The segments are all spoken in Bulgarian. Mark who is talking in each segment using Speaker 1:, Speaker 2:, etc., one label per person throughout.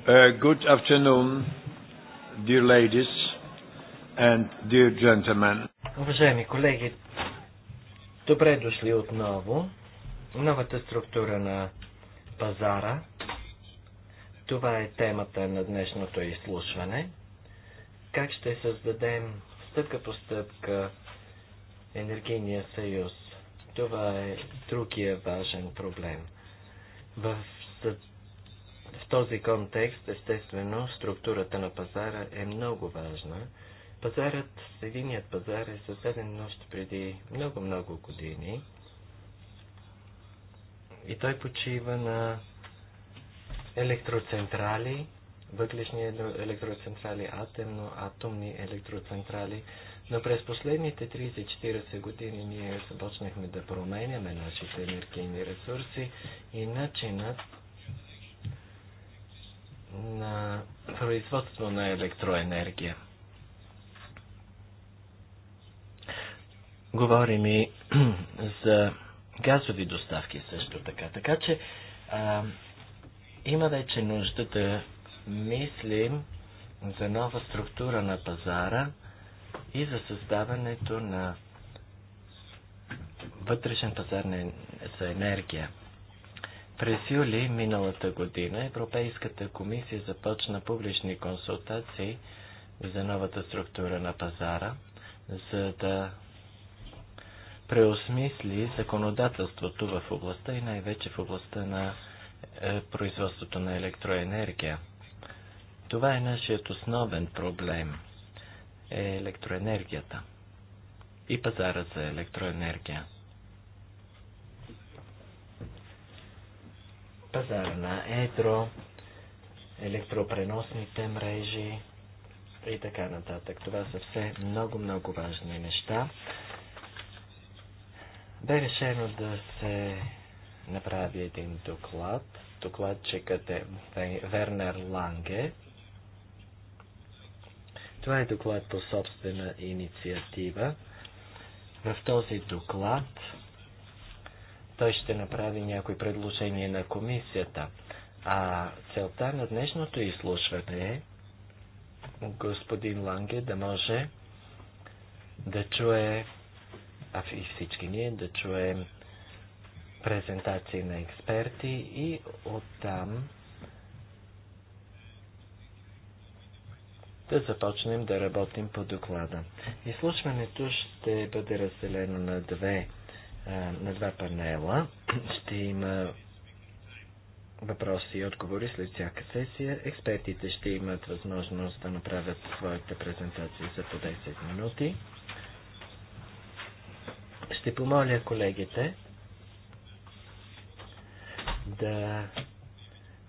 Speaker 1: Uh, good
Speaker 2: afternoon, dear ladies and dear gentlemen. Уважаеми колеги, добре дошли отново. Новата структура на пазара. Това е темата на днешното изслушване. Как ще създадем стъпка по стъпка енергийния съюз? Това е другия важен проблем. В този контекст, естествено, структурата на пазара е много важна. Пазарът, единият пазар е създаден нощ преди много-много години и той почива на електроцентрали, въглешни електроцентрали, атомно-атомни електроцентрали, но през последните 30-40 години ние започнахме да променяме нашите енергийни ресурси и начинът на производство на електроенергия. Говорим и за газови доставки също така. Така че а, има вече нужда да мислим за нова структура на пазара и за създаването на вътрешен пазар за енергия. През юли миналата година Европейската комисия започна публични консултации за новата структура на пазара, за да преосмисли законодателството в областта и най-вече в областта на е, производството на електроенергия. Това е нашият основен проблем е електроенергията и пазара за електроенергия. пазара на едро, електропреносните мрежи и така нататък. Това са все много-много важни неща. Бе решено да се направи един доклад. Докладчикът е Вернер Ланге. Това е доклад по собствена инициатива. В този доклад той ще направи някои предложения на комисията. А целта на днешното изслушване е господин Ланге да може да чуе, а и всички ние да чуем презентации на експерти и оттам да започнем да работим по доклада. Изслушването ще бъде разделено на две на два панела. Ще има въпроси и отговори след всяка сесия. Експертите ще имат възможност да направят своята презентация за по 10 минути. Ще помоля колегите да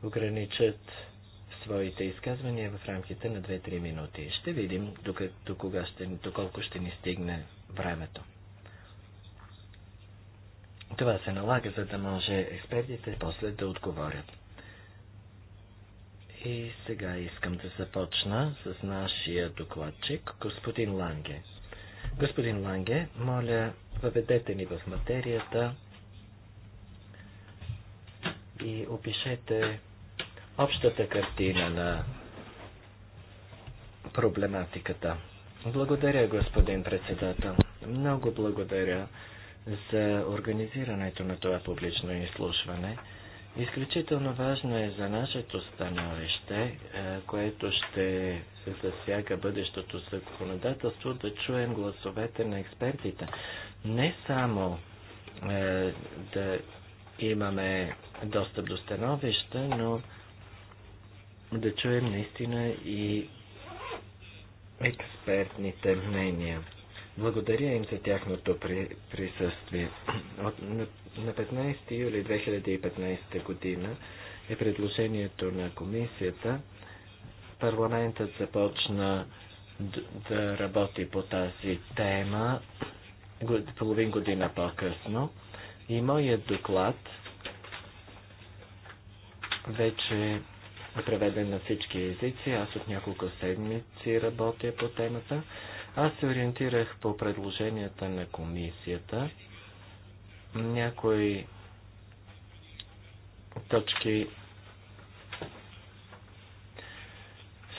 Speaker 2: ограничат своите изказвания в рамките на 2-3 минути. Ще видим до кога ще, доколко ще ни стигне времето. Това се налага, за да може експертите после да отговорят. И сега искам да започна с нашия докладчик, господин Ланге. Господин Ланге, моля, въведете ни в материята и опишете общата картина на проблематиката. Благодаря, господин председател. Много благодаря за организирането на това публично изслушване. Изключително важно е за нашето становище, е, което ще засяга бъдещото законодателство, да чуем гласовете на експертите. Не само е, да имаме достъп до становища, но да чуем наистина и експертните мнения. Благодаря им за тяхното при, присъствие. От, на, на 15 юли 2015 година е предложението на комисията. Парламентът започна да работи по тази тема половин година по-късно. И моят доклад вече е преведен на всички езици. Аз от няколко седмици работя по темата. Аз се ориентирах по предложенията на комисията. Някои точки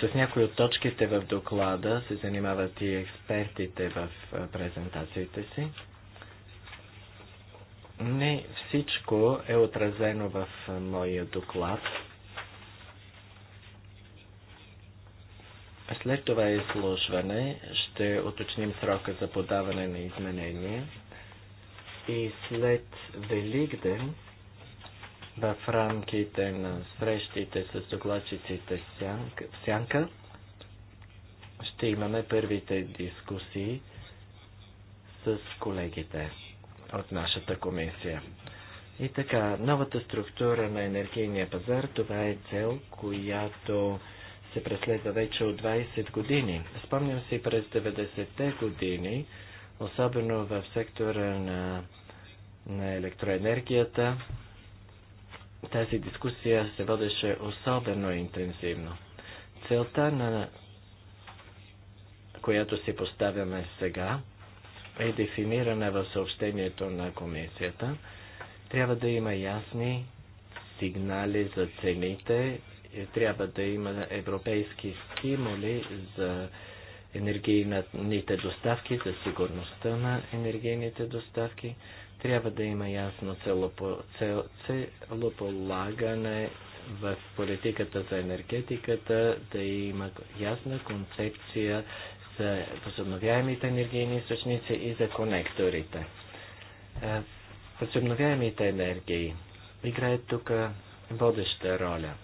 Speaker 2: С някои от точките в доклада се занимават и експертите в презентациите си. Не всичко е отразено в моя доклад. След това изслушване ще уточним срока за подаване на изменения и след Великден в рамките на срещите с докладчиците в Сянка ще имаме първите дискусии с колегите от нашата комисия. И така, новата структура на енергийния пазар, това е цел, която се преследва вече от 20 години. Спомням си през 90-те години, особено в сектора на, на електроенергията, тази дискусия се водеше особено интензивно. Целта на която си поставяме сега, е дефинирана в съобщението на комисията. Трябва да има ясни сигнали за цените, е, трябва да има европейски стимули за енергийните доставки, за сигурността на енергийните доставки. Трябва да има ясно целополагане в политиката за енергетиката, да има ясна концепция за възобновяемите енергийни източници и за конекторите. Е, възобновяемите енергии играят тук водеща роля.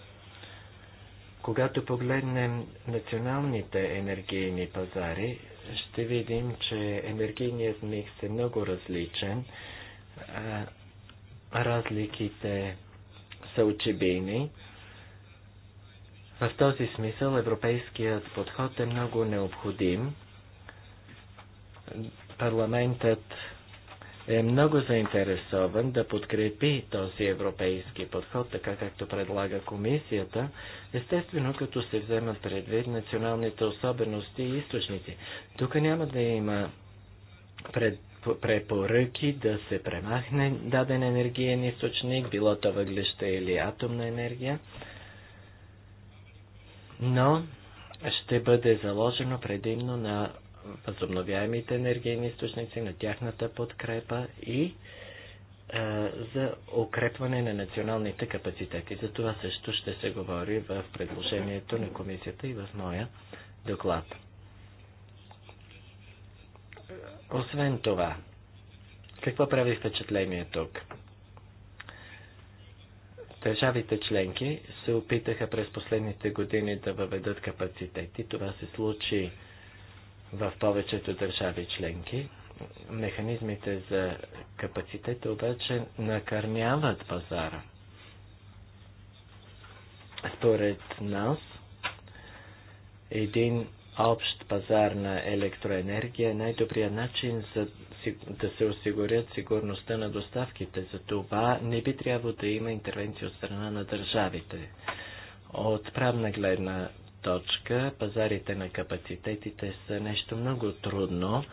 Speaker 2: Когато погледнем националните енергийни пазари, ще видим, че енергийният микс е много различен. Разликите са очебийни. В този смисъл европейският подход е много необходим. Парламентът е много заинтересован да подкрепи този европейски подход, така както предлага комисията, естествено като се вземат предвид националните особености и източници. Тук няма да има пред препоръки да се премахне даден енергиен източник, било то въглеща или атомна енергия, но ще бъде заложено предимно на възобновяемите енергийни източници, на тяхната подкрепа и за укрепване на националните капацитети. За това също ще се говори в предложението на комисията и в моя доклад. Освен това, какво прави впечатление тук? Държавите членки се опитаха през последните години да въведат капацитети. Това се случи в повечето държави членки. Механизмите за капацитета обаче накърняват пазара. Според нас, един общ пазар на електроенергия е най-добрият начин за да се осигурят сигурността на доставките. За това не би трябвало да има интервенция от страна на държавите. От правна гледна точка пазарите на капацитетите са нещо много трудно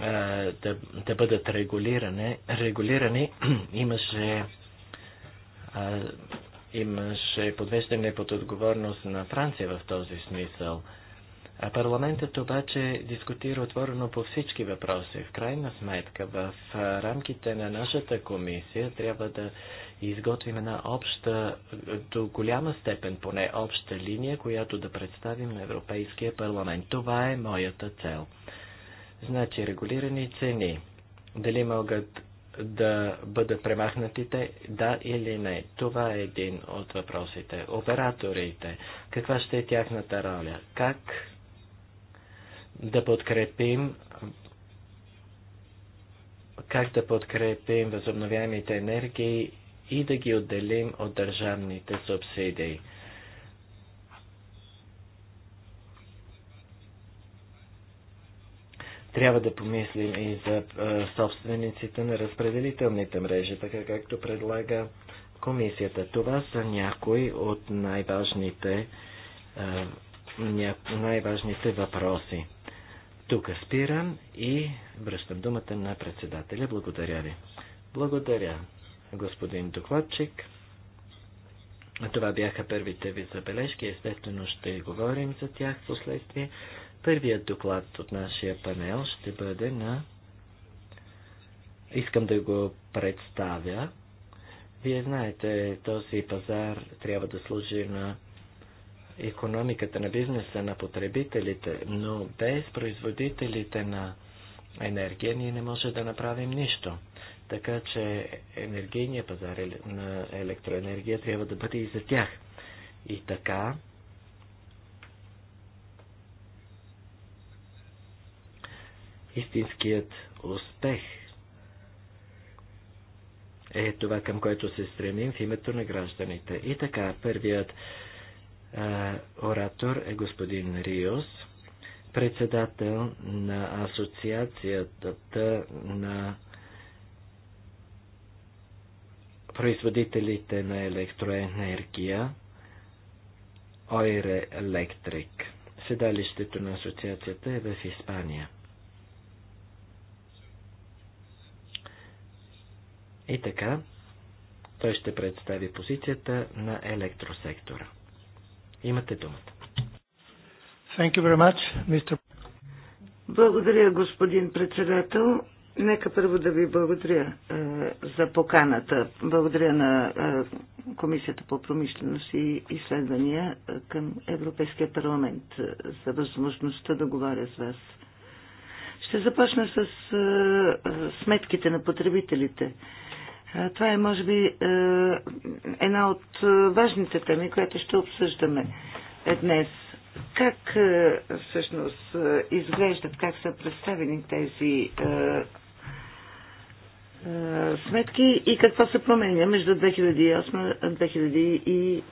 Speaker 2: а, да, да бъдат регулирани. регулирани имаше, а, имаше подвеждане под отговорност на Франция в този смисъл. А парламентът обаче дискутира отворено по всички въпроси. В крайна сметка, в рамките на нашата комисия трябва да и изготвим една обща, до голяма степен поне обща линия, която да представим на Европейския парламент. Това е моята цел. Значи регулирани цени. Дали могат да бъдат премахнатите, да или не. Това е един от въпросите. Операторите. Каква ще е тяхната роля? Как да подкрепим как да подкрепим възобновяемите енергии и да ги отделим от държавните субсидии. Трябва да помислим и за собствениците на разпределителните мрежи, така както предлага комисията. Това са някои от най-важните, най-важните въпроси. Тук спирам и връщам думата на председателя. Благодаря ви. Благодаря господин докладчик. Това бяха първите ви забележки. Естествено ще говорим за тях в последствие. Първият доклад от нашия панел ще бъде на... Искам да го представя. Вие знаете, този пазар трябва да служи на економиката на бизнеса, на потребителите, но без производителите на енергия ние не може да направим нищо. Така че енергийния пазар е- на електроенергия трябва да бъде и за тях. И така, истинският успех е това, към което се стремим в името на гражданите. И така, първият а, оратор е господин Риос, председател на Асоциацията на производителите на електроенергия Ойре Електрик. Седалището на асоциацията е в Испания. И така, той ще представи позицията на електросектора. Имате думата. Thank you very much, Mr.
Speaker 3: Благодаря, господин председател. Нека първо да ви благодаря е, за поканата. Благодаря на е, Комисията по промишленост и изследвания е, към Европейския парламент е, за възможността да говоря с вас. Ще започна с е, е, сметките на потребителите. Е, това е, може би, е, една от е, важните теми, която ще обсъждаме е, днес как е, всъщност изглеждат, как са представени тези е, сметки и какво се променя между 2008 2014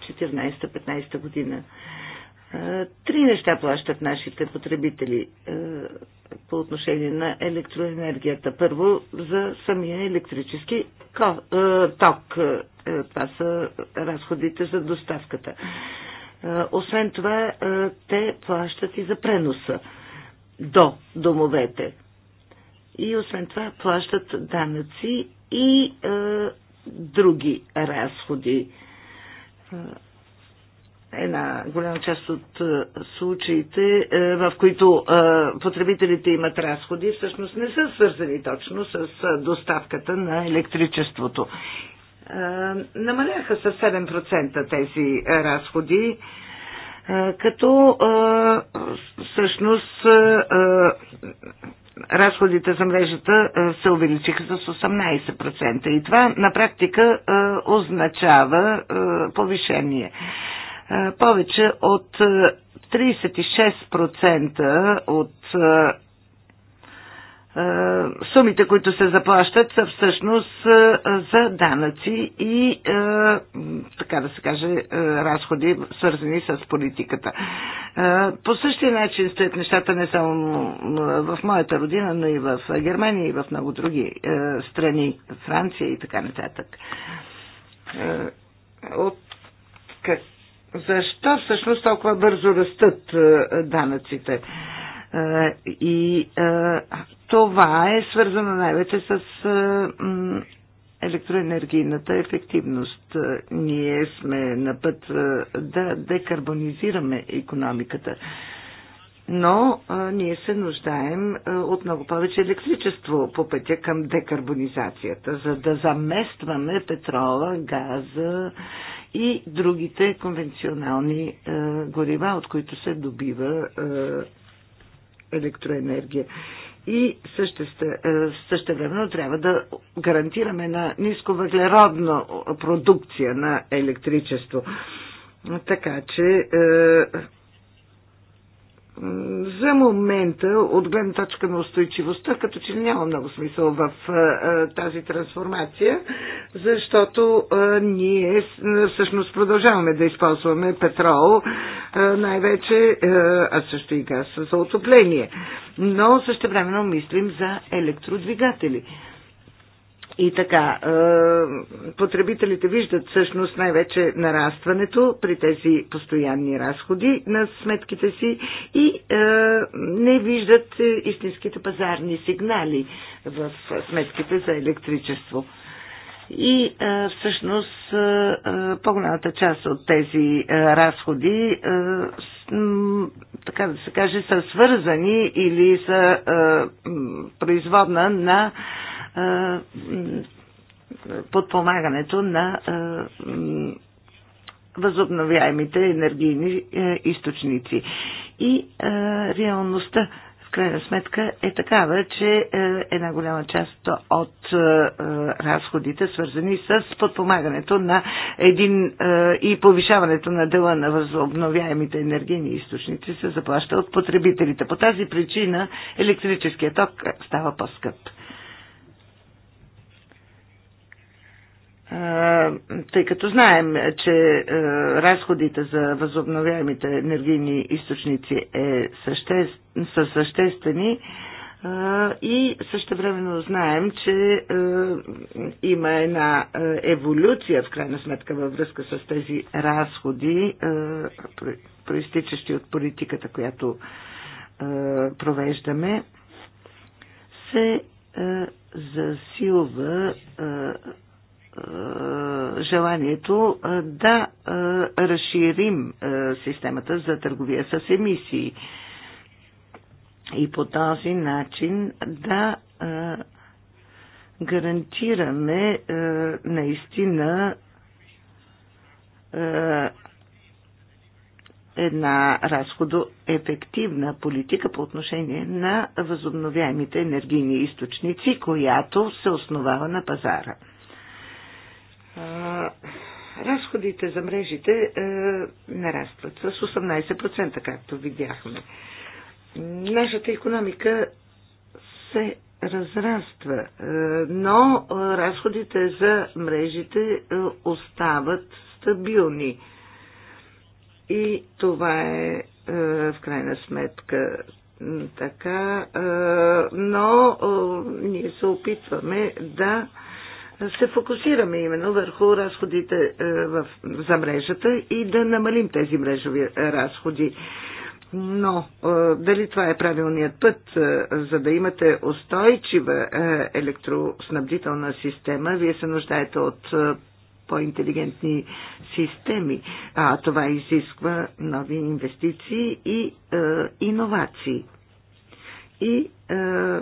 Speaker 3: 2015 година. Е, три неща плащат нашите потребители е, по отношение на електроенергията. Първо, за самия електрически ток. Това са разходите за доставката. Освен това, те плащат и за преноса до домовете и освен това плащат данъци и е, други разходи. Е, една голяма част от е, случаите, е, в които потребителите имат разходи, всъщност не са свързани точно с доставката на електричеството. намаляха с 7% тези разходи като всъщност разходите за мрежата е, се увеличиха с 18%. И това на практика е, означава е, повишение. Повече от 36% от е, сумите, които се заплащат, са всъщност е, за данъци и, е, така да се каже, разходи, свързани с политиката. По същия начин стоят нещата не само в моята родина, но и в Германия и в много други страни, Франция и така нататък. От как... Защо всъщност толкова бързо растат данъците? И това е свързано най-вече с е, електроенергийната ефективност. Ние сме на път е, да декарбонизираме економиката. Но а, е, ние се нуждаем а, от много повече електричество по пътя към декарбонизацията, за да заместваме петрола, газа и другите конвенционални а, горива, от които се добива а, електроенергия и е, същевременно трябва да гарантираме на нисковъглеродна продукция на електричество. Така че е, за момента, от гледна точка на устойчивостта, като че няма много смисъл в тази трансформация, защото ние всъщност продължаваме да използваме петрол, най-вече, а също и газ за отопление. Но също времено мислим за електродвигатели. И така, е, потребителите виждат всъщност най-вече нарастването при тези постоянни разходи на сметките си и е, не виждат истинските пазарни сигнали в сметките за електричество. И е, всъщност по-голямата част от тези разходи, така да се каже, са свързани или са производна на подпомагането на възобновяемите енергийни е, източници. И реалността в крайна сметка е такава, че е, една голяма част от е, разходите, свързани с подпомагането на един и повишаването на дела на възобновяемите енергийни източници, се заплаща от потребителите. По тази причина електрическият ток става по-скъп. тъй като знаем, че разходите за възобновяемите енергийни източници е съще, са съществени и същевременно знаем, че има една еволюция в крайна сметка във връзка с тези разходи, проистичащи от политиката, която провеждаме, се засилва е, желанието е, да е, разширим системата за търговия с емисии и по този начин да гарантираме наистина една разходоефективна политика по отношение на възобновяемите енергийни източници, която се основава на пазара разходите за мрежите е, нарастват с 18%, както видяхме. Нашата економика се разраства, е, но разходите за мрежите е, остават стабилни. И това е, е в крайна сметка така, е, но е, ние се опитваме да е, се фокусираме именно върху разходите е, в, за мрежата и да намалим тези мрежови разходи. Но е, дали това е правилният път, е, за да имате устойчива електроснабдителна система, вие се нуждаете от по-интелигентни системи, а това изисква нови инвестиции и е, иновации. И е,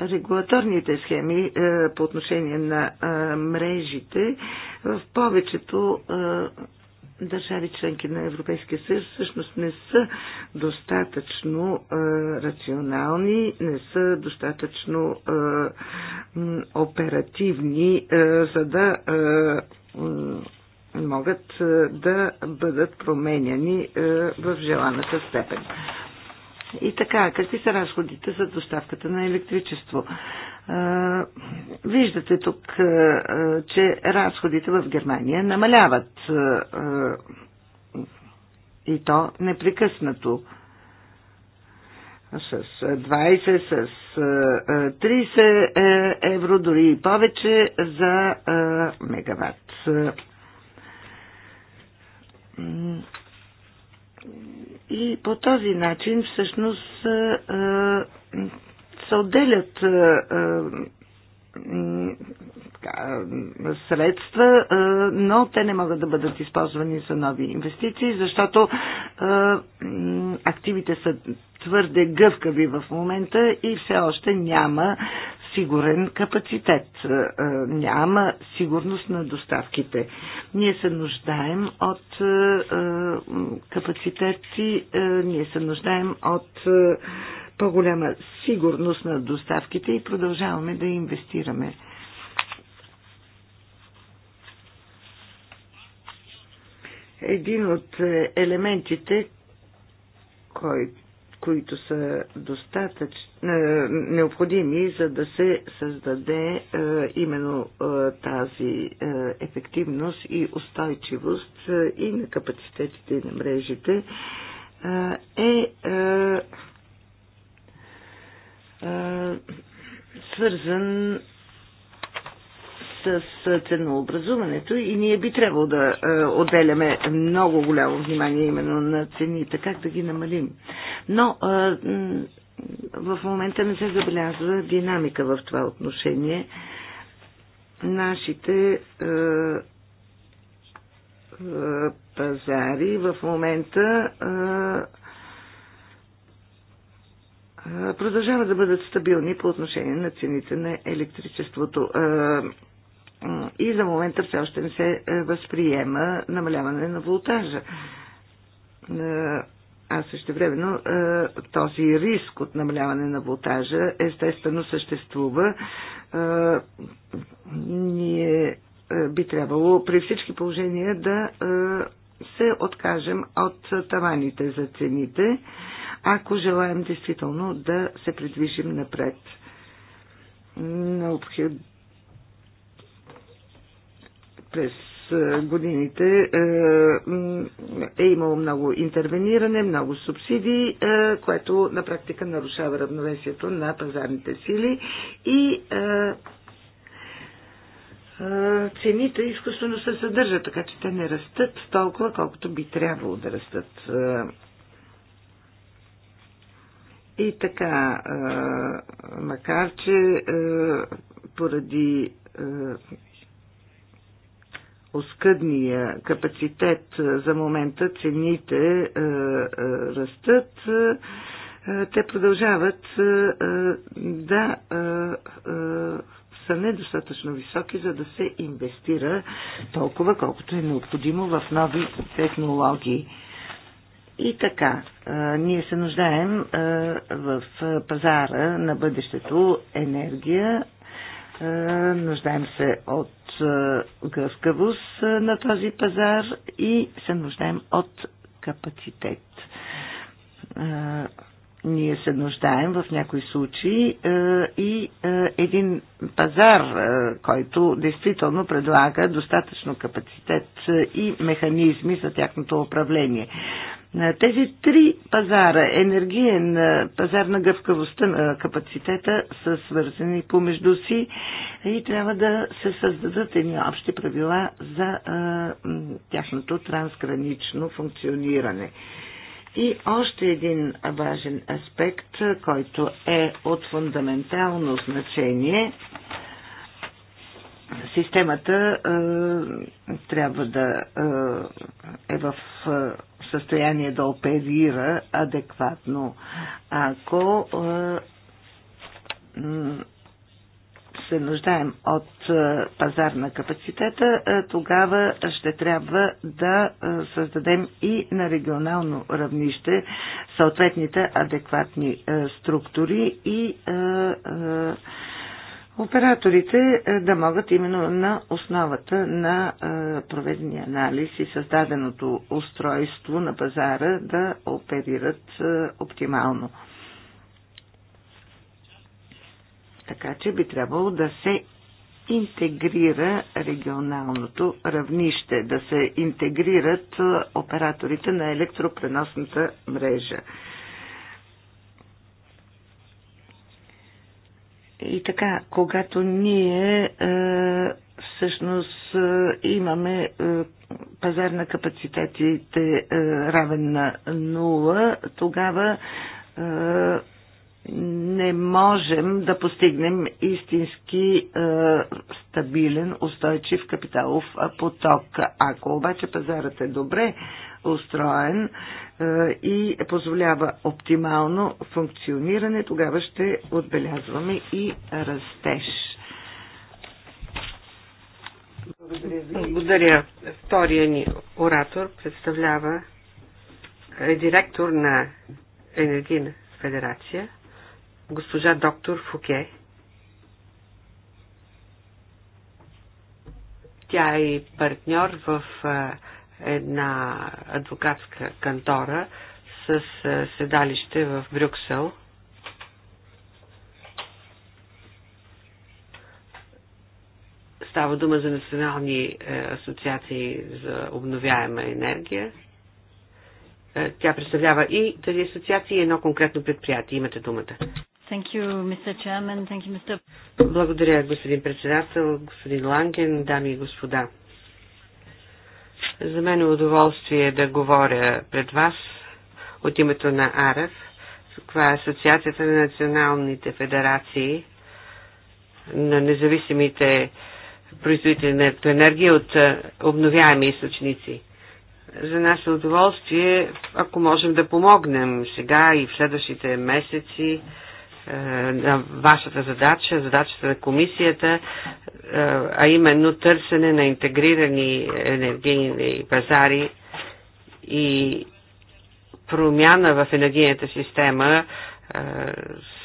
Speaker 3: регулаторните схеми е, по отношение на е, мрежите в повечето е, държави членки на Европейския съюз всъщност не са достатъчно рационални, не са достатъчно оперативни, за да могат да бъдат променяни в желаната степен. И така, какви са разходите за доставката на електричество? Виждате тук, че разходите в Германия намаляват и то непрекъснато с 20, с 30 е, евро, дори и повече за мегаватт. И по този начин всъщност се отделят средства, но те не могат да бъдат използвани за нови инвестиции, защото активите са твърде гъвкави в момента и все още няма сигурен капацитет. Е, е, няма сигурност на доставките. Ние се нуждаем от е, капацитети, ние се нуждаем от по-голяма сигурност на доставките и продължаваме да инвестираме. Един от елементите, който които са достатъчно е, необходими, за да се създаде е, именно е, тази ефективност и устойчивост и на капацитетите и на мрежите, е свързан с ценообразуването и ние би трябвало да е, отделяме много голямо внимание именно на цените, как да ги намалим. Но е, в момента не се забелязва динамика в това отношение. Нашите е, пазари в момента продължават да бъдат стабилни по отношение на цените на електричеството и за момента все още не се е, възприема намаляване на волтажа. А също времено е, този риск от намаляване на волтажа естествено съществува. Е, ние би трябвало при всички положения да се откажем от таваните за цените, ако желаем действително да се придвижим напред. Необходимо през е, годините е, е имало много интервениране, много субсидии, е, което на практика нарушава равновесието на пазарните сили и цените изкуствено се съдържат, така че те не растат толкова, колкото би трябвало да растат. И така, макар че поради оскъдния капацитет. За момента цените растат. Те продължават да са недостатъчно високи, за да се инвестира толкова, колкото е необходимо в нови технологии. И така, ние се нуждаем в пазара на бъдещето енергия е, нуждаем се от е, гъвкавост е, на този пазар и се нуждаем от капацитет. Ние се нуждаем в някои случаи и един пазар, който действително предлага достатъчно капацитет и механизми за тяхното управление. Е, тези три пазара, енергиен е, пазар на гъвкавостта на капацитета, са свързани помежду си и трябва да се създадат едни общи правила за а, е, тяхното трансгранично функциониране. И още един важен аспект, който е от фундаментално значение – системата трябва да е в състояние да оперира адекватно. Ако се нуждаем от пазарна на капацитета, тогава ще трябва да създадем и на регионално равнище съответните адекватни структури и операторите е, да могат именно на основата на е, проведения анализ и създаденото устройство на пазара да оперират е, оптимално. Така че би трябвало да се интегрира регионалното равнище, да се интегрират операторите на електропреносната мрежа. И така, когато ние е, всъщност е, имаме е, пазар на капацитетите е, равен на нула, тогава е, не можем да постигнем истински е, стабилен, устойчив капиталов поток. Ако обаче пазарът е добре устроен е, и позволява оптимално функциониране, тогава ще отбелязваме и растеж. Благодаря ви. Благодаря.
Speaker 1: Втория ни оратор представлява е директор на Енергийна федерация, госпожа доктор Фуке. Тя е партньор в е, една адвокатска кантора с е, седалище в Брюксел. Става дума за национални е, асоциации за обновяема енергия. Е, тя представлява и тази асоциация и едно конкретно предприятие. Имате думата.
Speaker 3: Thank you, Mr. Chairman. Thank you,
Speaker 1: Mr. Благодаря, господин председател, господин Ланген, дами и господа. За мен е удоволствие да говоря пред вас от името на АРЕФ. Това е Асоциацията на националните федерации на независимите производители на електроенергия от обновяеми източници. За нас е удоволствие, ако можем да помогнем сега и в следващите месеци, е, на вашата задача, задачата на комисията, е, а именно търсене на интегрирани енергийни пазари и промяна в енергийната система е,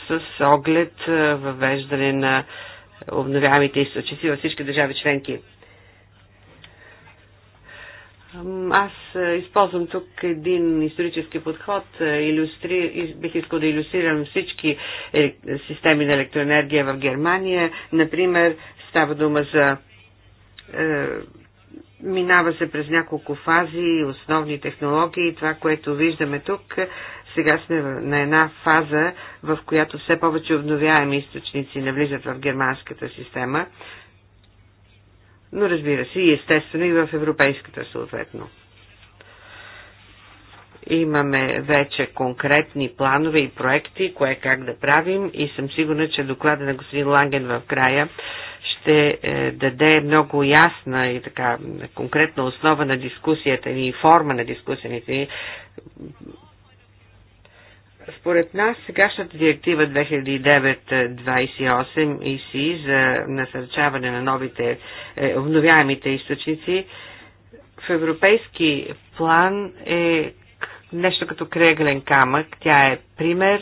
Speaker 1: с оглед въвеждане на обновяемите източници във всички държави членки. Аз използвам тук един исторически подход. Илюстри... Бих искал да иллюстрирам всички системи на електроенергия в Германия. Например, става дума за е, минава се през няколко фази, основни технологии, това, което виждаме тук. Сега сме на една фаза, в която все повече обновяеми източници навлизат в германската система но разбира се и естествено и в европейската съответно. Имаме вече конкретни планове и проекти, кое как да правим и съм сигурна, че доклада на господин Ланген в края ще е, даде много ясна и така конкретна основа на дискусията ни и форма на дискусията ни според нас сегашната директива 2009-28 ИСИ за насърчаване на новите е, обновяемите източници в европейски план е нещо като креглен камък. Тя е пример,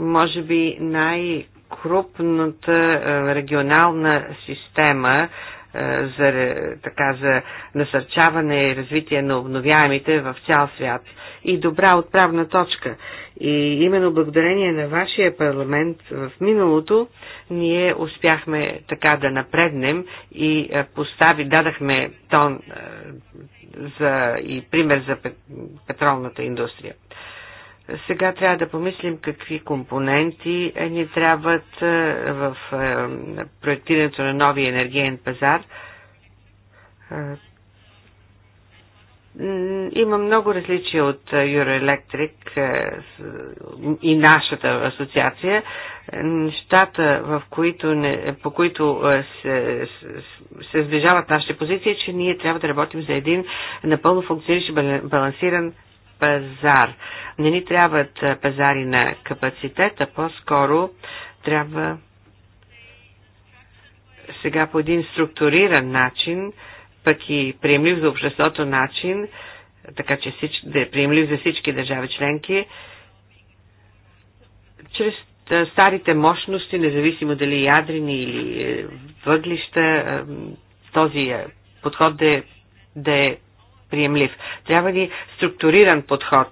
Speaker 1: може би най- крупната е, регионална система е, за, е, така, за насърчаване и развитие на обновяемите в цял свят и добра отправна точка. И именно благодарение на вашия парламент в миналото ние успяхме така да напреднем и е, постави, дадахме тон за, и пример за петролната индустрия. Сега трябва да помислим какви компоненти е, ни трябват е, в е, проектирането на новия енергиен пазар. Има много различия от Юроелектрик и нашата асоциация. Нещата, в които не, по които се, се сближават нашите позиции, че ние трябва да работим за един напълно функциониращ балансиран пазар. Не ни трябват пазари на капацитет, а по-скоро трябва сега по един структуриран начин, пък и приемлив за обществото начин, така че всич, да е приемлив за всички държави членки, чрез старите мощности, независимо дали ядрени или е, въглища, този е, подход да е, да е приемлив. Трябва ни структуриран подход.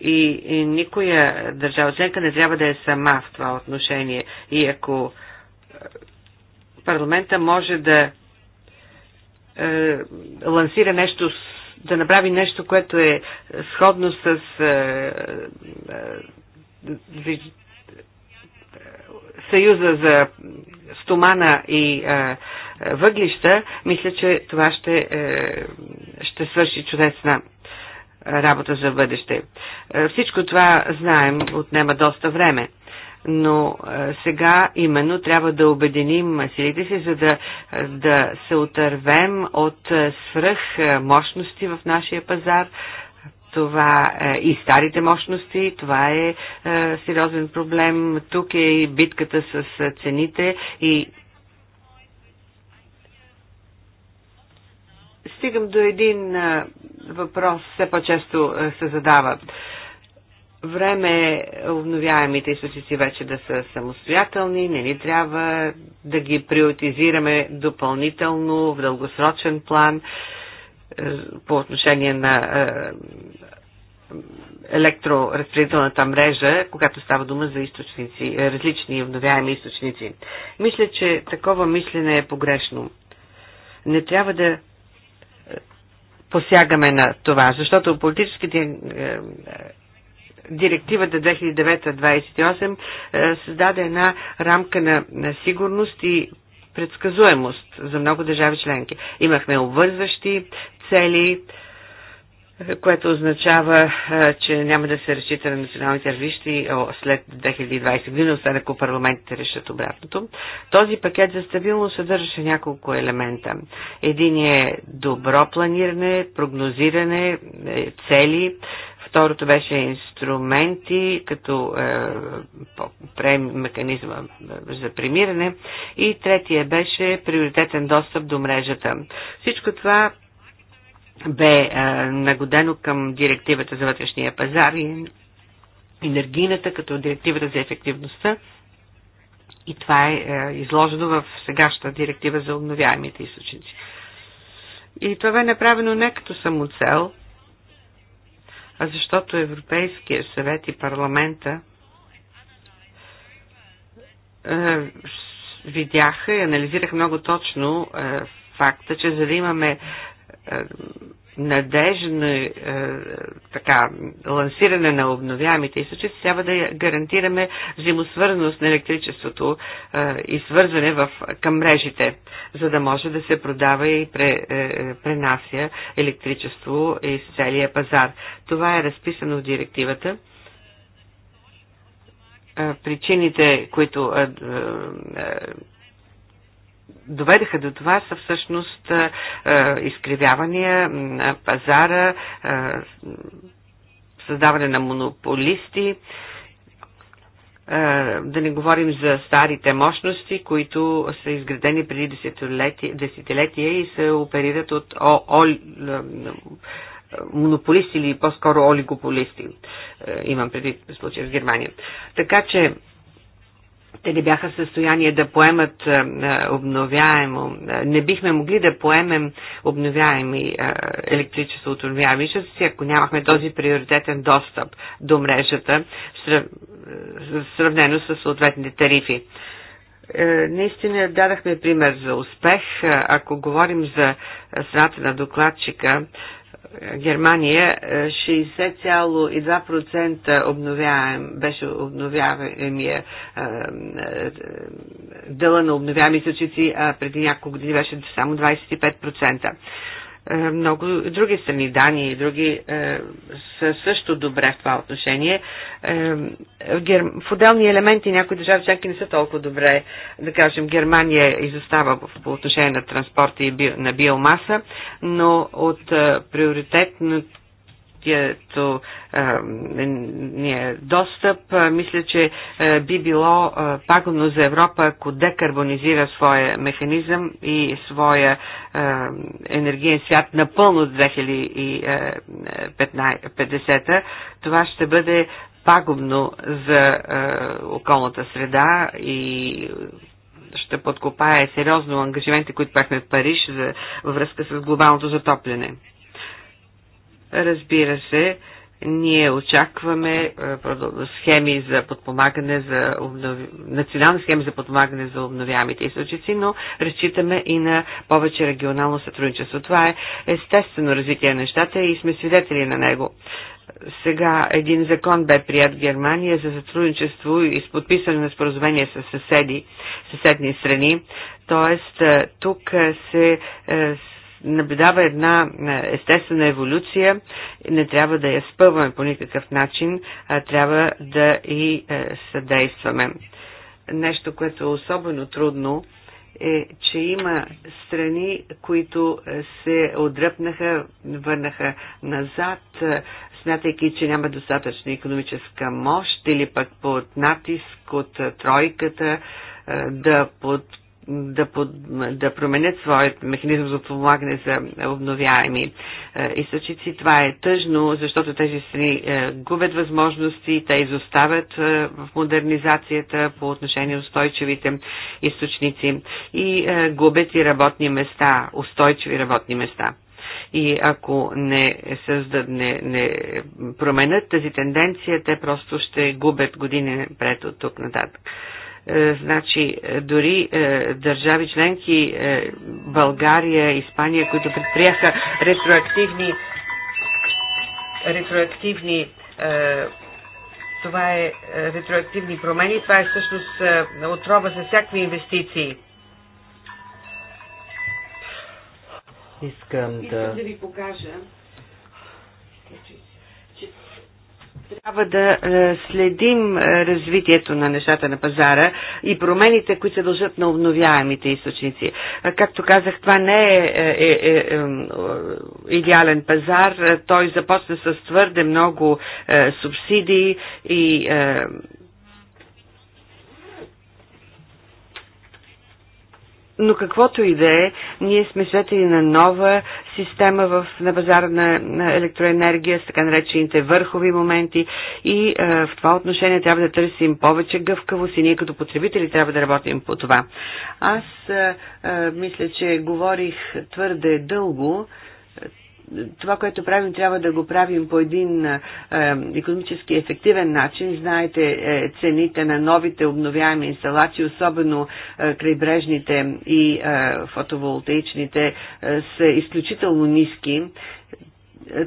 Speaker 1: И, и никоя държава членка не трябва да е сама в това отношение. И ако е, парламента може да е, лансира нещо, да направи нещо, което е сходно с е, е, Съюза за стомана и а, въглища, мисля, че това ще, е, ще свърши чудесна работа за бъдеще. Е, всичко това, знаем, отнема доста време. Но е, сега именно трябва да обединим силите си, за да, да се отървем от свръх мощности в нашия пазар, това е, и старите мощности, това е, е сериозен проблем. Тук е и битката с е, цените и стигам до един е, въпрос, все по-често е, се задава. Време е обновяемите източници вече да са самостоятелни, не ни трябва да ги приоритизираме допълнително в дългосрочен план. Е, по отношение на е, електроразпределителната мрежа, когато става дума за източници, е, различни обновяеми източници. Мисля, че такова мислене е погрешно. Не трябва да е, посягаме на това, защото политическите директивата 2009-28 създаде една рамка на, на сигурност и предсказуемост за много държави членки. Имахме обвързващи цели, което означава, че няма да се разчита на националните равнищи след 2020 година, освен ако парламентите решат обратното. Този пакет за стабилност съдържаше няколко елемента. Един е добро планиране, прогнозиране, е, цели, Второто беше инструменти, като е, механизма е, за премиране. И третия беше приоритетен достъп до мрежата. Всичко това бе нагодено към директивата за вътрешния пазар и енергийната, като директивата за ефективността. И това е изложено в сегашната директива за обновяемите източници. И това бе направено не като самоцел, а защото Европейския съвет и парламента е, видяха и анализирах много точно е, факта, че за да имаме е, надежно е, е, така, лансиране на обновямите източници, трябва да гарантираме взаимосвързаност на електричеството е, и свързване в, към мрежите, за да може да се продава и пре, е, пренася електричество из целия пазар. Това е разписано в директивата е, причините, които доведеха до това са всъщност изкривявания на пазара, създаване на монополисти, да не говорим за старите мощности, които са изградени преди десетилетия и се оперират от о, о, монополисти или по-скоро олигополисти. Имам преди случая с Германия. Така че те не бяха в състояние да поемат обновяемо. Не бихме могли да поемем обновяеми електричество от обновяеми си, ако нямахме този приоритетен достъп до мрежата, сравнено с съответните тарифи. Е, наистина дадахме пример за успех. Е, ако говорим за страната на докладчика, Германия 60,2% е, обновяем, беше обновяемия е, е, дъла на обновяемите източници, а преди няколко години беше само 25%. Е, много други страни, Дания и други, е, са също добре в това отношение. Е, в отделни елементи някои държави членки не са толкова добре. Да кажем, Германия изостава по отношение на транспорта и на биомаса, но от приоритетното същото е достъп. Мисля, че би било пагубно за Европа, ако декарбонизира своя механизъм и своя енергиен свят напълно до 2050. Това ще бъде пагубно за околната среда и ще подкопае сериозно ангажиментите, които бяхме в Париж за, във връзка с глобалното затопляне. Разбира се, ние очакваме е, схеми за подпомагане за обнови... национални схеми за подпомагане за обновяемите източници, но разчитаме и на повече регионално сътрудничество. Това е естествено развитие на нещата и сме свидетели на него. Сега един закон бе прият в Германия за сътрудничество и с подписане на споразумение с съседи, съседни страни. Тоест, е, тук се е, наблюдава една е, естествена еволюция. Не трябва да я спъваме по никакъв начин, а трябва да и е, съдействаме. Нещо, което е особено трудно, е, че има страни, които е, се отдръпнаха, върнаха назад, смятайки, че няма достатъчно економическа мощ или пък под натиск от тройката да под да, под, да променят своят механизъм за подпомагане за обновяеми е, източници. Това е тъжно, защото тези страни е, губят възможности, те изоставят е, в модернизацията по отношение устойчивите източници и губят и работни места, устойчиви работни места. И ако не, създад, не, не променят тази тенденция, те просто ще губят години пред от тук нататък. Е, значи, е, дори е, държави членки България, Испания, които предприеха ретроактивни ретроактивни това е ретроактивни промени, това е всъщност отроба за всякакви инвестиции.
Speaker 2: Искам, Искам да ви
Speaker 1: покажа Трябва да е, следим е, развитието на нещата на пазара и промените, които се дължат на обновяемите източници. Е, както казах, това не е, е, е, е идеален пазар. Той започна с твърде много субсидии и но каквото и да е, ние сме свидетели на нова система в, на пазара на, на електроенергия с така наречените върхови моменти и е, в това отношение трябва да търсим повече гъвкавост и ние като потребители трябва да работим по това. Аз е, е, мисля, че говорих твърде дълго това, което правим, трябва да го правим по един е, економически ефективен начин. Знаете е, цените на новите обновяеми инсталации, особено е, крайбрежните и е, фотоволтаичните, е, са изключително ниски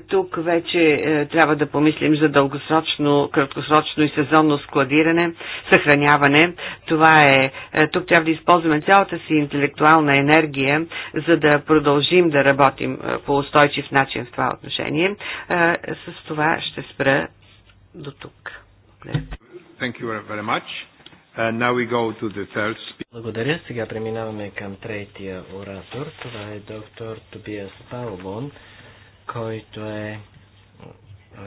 Speaker 1: тук вече е, трябва да помислим за дългосрочно, краткосрочно и сезонно складиране, съхраняване. Това е, е, тук трябва да използваме цялата си интелектуална енергия, за да продължим да работим е, по устойчив начин в това отношение.
Speaker 2: Е, с това ще спра до тук. Благодаря. Uh, Сега преминаваме към третия оратор. Това е доктор Тобиас Паубон който е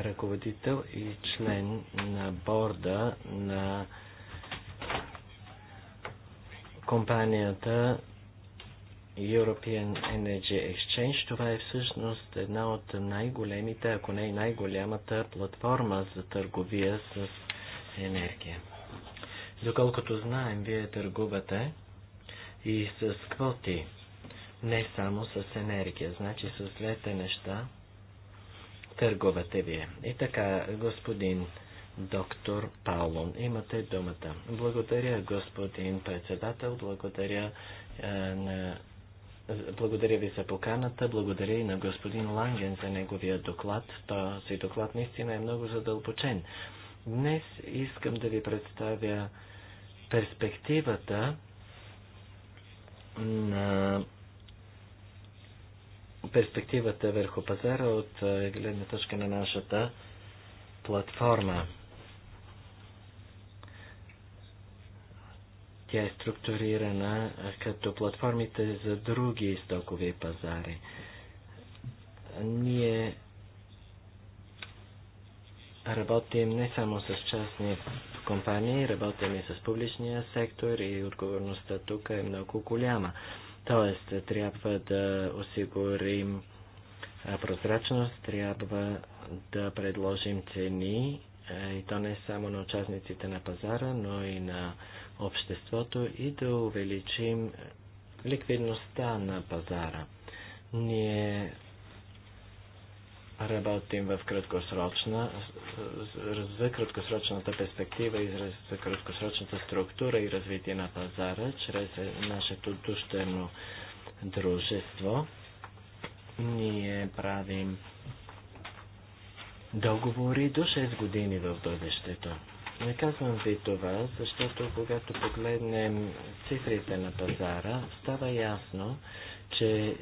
Speaker 2: ръководител и член на борда на компанията European Energy Exchange. Това е всъщност една от най-големите, ако не и най-голямата платформа за търговия с енергия. Доколкото знаем, вие търгувате и с квоти не само с енергия, значи с двете неща търговете вие. И така, господин доктор Паулон, имате думата. Благодаря, господин председател, благодаря, е, на, благодаря ви за поканата, благодаря и на господин Ланген за неговия доклад. Този доклад наистина е много задълбочен. Днес искам да ви представя перспективата на перспективата върху пазара от гледна точка на нашата платформа. Тя е структурирана като платформите за други стокови пазари. Ние работим не само с частни компании, работим и с публичния сектор и отговорността тук е много голяма. Тоест, трябва да осигурим прозрачност, трябва да предложим цени и то не само на участниците на пазара, но и на обществото и да увеличим ликвидността на пазара. Ние работим в краткосрочна, за краткосрочната перспектива и за краткосрочната структура и развитие на пазара чрез нашето дущерно дружество. Ние правим договори до 6 години в бъдещето. Не казвам ви това, защото когато погледнем цифрите на пазара, става ясно, че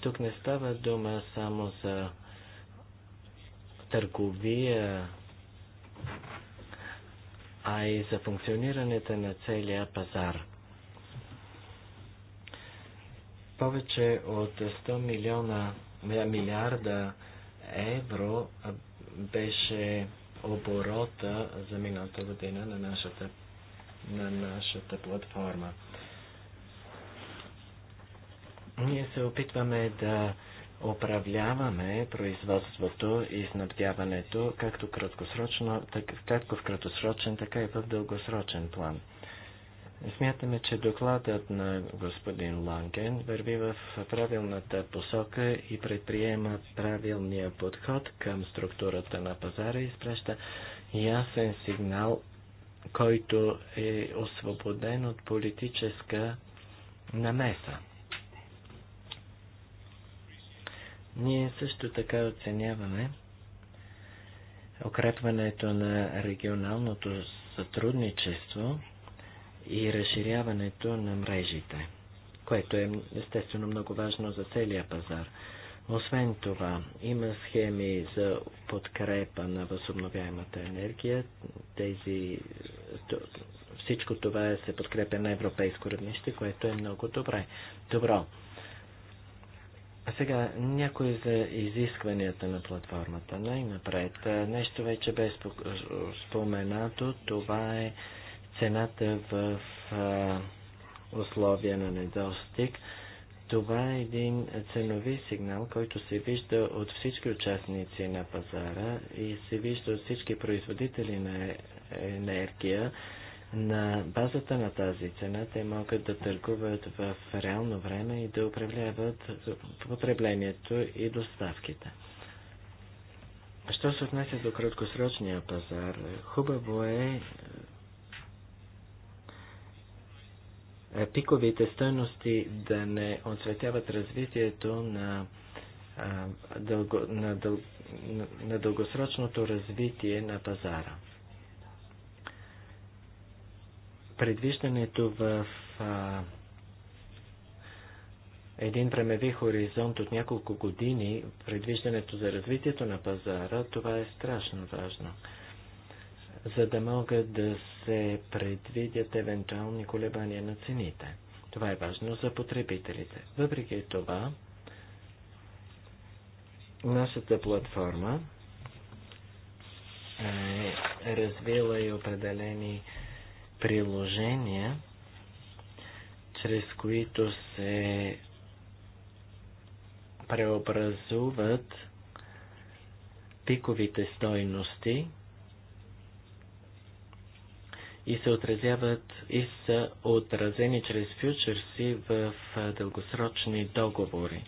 Speaker 2: тук не става дума само за търговия, а и за функционирането на целия пазар. Повече от 100 милиона, милиарда евро беше оборота за миналата година на нашата, на нашата платформа. Ние се опитваме да управляваме производството и снабдяването както, краткосрочно, так, както в краткосрочен, така и в дългосрочен план. Смятаме, че докладът на господин Ланген върви в правилната посока и предприема правилния подход към структурата на пазара и изпраща ясен сигнал, който е освободен от политическа намеса. Ние също така оценяваме укрепването на регионалното сътрудничество и разширяването на мрежите, което е естествено много важно за целия пазар. Освен това, има схеми за подкрепа на възобновяемата енергия. Тези, всичко това се подкрепя на европейско равнище, което е много добре. Добро. А сега някои за изискванията на платформата. Най-напред, нещо вече бе споменато, това е цената в а, условия на недостиг. Това е един ценови сигнал, който се вижда от всички участници на пазара и се вижда от всички производители на е-, енергия на базата на тази цена те могат да търгуват в реално време и да управляват потреблението и доставките. Що се отнася до краткосрочния пазар, хубаво е, е пиковите стойности да не отсветяват развитието на, дълго, на, дъл, на дългосрочното развитие на пазара. предвиждането в а, един времеви хоризонт от няколко години, предвиждането за развитието на пазара, това е страшно важно, за да могат да се предвидят евентуални колебания на цените. Това е важно за потребителите. Въпреки това, нашата платформа е развила и определени приложения, чрез които се преобразуват пиковите стойности и се отразяват и са отразени чрез фьючерси в дългосрочни договори.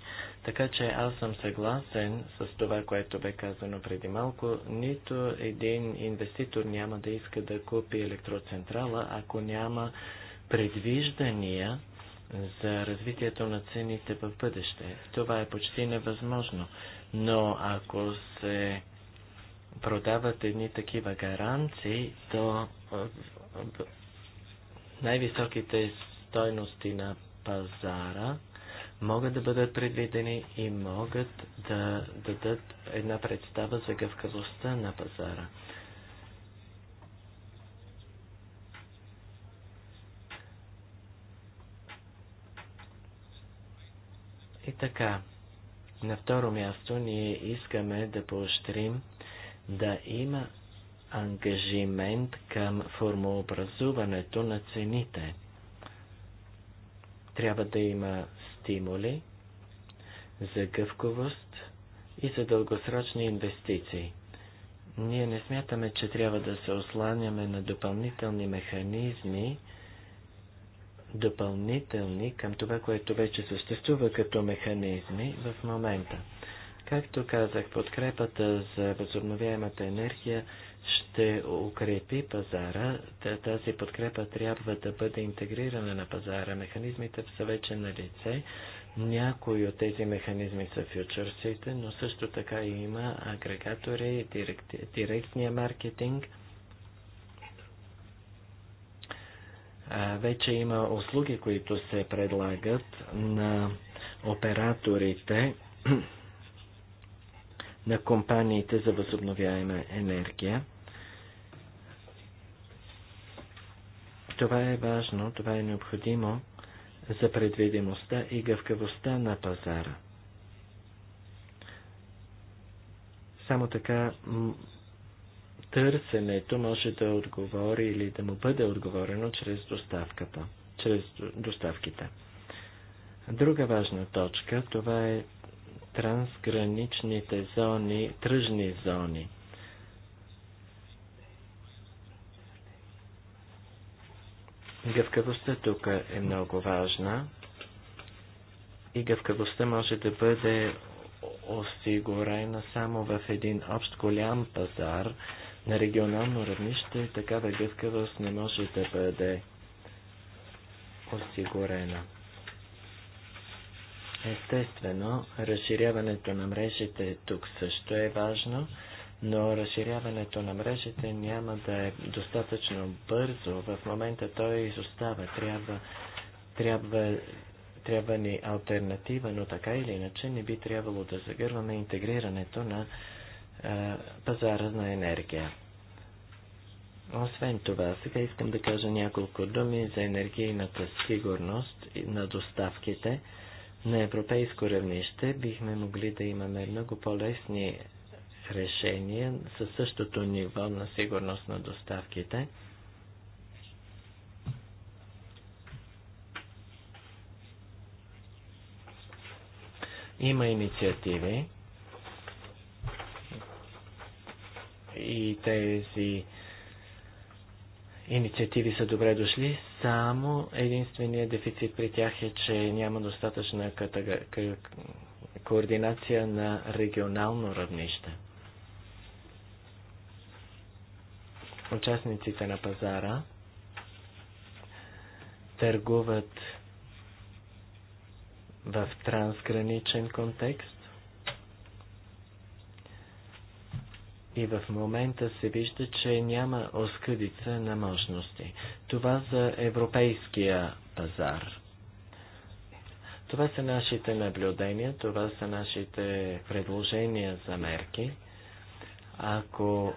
Speaker 2: Така че аз съм съгласен с това, което бе казано преди малко. Нито един инвеститор няма да иска да купи електроцентрала, ако няма предвиждания за развитието на цените в бъдеще. Това е почти невъзможно. Но ако се продават едни такива гаранции, то най-високите стойности на пазара могат да бъдат предвидени и могат да дадат една представа за гъвкавостта на пазара. И така, на второ място ние искаме да поощрим да има ангажимент към формообразуването на цените – трябва да има стимули за гъвковост и за дългосрочни инвестиции. Ние не смятаме, че трябва да се осланяме на допълнителни механизми, допълнителни към това, което вече съществува като механизми в момента. Както казах, подкрепата за възобновяемата енергия се укрепи пазара, тази подкрепа трябва да бъде интегрирана на пазара. Механизмите са вече на лице. Някои от тези механизми са фьючерсите, но също така и има агрегатори, директ, директния маркетинг. Вече има услуги, които се предлагат на операторите на компаниите за възобновяема енергия. Това е важно, това е необходимо за предвидимостта и гъвкавостта на пазара. Само така търсенето може да отговори или да му бъде отговорено чрез доставката, чрез доставките. Друга важна точка, това е трансграничните зони, тръжни зони. Гъвкавостта тук е много важна и гъвкавостта може да бъде осигурена само в един общ голям пазар на регионално равнище. Такава гъвкавост не може да бъде осигурена. Естествено, разширяването на мрежите тук също е важно но разширяването на мрежите няма да е достатъчно бързо. В момента той изостава. Трябва, трябва, трябва ни альтернатива, но така или иначе не би трябвало да загърваме интегрирането на а, пазара на енергия. Освен това, сега искам да кажа няколко думи за енергийната сигурност на доставките. На европейско равнище бихме могли да имаме много по-лесни решение със същото ниво на сигурност на доставките. Има инициативи и тези инициативи са добре дошли, само единственият дефицит при тях е, че няма достатъчна координация на регионално равнище. участниците на пазара търгуват в трансграничен контекст и в момента се вижда, че няма оскъдица на мощности. Това за европейския пазар. Това са нашите наблюдения, това са нашите предложения за мерки. Ако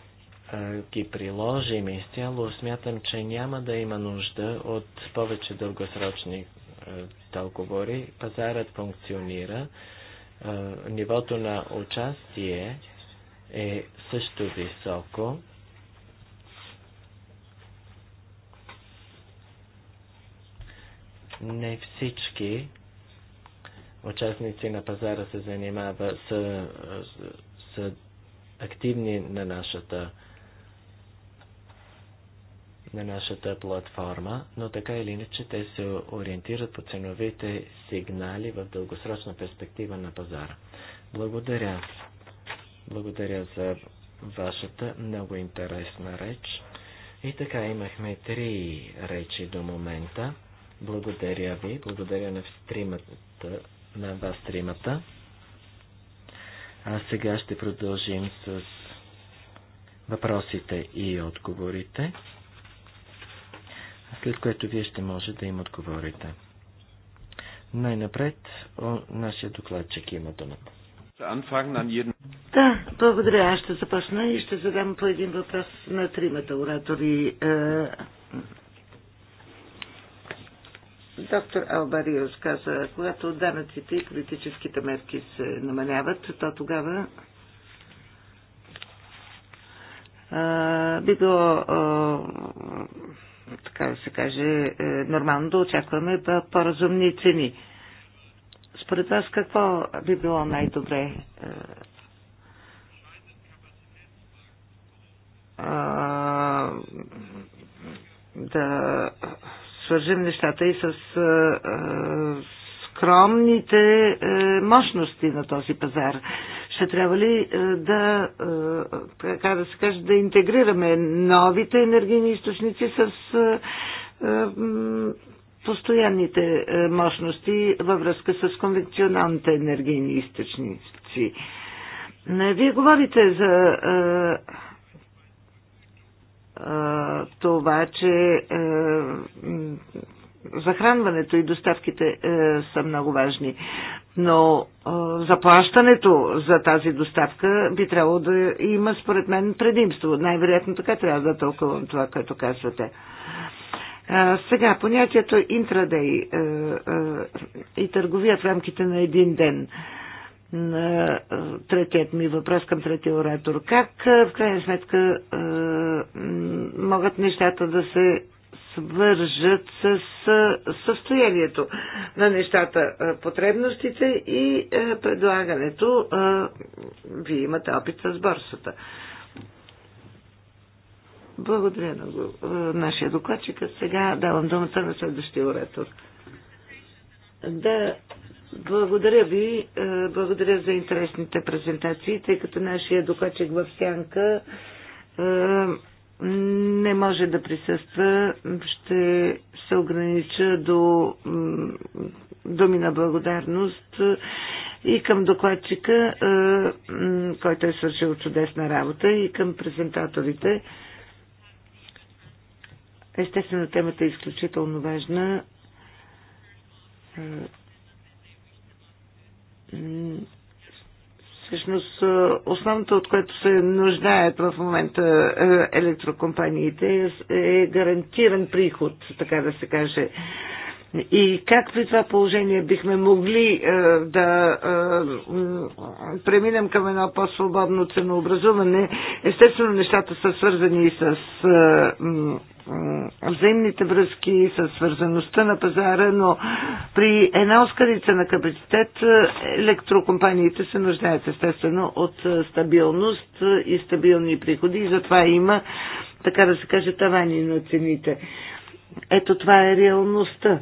Speaker 2: ги приложим изцяло, смятам, че няма да има нужда от повече дългосрочни договори. Пазарът функционира. Нивото на участие е също високо. Не всички участници на пазара се занимават, с, активни на нашата на нашата платформа, но така или иначе те се ориентират по ценовите сигнали в дългосрочна перспектива на пазара. Благодаря. Благодаря за вашата много интересна реч. И така имахме три речи до момента. Благодаря ви. Благодаря на, стримата, на вас тримата. А сега ще продължим с въпросите и отговорите след което вие ще може да им отговорите. Най-напред нашия докладчик има думата.
Speaker 3: Да, благодаря. Аз ще започна и ще задам по един въпрос на тримата оратори. Е, доктор Албариус каза, когато данъците и политическите мерки се намаляват, то тогава а, е, би било а, е, така да се каже, е, нормално да очакваме по-разумни цени. Според вас какво би било най-добре? Е, да свържем нещата и с е, скромните мощности на този пазар са трябвали е, да, е, така да се каже, да интегрираме новите енергийни източници с е, постоянните мощности във връзка с конвенционалните енергийни източници. Вие говорите за това, че захранването и доставките е, са много важни. Но е, заплащането за тази доставка би трябвало да има, според мен, предимство. Най-вероятно така трябва да е толковам това, което казвате. Е, сега, понятието интрадей е, е, и търговия в рамките на един ден. На е, третият ми въпрос към третия оратор. Как е, в крайна сметка е, могат нещата да се свържат с състоянието на нещата, потребностите и предлагането. Вие имате опит с борсата. Благодаря на нашия докладчик. Сега давам думата на следващия оратор. Да, благодаря ви. Благодаря за интересните презентации, тъй като нашия докладчик в сянка не може да присъства. Ще се огранича до думи на благодарност и към докладчика, е, който е свършил чудесна работа, и към презентаторите. Естествено, темата е изключително важна е, всъщност е, основното, от което се нуждаят в момента е, електрокомпаниите е, е гарантиран приход, така да се каже. И как при това положение бихме могли е, да е, преминем към едно по-свободно ценообразуване? Естествено, нещата са свързани и с е, взаимните връзки, с свързаността на пазара, но при една оскарица на капацитет е, електрокомпаниите се нуждаят естествено от е, стабилност и стабилни приходи и затова има, така да се каже, тавани на цените. Ето това е реалността.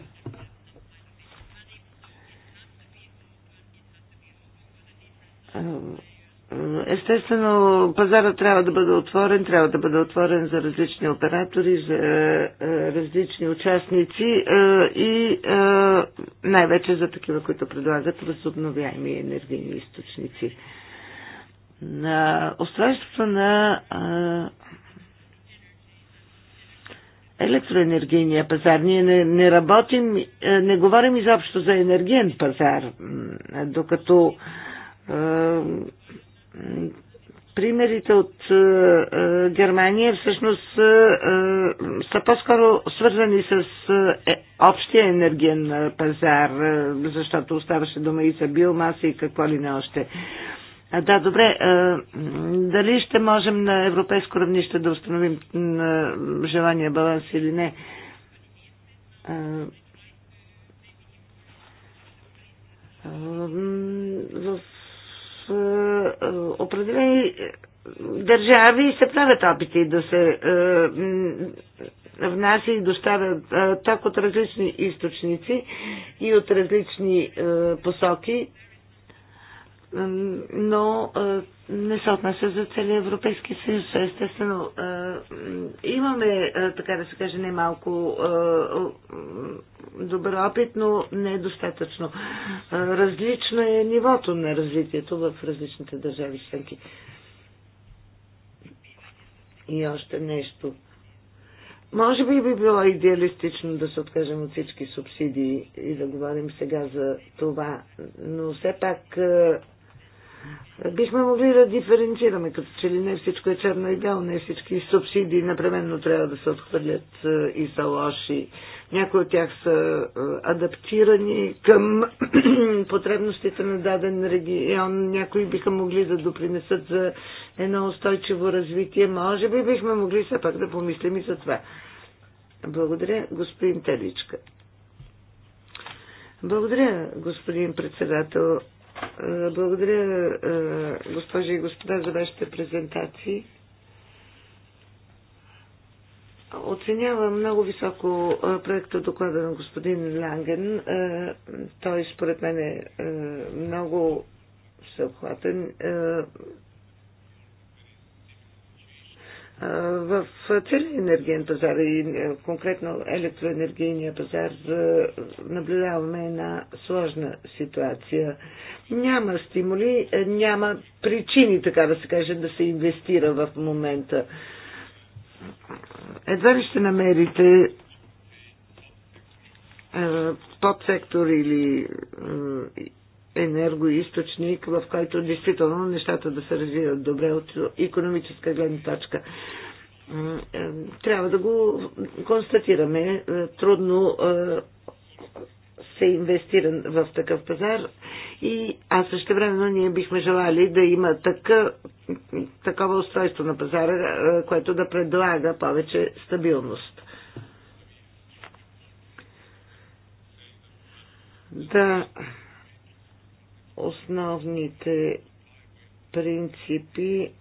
Speaker 3: Естествено, пазарът трябва да бъде отворен, трябва да бъде отворен за различни оператори, за е, е, различни участници е, и най-вече за такива, които предлагат възобновяеми енергийни източници. На устройството на електроенергийния пазар. Ние не, не работим, не говорим изобщо за енергиен пазар, докато е, примерите от е, е, Германия всъщност са по-скоро свързани с общия енергиен пазар, защото оставаше дома и за биомаса и какво ли не още. Да, добре. Дали ще можем на европейско равнище да установим желания баланс или не? В е, определени държави се правят опити да се е, внася и доставя е, ток от различни източници и от различни посоки но не се отнася за целия Европейски съюз. Естествено, имаме, така да се каже, немалко добър опит, но не е достатъчно. Различно е нивото на развитието в различните държави членки. И още нещо. Може би би било идеалистично да се откажем от всички субсидии и да говорим сега за това, но все пак Бихме могли да диференцираме, като че ли не всичко е черно и бяло, не всички субсидии непременно трябва да се отхвърлят е, и са лоши. Някои от тях са е, адаптирани към потребностите на даден регион, някои биха могли да допринесат за едно устойчиво развитие. Може би бихме могли все пак да помислим и за това. Благодаря, господин Теличка. Благодаря, господин председател. Е, благодаря, е, госпожи и господа, за вашите презентации. Оценявам много високо е, проекта доклада на господин Ланген. Той според мен е много всеобхватен в целия енергиен пазар и е, конкретно електроенергийния пазар е, наблюдаваме една сложна ситуация. Няма стимули, е, няма причини, така да се каже, да се инвестира в момента. Едва ли ще намерите подсектор или енергоисточник, в който действително нещата да се развиват добре от економическа гледна точка. Е, трябва да го констатираме. Е, трудно е, се инвестира в такъв пазар и а също времено ние бихме желали да има така, такова устройство на пазара, което да предлага повече стабилност. Да Основните принципи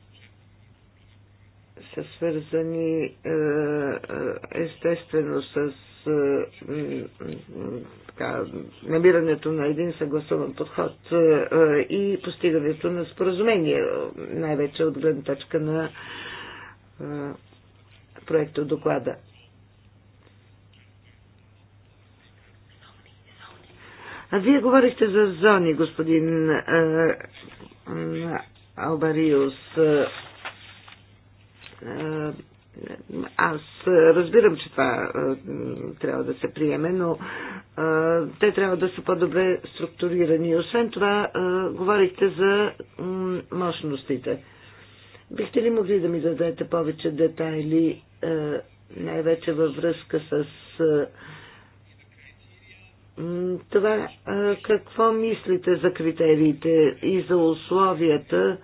Speaker 3: са свързани е, е, естествено с е, така, намирането на един съгласован подход и постигането на споразумение, най-вече от гледна точка на проекта доклада. А вие говорихте за зони, господин е, е, Албариус. Е, аз разбирам, че това трябва да се приеме, но те трябва да са по-добре структурирани. Освен това, говорихте за мощностите. Бихте ли могли да ми дадете повече детайли, най-вече във връзка с това какво мислите за критериите и за условията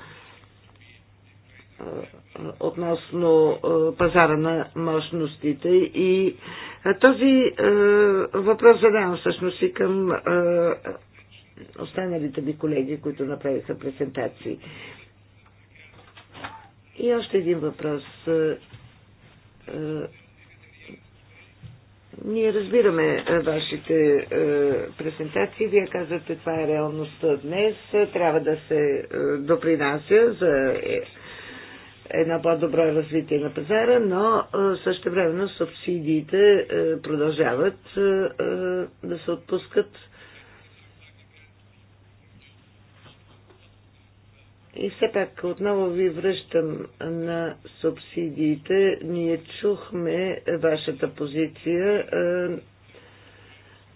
Speaker 3: относно пазара на мощностите и този въпрос задавам всъщност и към останалите ми колеги, които направиха презентации. И още един въпрос ние разбираме е, вашите е, презентации. Вие казвате, това е реалността днес. Трябва да се е, допринася за е, едно по-добро развитие на пазара, но е, също времено субсидиите е, продължават е, е да се отпускат И все пак отново ви връщам на субсидиите. Ние чухме вашата позиция,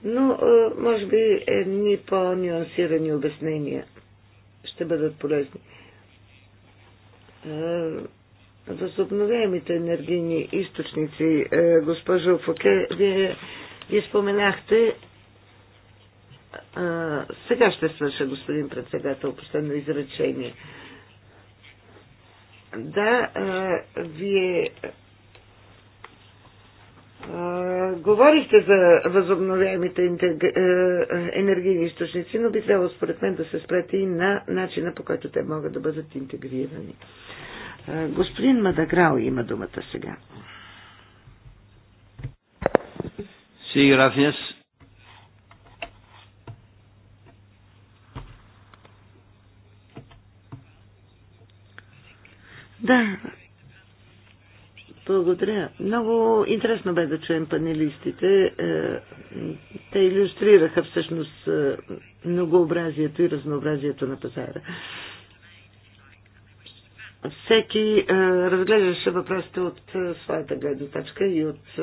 Speaker 3: но може би едни по-нюансирани обяснения ще бъдат полезни. Възобновяемите енергийни източници, госпожо Фоке, вие, вие споменахте а сега ще свърша, господин председател, последно изречение. Да, вие говорихте за възобновяемите енергийни източници, но би трябвало според мен да се спрете и на начина по който те могат да бъдат интегрирани. Господин Мадаграл има думата сега.
Speaker 2: Sí, gracias.
Speaker 3: Да. Благодаря. Много интересно бе да чуем панелистите. Е, те иллюстрираха всъщност е, многообразието и разнообразието на пазара. Всеки е, разглеждаше въпросите от своята гледна точка и от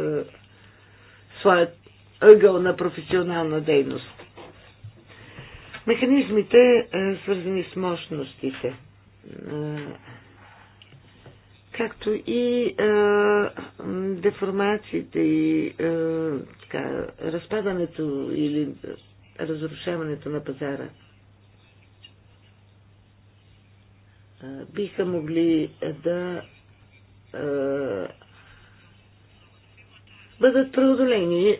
Speaker 3: своят ъгъл на професионална дейност. Механизмите, свързани с мощностите както и е, деформациите и е, така, разпадането или разрушаването на пазара е, биха могли да е, бъдат преодолени, е,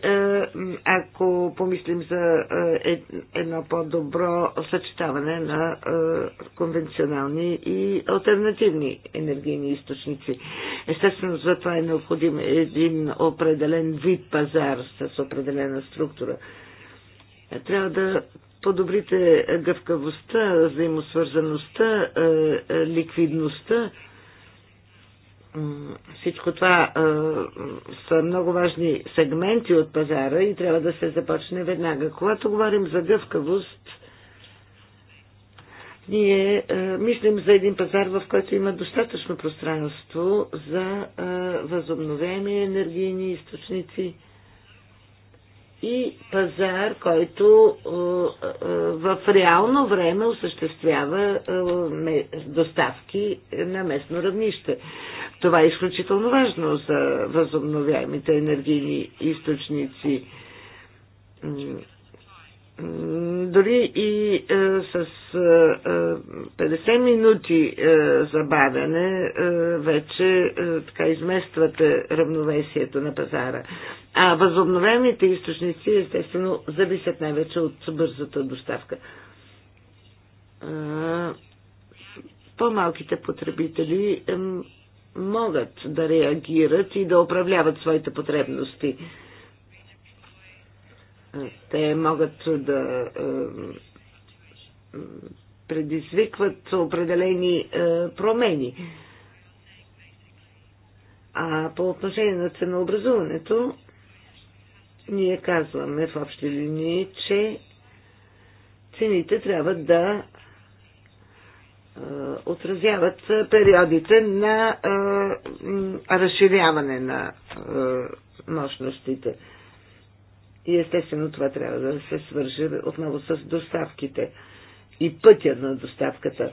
Speaker 3: ако помислим за е, е, едно по-добро съчетаване на конвенционални и альтернативни енергийни източници. Естествено, за това е необходим един определен вид пазар с определена структура. Трябва да подобрите гъвкавостта, взаимосвързаността, ликвидността всичко това а, са много важни сегменти от пазара и трябва да се започне веднага. Когато говорим за гъвкавост, ние а, мислим за един пазар, в който има достатъчно пространство за а, възобновяеми енергийни източници и пазар, който в реално време осъществява доставки на местно равнище. Това е изключително важно за възобновяемите енергийни източници. Дори и е, с е, 50 е, минути е, забавяне е, вече е, така измествате равновесието на пазара. А възобновяемите източници естествено зависят най-вече от бързата доставка е, по-малките потребители могат да реагират и да управляват своите потребности. Те могат да предизвикват определени промени. А по отношение на ценообразуването, ние казваме в общи линии, че цените трябва да е, отразяват е, периодите на е, разширяване на мощностите. И естествено това трябва да се свържи отново с доставките и пътя на доставката.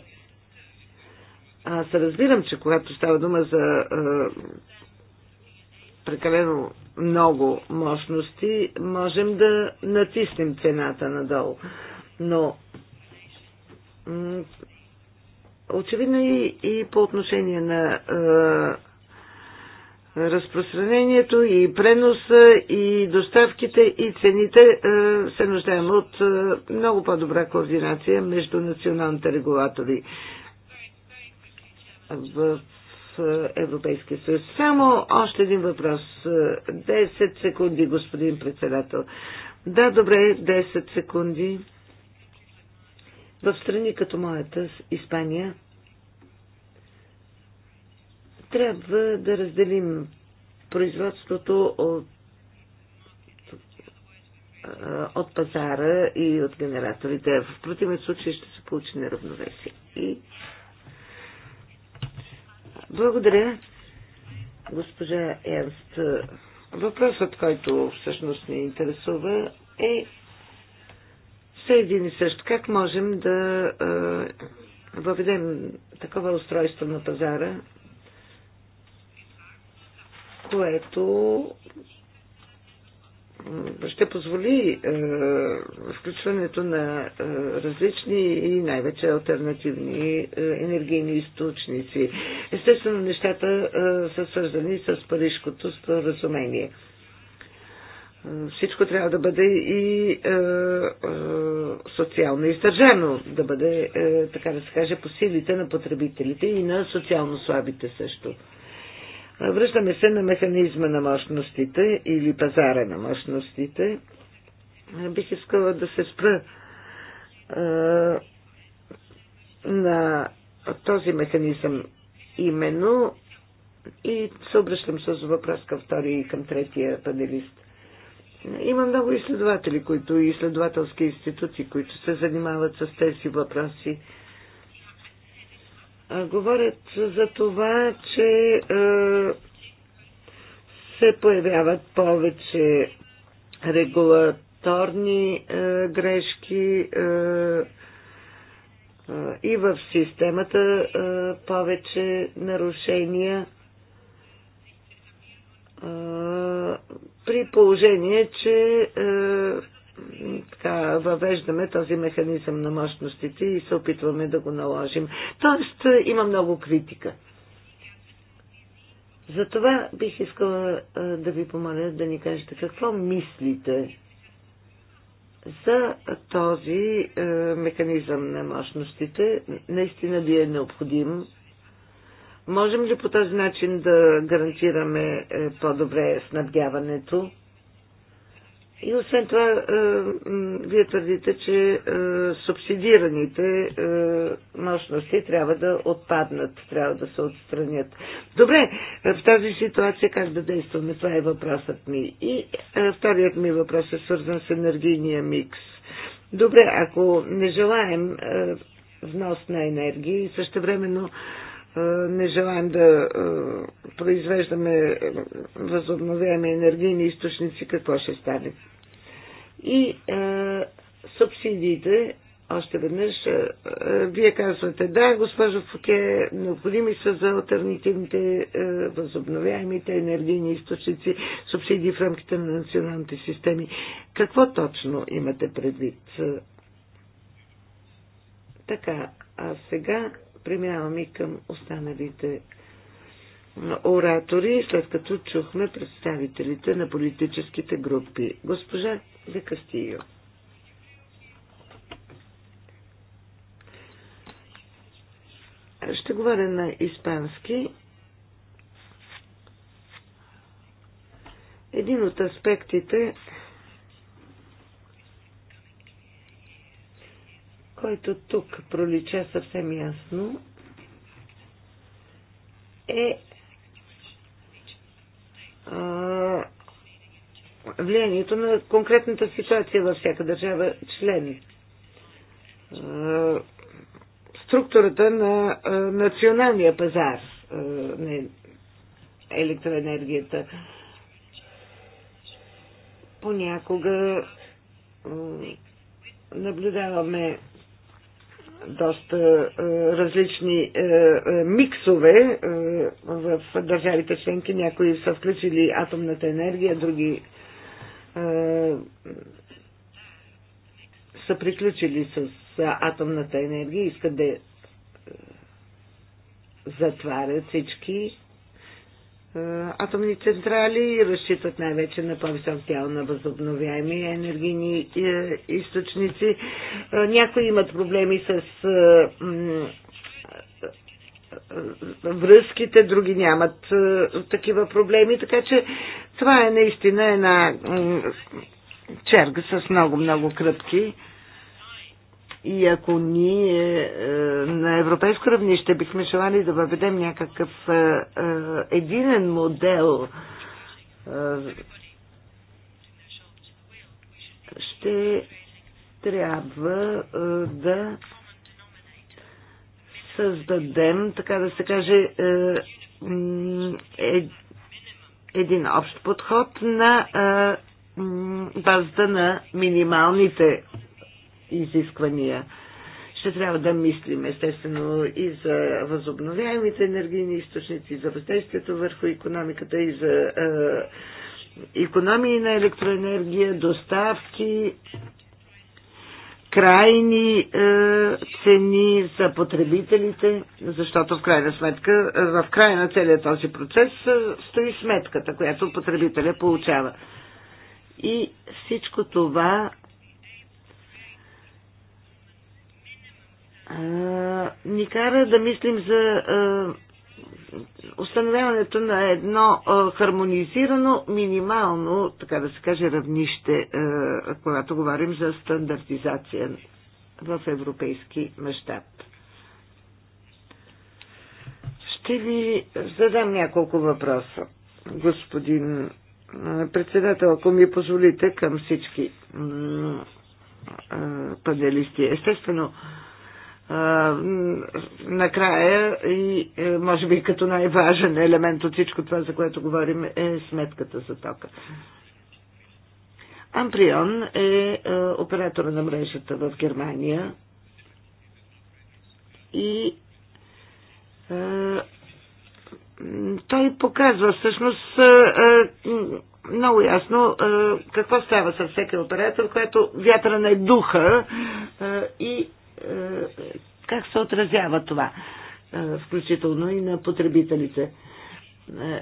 Speaker 3: Аз разбирам, че когато става дума за а, прекалено много мощности, можем да натиснем цената надолу. Но Очевидно и, и по отношение на е, разпространението и преноса и доставките и цените е, се нуждаем от е, много по-добра координация между националните регулатори в Европейския съюз. Само още един въпрос. 10 секунди, господин председател. Да, добре, 10 секунди в страни като моята Испания трябва да разделим производството от, от пазара и от генераторите. В противен случай ще се получи неравновесие. И... Благодаря, госпожа Ерст. Въпросът, който всъщност ни интересува е са един и същ. Как можем да въведем такова устройство на пазара, което ще позволи е, включването на е, различни и най-вече альтернативни е, енергийни източници. Естествено, нещата е, са свързани с Парижкото споразумение. Е, всичко трябва да бъде и е, е, социално издържано, да бъде, е, така да се каже, по силите на потребителите и на социално слабите също. Връщаме се на механизма на мощностите или пазара на мощностите. Бих искала да се спра е, на този механизъм именно и се обръщам с въпрос към втория и към третия панелист. Има много изследователи, които и изследователски институции, които се занимават с тези въпроси. Говорят за това, че се появяват повече регулаторни грешки и в системата повече нарушения при положение, че е, така, въвеждаме този механизъм на мощностите и се опитваме да го наложим. Тоест, е, има много критика. Затова бих искала е, да ви помоля да ни кажете какво мислите за този механизъм на мощностите. Наистина ли е необходим Можем ли по този начин да гарантираме е, по-добре снабдяването? И освен това, е, вие твърдите, че е, субсидираните мощности трябва да отпаднат, трябва да се отстранят. Добре, в тази ситуация как да действаме? Това е въпросът ми. И вторият ми въпрос е свързан с енергийния микс. Добре, ако не желаем внос на енергия и също времено не желаем да произвеждаме възобновяеми енергийни източници, какво ще стане? И е, субсидиите, още веднъж, е, вие казвате, да, госпожо Фуке, необходими са за альтернативните е, възобновяемите енергийни източници, субсидии в рамките на националните системи. Какво точно имате предвид? Така, а сега преминавам и към останалите оратори, след като чухме представителите на политическите групи. Госпожа Декастио. Ще говоря на испански. Един от аспектите който тук пролича съвсем ясно, е а, влиянието на конкретната ситуация във всяка държава член. А, структурата на а, националния пазар а, на електроенергията. Понякога наблюдаваме доста е, различни е, е, миксове в държавите членки. Някои са включили атомната енергия, други са приключили с атомната енергия, искат да затварят всички е, атомни централи разчитат най-вече на по-висок дял на възобновяеми енергийни е, източници. Е, някои имат проблеми с връзките, други нямат такива проблеми, така че това е наистина една черга с много-много кръпки. И ако ние е, на европейско равнище бихме желали да въведем някакъв е, е, единен модел, ще трябва да създадем, така да се каже, един общ подход на базата на минималните изисквания. Ще трябва да мислим естествено и за възобновяемите енергийни източници, за въздействието върху економиката и за економии на електроенергия, доставки, крайни е, цени за потребителите, защото в крайна сметка, е, в края на целият този процес е, стои сметката, която потребителя получава. И всичко това ни кара да мислим за установяването на едно хармонизирано, минимално, така да се каже, равнище, когато говорим за стандартизация в европейски мащаб. Ще ви задам няколко въпроса, господин председател, ако ми позволите към всички панелисти. Естествено, накрая и е, може би като най-важен елемент от всичко това, за което говорим, е сметката за тока. Амприон е, е оператора на мрежата в Германия и е, той показва всъщност много ясно какво става с всеки оператор, което вятъра е духа и е, как се отразява това, е, включително и на потребителите. Е,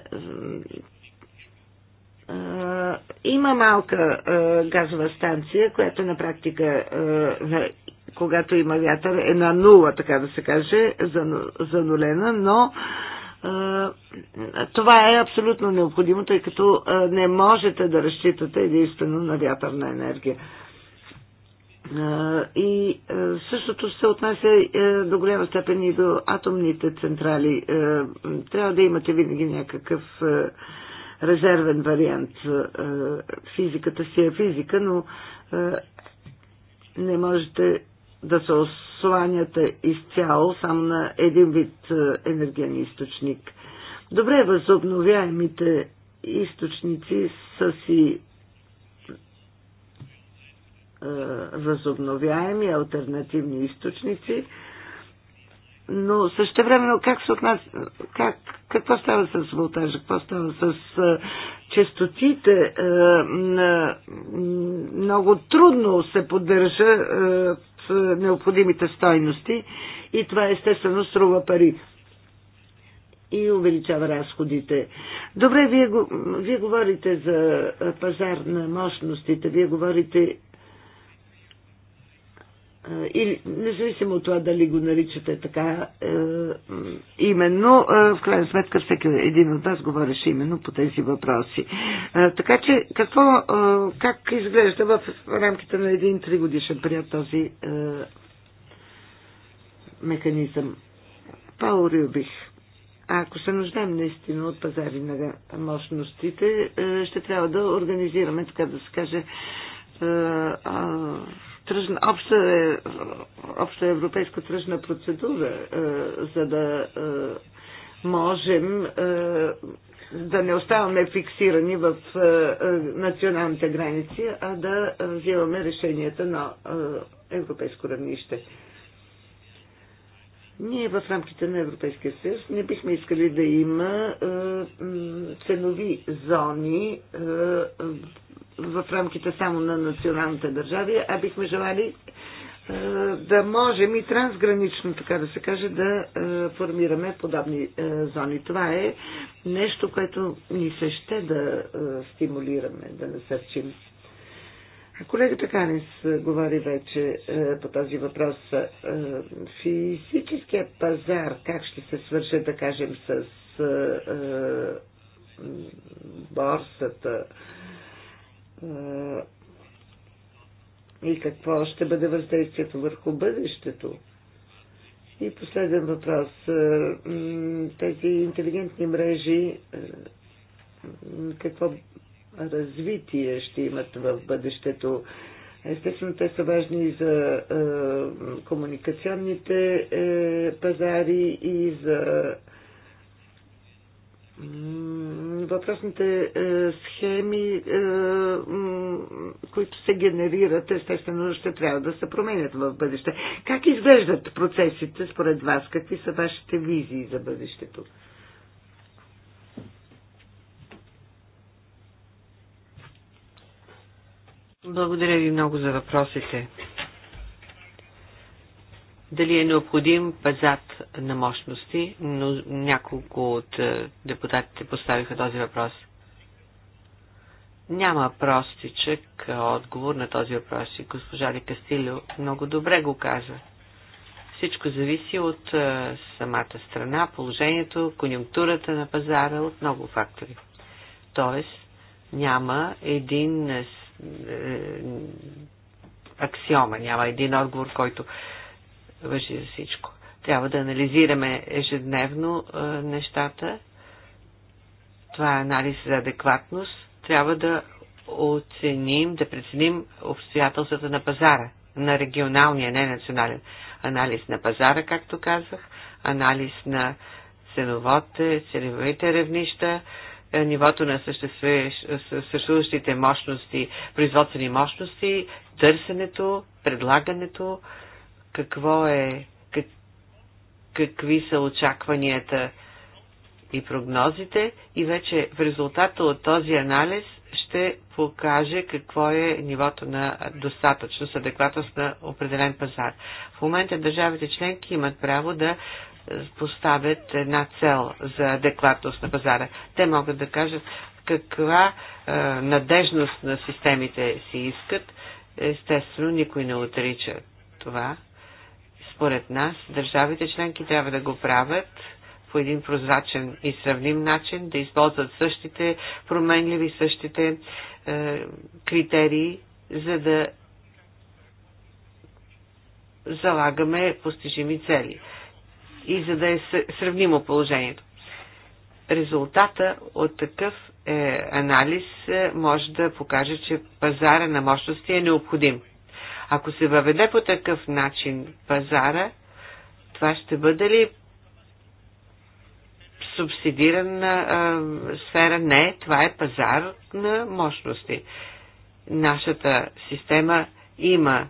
Speaker 3: има малка газова станция, която на практика, когато има вятър, е на нула, така да се каже, занулена, но това е абсолютно необходимо, тъй като не можете да разчитате единствено на вятърна енергия. И същото се отнася до голяма степен и до атомните централи. Трябва да имате винаги някакъв резервен вариант. Физиката си е физика, но не можете да се осланяте изцяло само на един вид енергиен източник. Добре, възобновяемите източници са си възобновяеми альтернативни източници, но също време как се отнася, как, какво става с волтажа, какво става с частотите, много трудно се поддържа необходимите стойности и това естествено струва пари и увеличава разходите. Добре, вие, вие говорите за пазар на мощностите, вие говорите или независимо от това дали го наричате така е, именно, е, в крайна сметка всеки един от нас говореше именно по тези въпроси. Е, така че, какво, е, как изглежда в рамките на един тригодишен период този е, механизъм? Паурил бих. А ако се нуждаем наистина от пазари на мощностите, е, ще трябва да организираме, така да се каже, е, е, тръжна, обща, е, обща европейска тръжна процедура, е, за да е, можем да не оставаме фиксирани в националните граници, а да взимаме решенията на европейско равнище. Ние в рамките на Европейския съюз не бихме искали да има ценови зони в рамките само на националните държави, а бихме желали е, да можем и трансгранично, така да се каже, да е, формираме подобни е, зони. Това е нещо, което ни се ще да стимулираме, да насърчим. Колегата Канис говори вече по този въпрос. Физическия пазар как ще се свърже, да кажем, с борсата, е, и какво ще бъде въздействието върху бъдещето. И последен въпрос. Е, тези интелигентни мрежи е, какво развитие ще имат в бъдещето? Естествено, те са важни и за комуникационните пазари и за въпросните е, схеми, е, които се генерират, естествено ще трябва да се променят в бъдеще. Как изглеждат процесите според вас? Какви са вашите визии за бъдещето?
Speaker 1: Благодаря ви много за въпросите дали е необходим пазат на мощности, но няколко от е, депутатите поставиха този въпрос. Няма простичък е, отговор на този въпрос и госпожа Ли Кастилио много добре го каза. Всичко зависи от е, самата страна, положението, конъюнктурата на пазара, от много фактори. Тоест, няма един аксиома, няма един отговор, който въжи за всичко. Трябва да анализираме ежедневно е, нещата. Това е анализ за адекватност. Трябва да оценим, да преценим обстоятелствата на пазара, на регионалния, не национален. Анализ на пазара, както казах, анализ на ценовоте, целевите равнища, е, нивото на съществуващите мощности, производствени мощности, търсенето, предлагането, какво е, как, какви са очакванията и прогнозите и вече в резултата от този анализ ще покаже какво е нивото на достатъчност, адекватност на определен пазар. В момента държавите членки имат право да поставят една цел за адекватност на пазара. Те могат да кажат каква е, надежност на системите си искат. Естествено, никой не отрича това. Според нас, държавите членки трябва да го правят по един прозрачен и сравним начин, да използват същите променливи, същите е, критерии, за да залагаме постижими цели и за да е сравнимо положението. Резултата от такъв е, анализ е, може да покаже, че пазара на мощности е необходим. Ако се въведе по такъв начин пазара, това ще бъде ли субсидирана а, сфера? Не, това е пазар на мощности. Нашата система има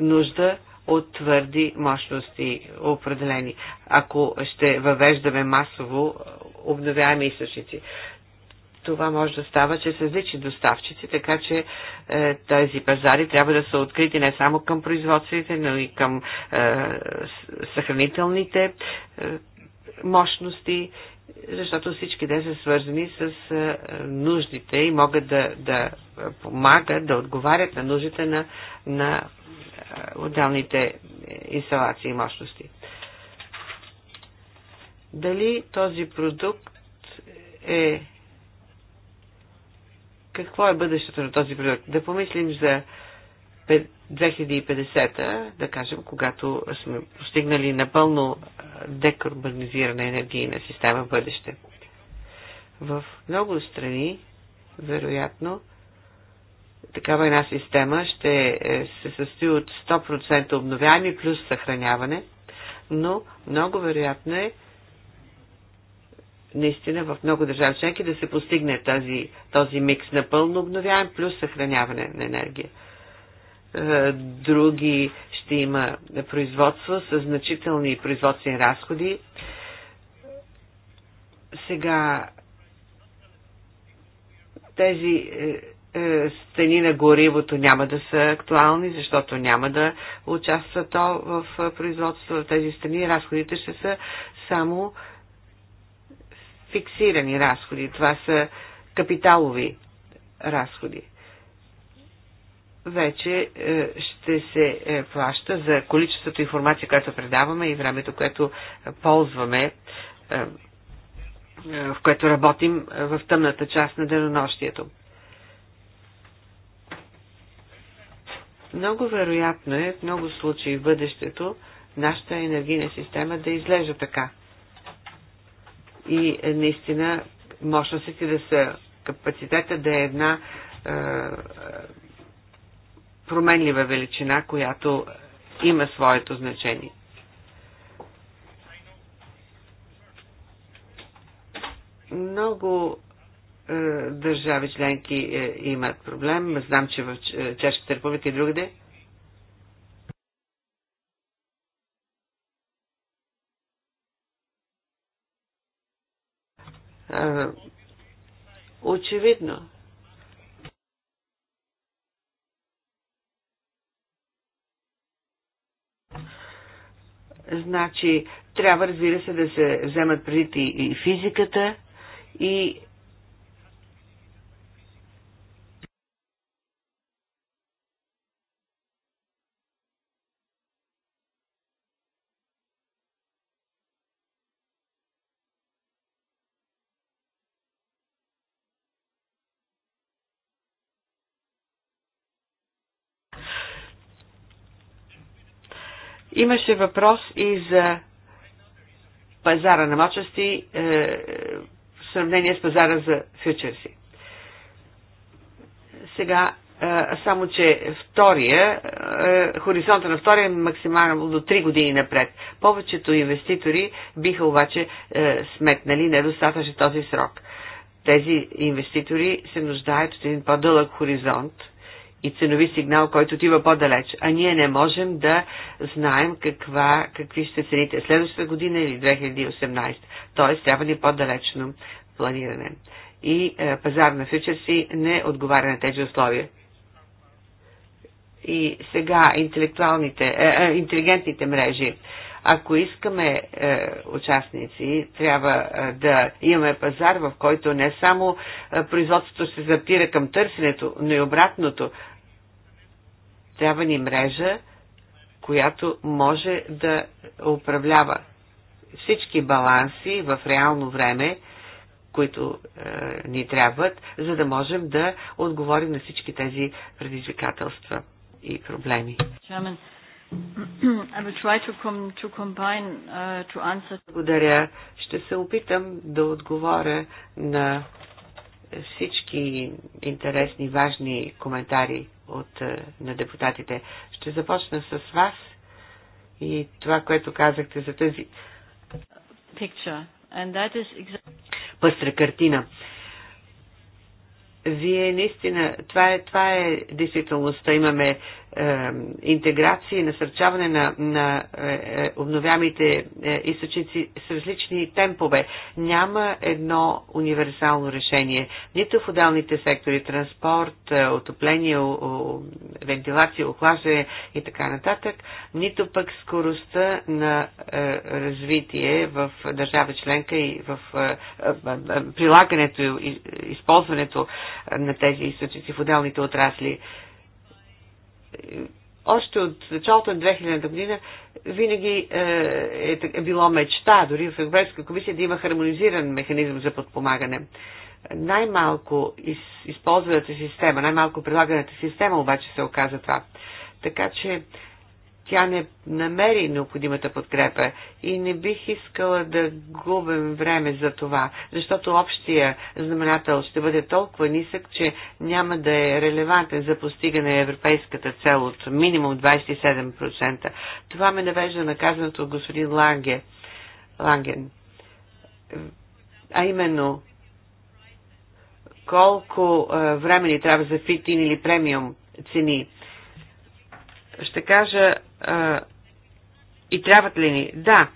Speaker 1: нужда от твърди мощности определени, ако ще въвеждаме масово обновяеми източници това може да става чрез различни доставчици, така че е, тези пазари трябва да са открити не само към производствените, но и към е, съхранителните е, мощности, защото всички те са свързани с е, нуждите и могат да, да помагат, да отговарят на нуждите на, на е, отделните инсталации и мощности. Дали този продукт е какво е бъдещето на този продукт? Да помислим за 2050-та, да кажем, когато сме постигнали напълно декарбонизирана енергийна система в бъдеще. В много страни, вероятно, такава една система ще е, се състои от 100% обновяване плюс съхраняване, но много вероятно е наистина в много държави членки да се постигне този, този микс на пълно обновяем плюс съхраняване на енергия. Е, други ще има производство с значителни производствени разходи. Сега тези е, е, цени на горивото няма да са актуални, защото няма да участва то в производството в тези страни. Разходите ще са само фиксирани разходи, това са капиталови разходи. Вече е, ще се е, плаща за количеството информация, която предаваме и времето, което ползваме, е, в което работим в тъмната част на денонощието. Много вероятно е в много случаи в бъдещето нашата енергийна система да изглежда така – и е, наистина мощностите да са, капацитета да е една е, е, променлива величина, която има своето значение. Много е, държави членки е, имат проблем. Знам, че в Чешката република и другаде Очевидно. Значи, трябва, разбира се, да се вземат преди и
Speaker 3: физиката, и
Speaker 1: Имаше въпрос и за пазара на мочести е, е, в сравнение с пазара за фьючерси. Сега, е, само че втория, е, хоризонта на втория е максимално до 3 години напред. Повечето инвеститори биха обаче е, сметнали недостатъчно този срок. Тези инвеститори се нуждаят от един по-дълъг хоризонт – и ценови сигнал, който отива по-далеч. А ние не можем да знаем каква, какви ще цените следващата година или 2018. Тоест, трябва ни по-далечно планиране. И е, пазар на фьючерси не отговаря на тези условия. И сега интелектуалните, е, е, интелигентните мрежи. Ако искаме е, участници, трябва е, да имаме пазар, в който не само е, производството се запира към търсенето, но и обратното. Трябва ни мрежа, която може да управлява всички баланси в реално време, които е, ни трябват, за да можем да отговорим на всички тези предизвикателства и проблеми. Uh, Благодаря. Ще се опитам да отговоря на всички интересни, важни коментари от, е, на депутатите. Ще започна с вас и това, което казахте за тази And that is exactly... пъстра картина. Вие наистина, това е, това е действителността. Имаме интеграция и насърчаване на, на е, е, обновямите е, източници с различни темпове. Няма едно универсално решение. Нито в отделните сектори транспорт, отопление, вентилация, охлаждане и така нататък, нито пък скоростта на развитие в държава членка и в прилагането и използването на тези източници в отделните отрасли още от началото на 2000 година винаги е е, е, е било мечта, дори в Европейска комисия, да има хармонизиран механизъм за подпомагане. Най-малко из, използваната система, най-малко прилаганата система обаче се оказа това. Така че тя не намери необходимата подкрепа и не бих искала да губим време за това, защото общия знаменател ще бъде толкова нисък, че няма да е релевантен за постигане на европейската цел от минимум 27%. Това ме навежда на казаното от господин Ланге, Ланген. А именно, колко време ни трябва за фитин или премиум цени – ще кажа а, и трябват ли ни? Да.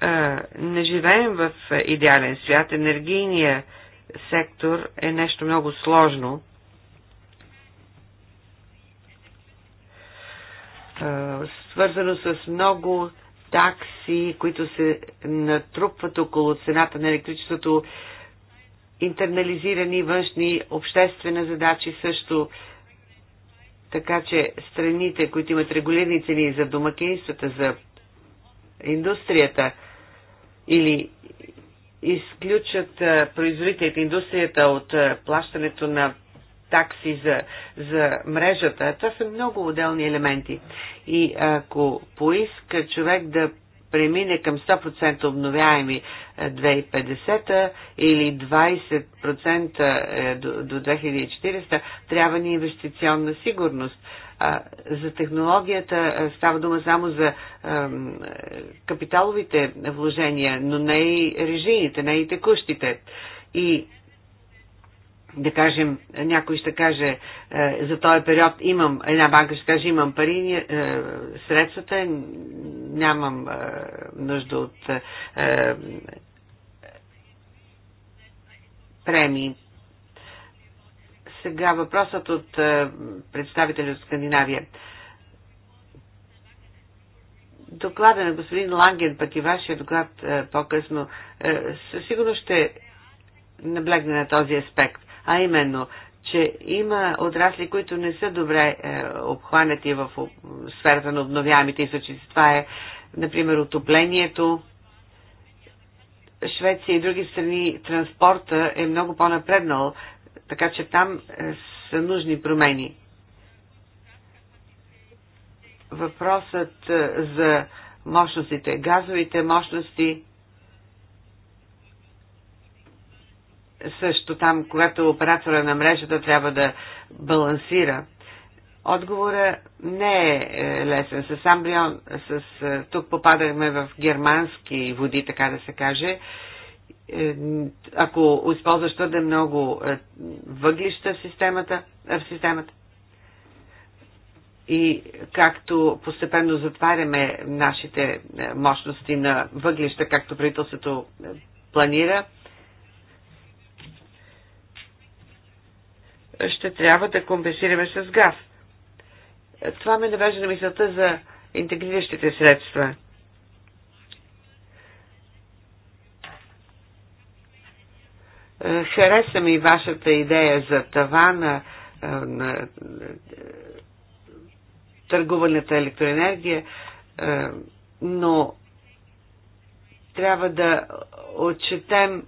Speaker 1: А, не живеем в идеален свят. енергийният сектор е нещо много сложно. А, свързано с много такси, които се натрупват около цената на електричеството, интернализирани външни обществени задачи също така че страните, които имат регулирани цени за домакинствата, за индустрията или изключат производителите, индустрията от плащането на такси за, за мрежата. Това са много отделни елементи. И ако поиска човек да премине към 100% обновяеми 2050 е, или 20% е, до, 2040, трябва ни инвестиционна сигурност. За технологията е, става дума само за капиталовите вложения, но не и режимите, не и текущите. И да кажем, някой ще каже е, за този период имам, една банка ще каже имам пари, е, средствата, нямам е, нужда от е, е, премии. Сега въпросът от е, представителя от Скандинавия. Доклада на господин Ланген, пък и вашия доклад е, по-късно, е, със сигурност ще наблегне на този аспект а именно, че има отрасли, които не са добре е, обхванати в сферата на обновяемите източници. Това е, например, отоплението, Швеция и други страни транспорта е много по-напреднал, така че там е, са нужни промени. Въпросът е, за мощностите, газовите мощности също там, когато оператора на мрежата трябва да балансира. Отговора не е, е лесен. С Амбрион, с, е, тук попадахме в германски води, така да се каже. Е, ако използваш твърде много въглища в системата, в системата, и както постепенно затваряме нашите мощности на въглища, както правителството планира, ще трябва да компенсираме с газ. Това ме навежда на мисълта за интегриращите средства. Е, Хареса ми вашата идея за тавана е, на, на е, търгуваната електроенергия, но трябва да отчетем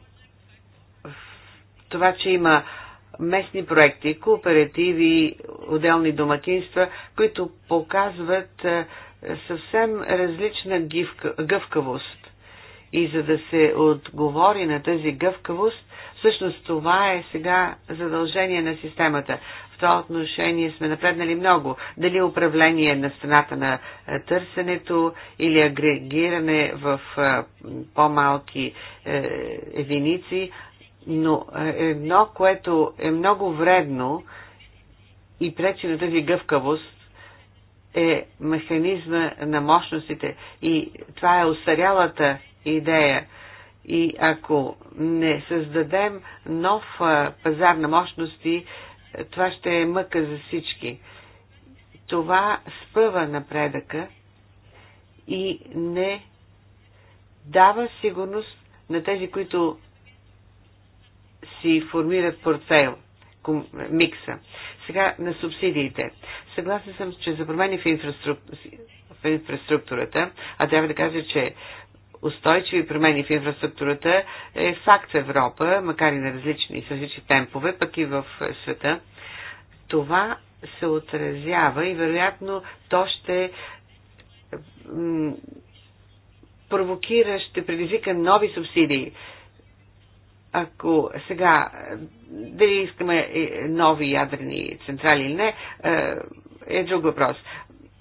Speaker 1: това, че има местни проекти, кооперативи, отделни домакинства, които показват съвсем различна гивка, гъвкавост. И за да се отговори на тази гъвкавост, всъщност това е сега задължение на системата. В това отношение сме напреднали много. Дали управление на страната на търсенето или агрегиране в по-малки е, единици, но е, едно, което е много вредно и пречи на тази гъвкавост, е механизма на мощностите. И това е устарялата идея. И ако не създадем нов пазар на мощности, това ще е мъка за всички. Това спъва напредъка и не дава сигурност на тези, които си формират портфейл, микса. Сега на субсидиите. Съгласен съм, че за промени в, инфраструк... в инфраструктурата, а трябва да кажа, че устойчиви промени в инфраструктурата е факт в Европа, макар и на различни, с различни темпове, пък и в света. Това се отразява и вероятно то ще провокира, ще предизвика нови субсидии ако сега, е, дали искаме е, нови ядрени централи или не, е, е друг въпрос.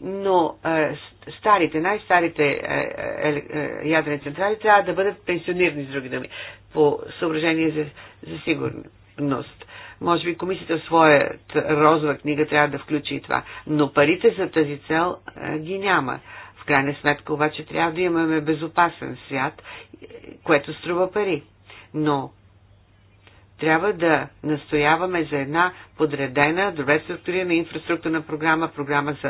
Speaker 1: Но старите, най-старите ядрени централи трябва да бъдат пенсионирани, с други думи, по съображение за, за сигурност. Може би комисията в своят розова книга трябва да включи и това. Но парите за тази цел ги няма. В крайна сметка обаче трябва да имаме безопасен свят, което струва пари. Но трябва да настояваме за една подредена, добре структурирана инфраструктурна програма, програма за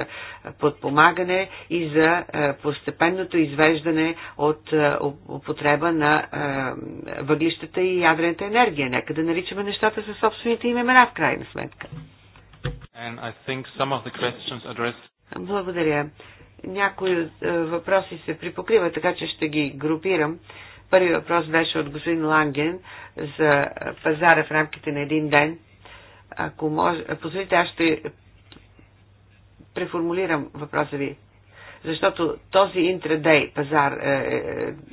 Speaker 1: подпомагане и за постепенното извеждане от употреба на въглищата и ядрената енергия. Нека да наричаме нещата със собствените им имена в крайна сметка. Благодаря. Някои въпроси се припокриват, така че ще ги групирам. Uh, Първи въпрос беше от господин Ланген за пазара в рамките на един ден. Ако може, позволите, аз ще преформулирам въпроса ви. Защото този интрадей пазар е, е,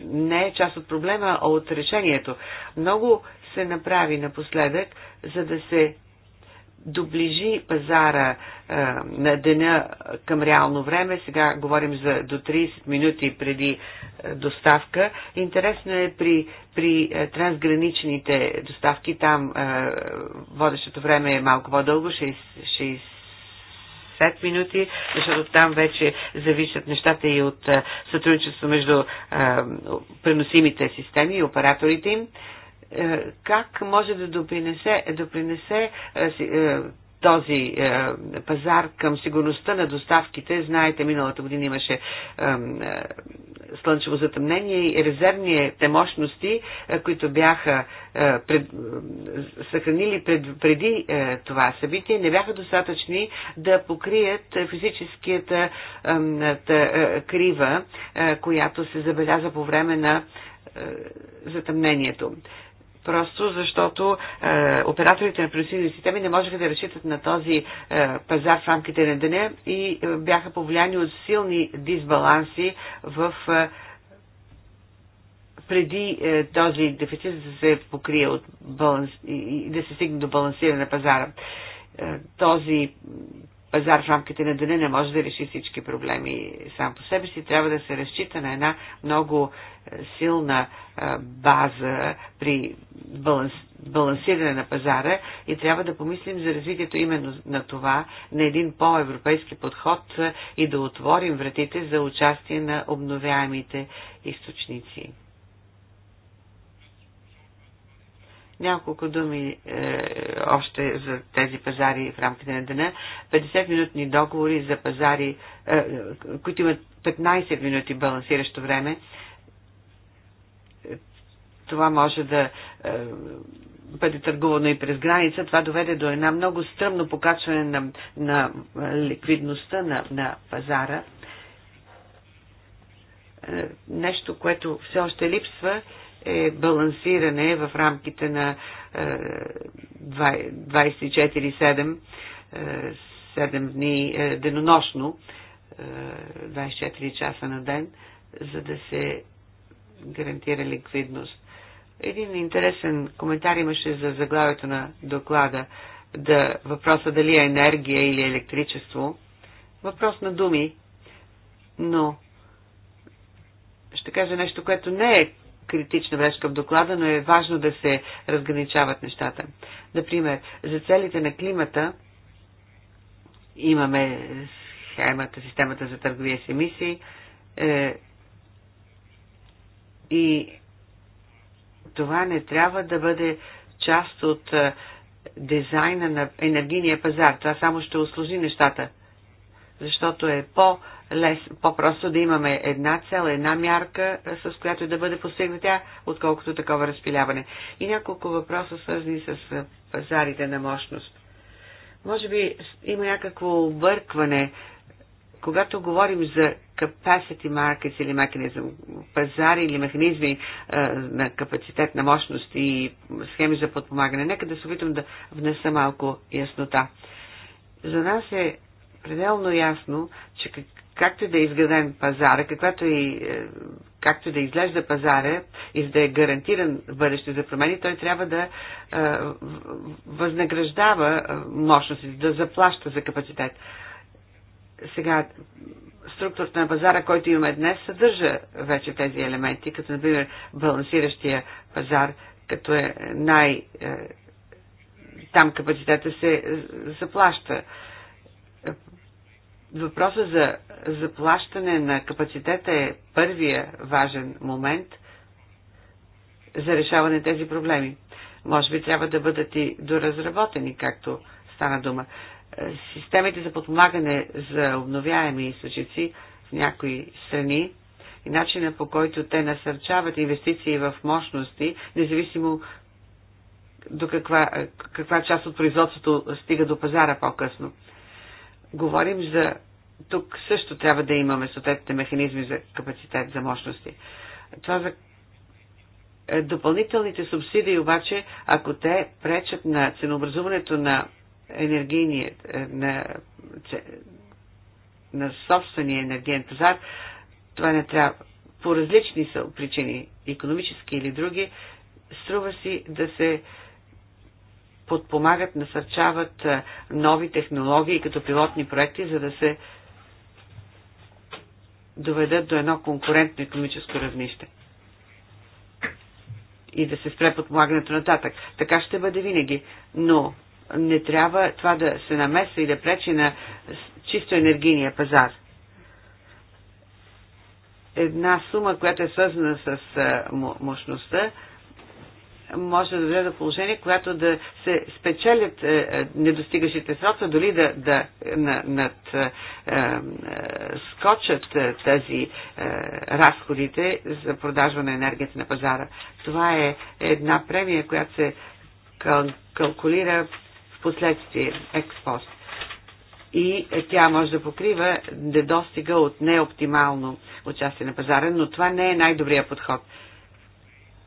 Speaker 1: не е част от проблема, а от решението. Много се направи напоследък, за да се доближи пазара а, е, на деня към реално време. Сега говорим за до 30 минути преди а, е, доставка. Интересно е при, при а, е, трансграничните доставки, там а, водещото време е малко по-дълго, 60 5 минути, защото там вече зависят нещата и от сътрудничество между а, преносимите системи и операторите им. А, е, как може да допринесе, допринесе е, е, този пазар към сигурността на доставките. Знаете, миналата година имаше слънчево затъмнение и резервните мощности, които бяха пред, съхранили пред, преди това събитие, не бяха достатъчни да покрият физическията крива, която се забеляза по време на затъмнението просто защото е, операторите на преносими системи не можеха да разчитат на този е, пазар в рамките на деня и е, бяха повлияни от силни дисбаланси в е, преди е, този дефицит да се покрие от баланс, и, и да се стигне до балансиране на пазара. Е, този пазар в рамките на деня не може да реши всички проблеми сам по себе си. Трябва да се разчита на една много е, силна е, база при баланс, балансиране на пазара и трябва да помислим за развитието именно на това, на един по-европейски подход и да отворим вратите за участие на обновяемите източници. Няколко думи е, още за тези пазари в рамките на деня. 50-минутни договори за пазари, е, които имат 15 минути балансиращо време. Това може да е, бъде търгувано и през граница. Това доведе до една много стръмно покачване на, на е, ликвидността на, на пазара. Е, нещо, което все още липсва. Е, е балансиране в рамките на 24-7 е, е, дни е, денонощно, 24 часа на ден, за да се гарантира ликвидност. Един интересен коментар имаше за заглавието на доклада, да въпроса дали е енергия или електричество. Въпрос на думи, но ще кажа нещо, което не е критична връзка в доклада, но е важно да се разграничават нещата. Например, за целите на климата имаме схемата, системата за търговия с емисии е, и това не трябва да бъде част от е, дизайна на енергийния пазар. Това само ще услужи нещата, защото е по- лес, по-просто да имаме една цел, една мярка, с която да бъде постигната, отколкото такова разпиляване. И няколко въпроса, свързани с пазарите на мощност. Може би има някакво объркване, когато говорим за capacity markets или механизъм, пазари или механизми а, на капацитет на мощност и схеми за подпомагане, нека да се опитам да внеса малко яснота. За нас е пределно ясно, че както и да е изграден пазара, каквато и, е, както да изглежда пазара и да е гарантиран бъдеще за промени, той трябва да е, възнаграждава е, мощностите, да заплаща за капацитет. Сега, структурата на пазара, който имаме днес, съдържа вече тези елементи, като например балансиращия пазар, като е най... Там капацитета се заплаща Въпроса за заплащане на капацитета е първия важен момент за решаване на тези проблеми. Може би трябва да бъдат и доразработени, както стана дума. Е, системите за подпомагане за обновяеми източници в някои страни и начина по който те насърчават инвестиции в мощности, независимо до каква, каква част от производството стига до пазара по-късно говорим за... Тук също трябва да имаме съответните механизми за капацитет, за мощности. Това за е, допълнителните субсидии обаче, ако те пречат на ценообразуването на енергийния, е, на, на собствения енергиен пазар, това не трябва. По различни са причини, економически или други, струва си да се подпомагат, насърчават нови технологии като пилотни проекти, за да се доведат до едно конкурентно економическо равнище и да се спре подпомагането нататък. Така ще бъде винаги, но не трябва това да се намеса и да пречи на чисто енергийния пазар. Една сума, която е свързана с мощността, може да доведе до положение, която да се спечелят е, е, недостигащите срока, дори да, да над, е, скочат е, разходите за продажба на енергията на пазара. Това е една премия, която се калкулира в последствие, експост. И тя може да покрива недостига от неоптимално участие на пазара, но това не е най-добрият подход.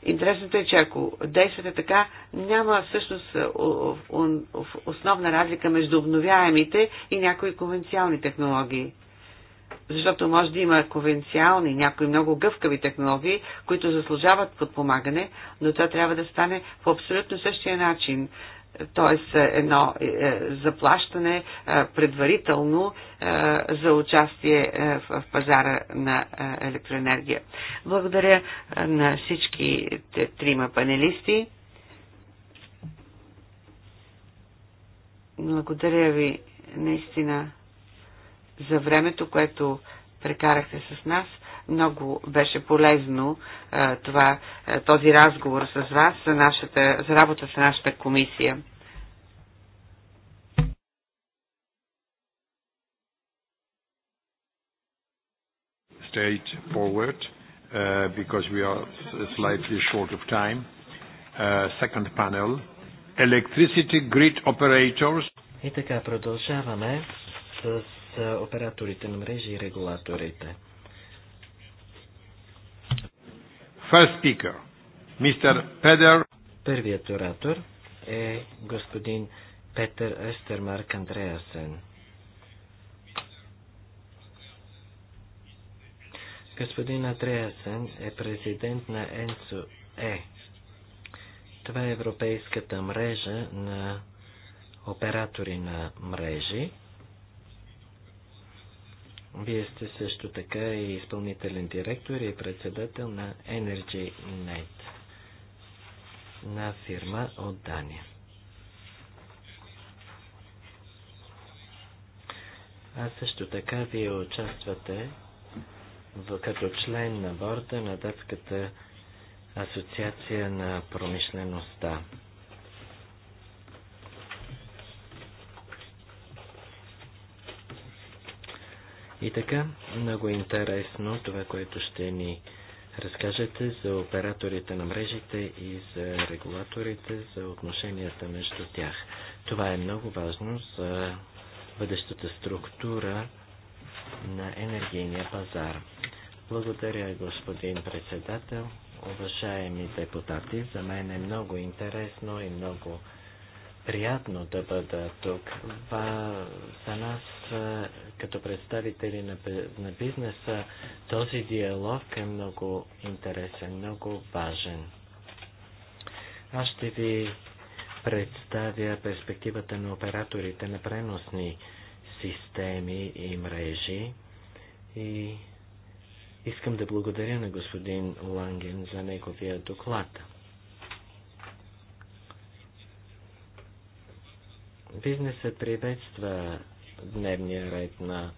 Speaker 1: Интересното е, че ако действате така, няма всъщност е, основна разлика между обновяемите и някои конвенциални технологии. Защото може да има конвенциални, някои много гъвкави технологии, които заслужават подпомагане, но това трябва да стане по абсолютно същия начин т.е. едно е, е, заплащане е, предварително за участие в пазара на електроенергия. Благодаря на всички трима панелисти. Благодаря ви наистина за времето, което прекарахте с нас. Много беше полезно това, този разговор с вас за, нашата, за работа с нашата комисия. straight
Speaker 2: forward uh, because we are slightly short of time. Uh, second panel, electricity grid operators. И така продължаваме с операторите на мрежи и регулаторите. First speaker, Mr. Peter. Първият оратор е господин Петър Естермарк Андреасен. Господин Андреасен е президент на ЕНСО Е. Това е европейската мрежа на оператори на мрежи. Вие сте също така и изпълнителен директор и председател на Energy Night на фирма от Дания. А също така вие участвате в, като член на борда на Датската асоциация на промишлеността. И така, много е интересно това, което ще ни разкажете за операторите на мрежите и за регулаторите, за отношенията между тях. Това е много важно за бъдещата структура на енергийния пазар. Благодаря, господин председател. Уважаеми депутати, за мен е много интересно и много приятно да бъда тук. Ба, за нас, като представители на, на бизнеса, този диалог е много интересен, много важен. Аз ще ви представя перспективата на операторите на преносни системи и мрежи и искам да благодаря на господин Ланген за неговия доклад. Бизнесът приветства дневния ред на,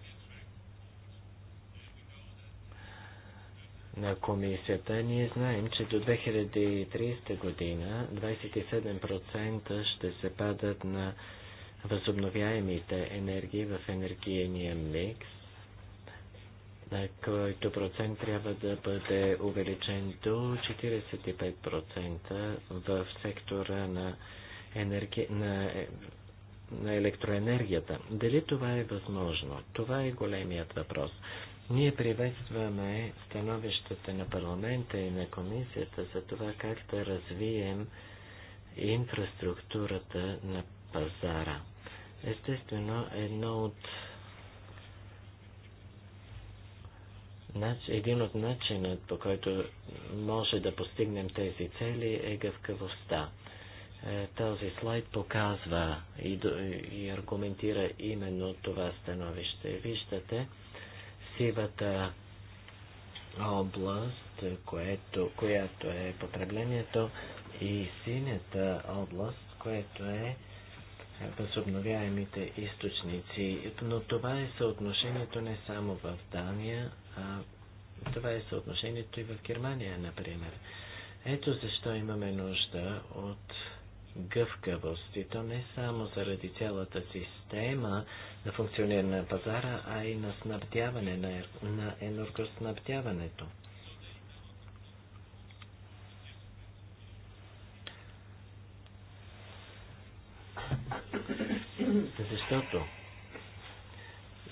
Speaker 2: на комисията. Ние знаем, че до 2030 година 27% ще се падат на възобновяемите енергии в енергийния микс на който процент трябва да бъде увеличен до 45% в сектора на, енерги... на на електроенергията. Дали това е възможно? Това е големият въпрос. Ние приветстваме становищата на парламента и на комисията за това как да развием инфраструктурата на пазара. Естествено, едно от един от начинът, по който може да постигнем тези цели е гъвкавостта. Е, този слайд показва и, и аргументира именно това становище. Виждате сивата област, което, която е потреблението, и синята област, което е възобновяемите източници. Но това е съотношението не само в Дания, а това е съотношението и в Германия, например. Ето защо имаме нужда от гъвкавост. И то не само заради цялата система на функциониране на пазара, а и на снабдяване, на, на енергоснабдяването. Защото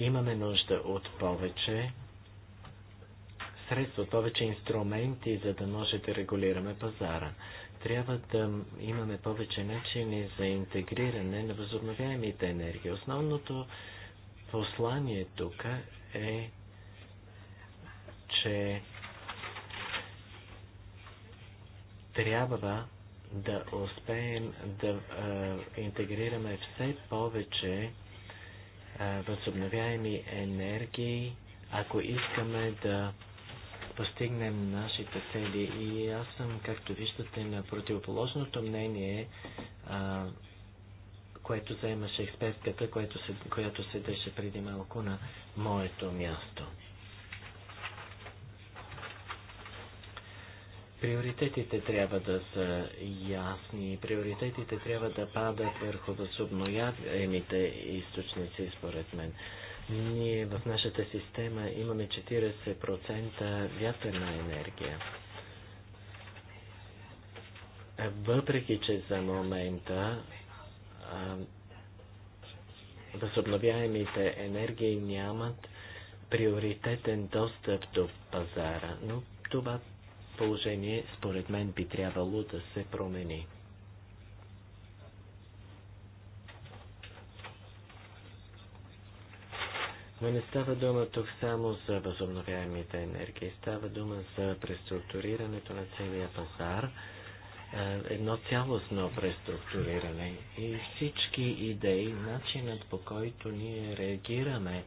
Speaker 2: имаме нужда от повече средства, повече инструменти, за да може да регулираме пазара трябва да имаме повече начини за интегриране на възобновяемите енергии. Основното послание тук е, че трябва да успеем да а, интегрираме все повече а, възобновяеми енергии, ако искаме да постигнем нашите цели. И аз съм, както виждате, на противоположното мнение, а, което заемаше експертката, което се, която седеше преди малко на моето място. Приоритетите трябва да са ясни. Приоритетите трябва да падат върху възобнояемите източници, според мен. Ние в нашата система имаме 40% вятърна енергия. Въпреки, че за момента възобновяемите енергии нямат приоритетен достъп до пазара, но това положение според мен би трябвало да се промени. Но не става дума тук само за възобновяемите енергии, става дума за преструктурирането на целия пазар, е, едно цялостно преструктуриране и всички идеи, начинът по който ние реагираме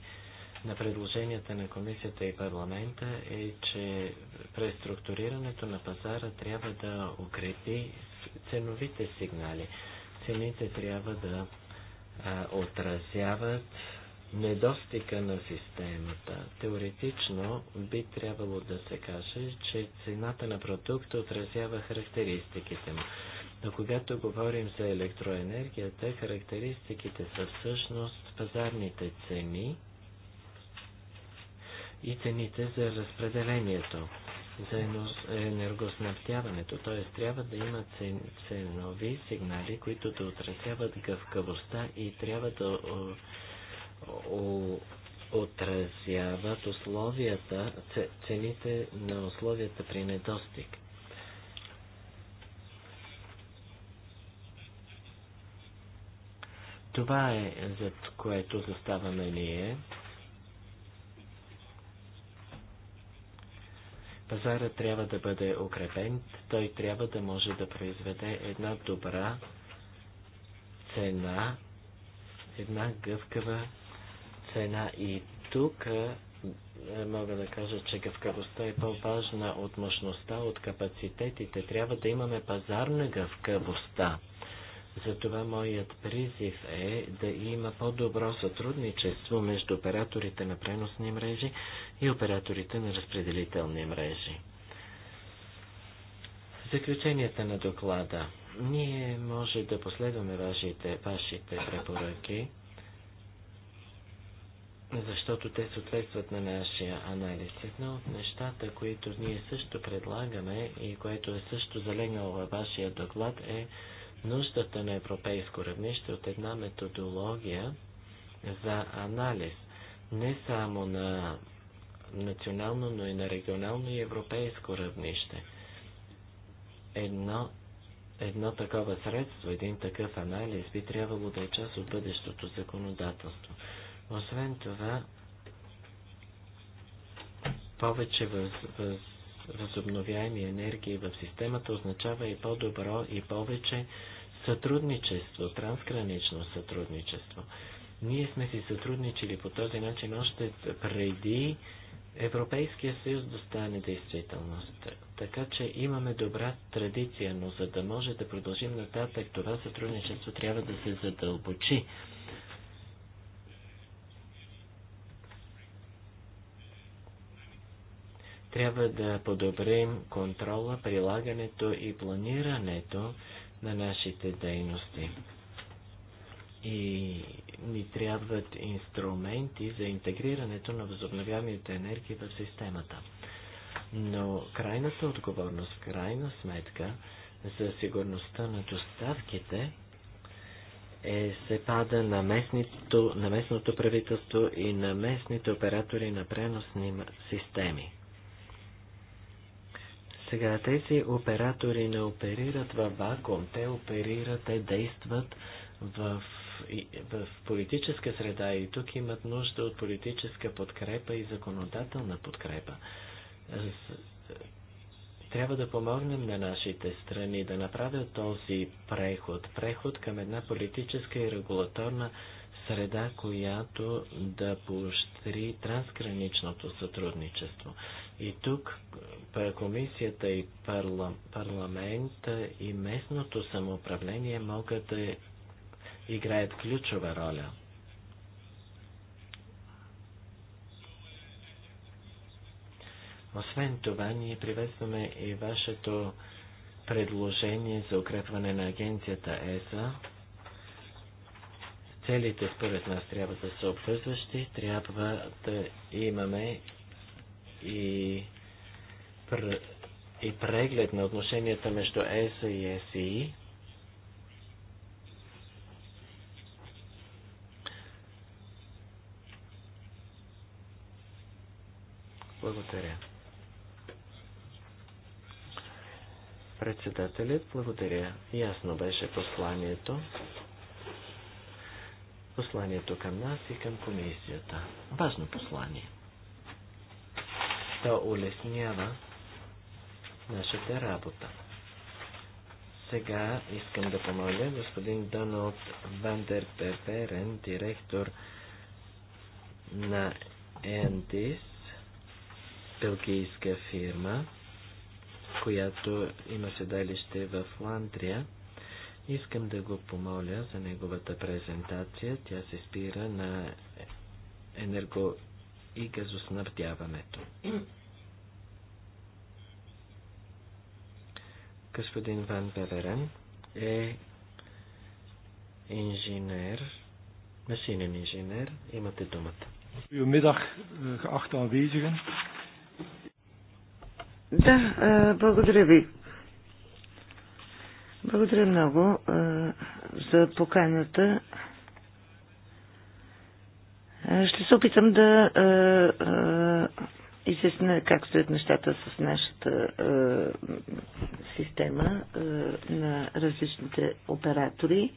Speaker 2: на предложенията на комисията и парламента е, че преструктурирането на пазара трябва да укрепи ценовите сигнали. Цените трябва да а, отразяват недостига на системата. Теоретично би трябвало да се каже, че цената на продукта отразява характеристиките му. Но когато говорим за електроенергията, характеристиките са всъщност пазарните цени и цените за разпределението, за енергоснабдяването. Т.е. трябва да има ценови сигнали, които да отразяват гъвкавостта и трябва да отразяват условията, цените на условията при недостиг. Това е за което заставаме ние. Пазара трябва да бъде укрепен, той трябва да може да произведе една добра цена, една гъвкава цена и тук е, е, мога да кажа, че гъвкавостта е по-важна от мощността, от капацитетите. Трябва да имаме пазарна гъвкавостта. Затова моят призив е да има по-добро сътрудничество между операторите на преносни мрежи и операторите на разпределителни мрежи. Заключенията на доклада. Ние може да последваме вашите, вашите препоръки защото те съответстват на нашия анализ. Едно от нещата, които ние също предлагаме и което е също залегнало във вашия доклад е нуждата на европейско равнище от една методология за анализ не само на национално, но и на регионално и европейско равнище. Едно, едно такова средство, един такъв анализ би трябвало да е част от бъдещото законодателство. Освен това, повече въз, въз, възобновяеми енергии в системата означава и по-добро и повече сътрудничество, трансгранично сътрудничество. Ние сме си сътрудничили по този начин още преди Европейския съюз да стане действителност. Така че имаме добра традиция, но за да може да продължим нататък, това сътрудничество трябва да се задълбочи. Трябва да подобрим контрола, прилагането и планирането на нашите дейности. И ни трябват инструменти за интегрирането на възобновяемите енергии в системата. Но крайната отговорност, крайна сметка, за сигурността на доставките е, се пада на, местнито, на местното правителство и на местните оператори на преносни системи. Сега тези оператори не оперират в вакуум, те оперират, те действат в, в политическа среда и тук имат нужда от политическа подкрепа и законодателна подкрепа. Трябва да помогнем на нашите страни да направят този преход, преход към една политическа и регулаторна среда, която да поощри трансграничното сътрудничество. И тук е, комисията и парла, парламента и местното самоуправление могат да играят ключова роля. Освен това, ние приветстваме и вашето предложение за укрепване на агенцията ЕСА. Целите според нас трябва да са обвързващи, трябва да имаме и, пр... и преглед на отношенията между ЕСА и ЕСИ. Благодаря. Председателят, благодаря. Ясно беше посланието. Посланието към нас и към комисията. Важно послание да улеснява нашата работа. Сега искам да помоля господин Доналд Вандер Пеперен, директор на Ендис, белгийска фирма, която има седалище в Ландрия. Искам да го помоля за неговата презентация. Тя се спира на енерго и газоснабдяването. Господин Ван Беверен е инженер, машинен инженер. Имате думата. Goedemiddag, eh, geachte aanwezigen.
Speaker 3: Да, е, благодаря ви. Благодаря много е, за поканата ще се опитам да изясня как стоят нещата с нашата система на различните оператори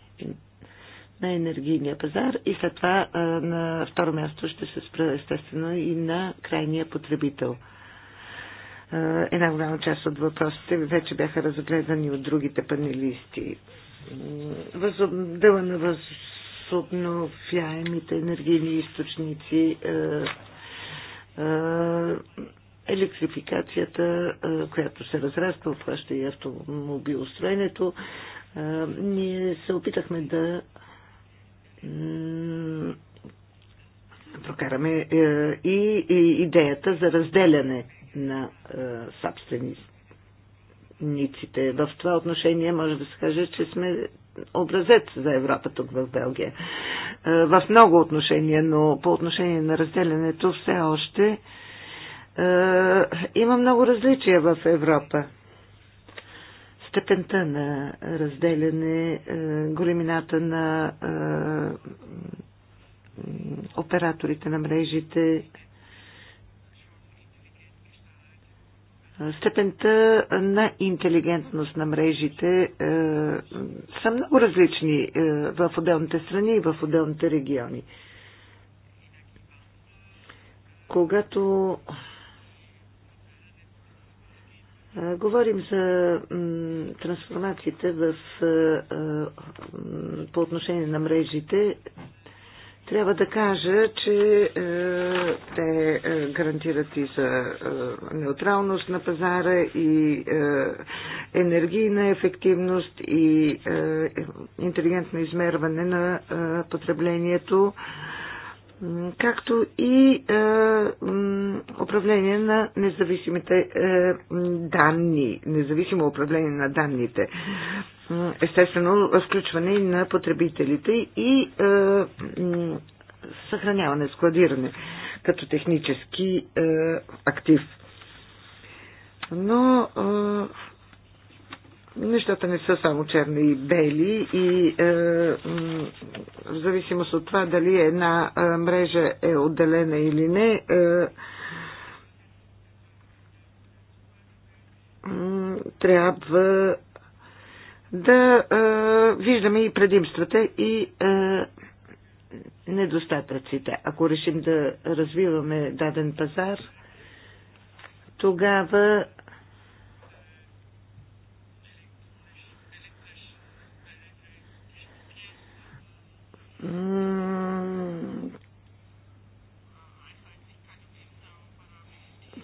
Speaker 3: на енергийния пазар и след това на второ място ще се спра естествено и на крайния потребител. Една голяма част от въпросите вече бяха разгледани от другите панелисти. Дела на въз обновяемите енергийни източници, е, е, електрификацията, е, която се разраства, обхваща и автомобилостроенето. Ние се опитахме да прокараме и идеята за разделяне на собствениците. В това отношение може да се каже, че сме образец за Европа тук в Белгия. Е, в много отношения, но по отношение на разделянето все още е, има много различия в Европа. Степента на разделяне, е, големината на операторите на мрежите, степента на интелигентност на мрежите е, са много различни е, в отделните страни и в отделните региони. Когато е, говорим за е, трансформациите в, е, е, по отношение на мрежите, трябва да кажа, че е, те е, гарантират и за е, неутралност на пазара и е, енергийна ефективност и е, интелигентно измерване на е, потреблението, както и е, управление на независимите е, данни, независимо управление на данните естествено включване на потребителите и е, съхраняване, складиране като технически е, актив. Но е, нещата не са само черни и бели и е, в зависимост от това дали една е, мрежа е отделена или не, е, трябва да е, виждаме и предимствата и е, недостатъците. Ако решим да развиваме даден пазар, тогава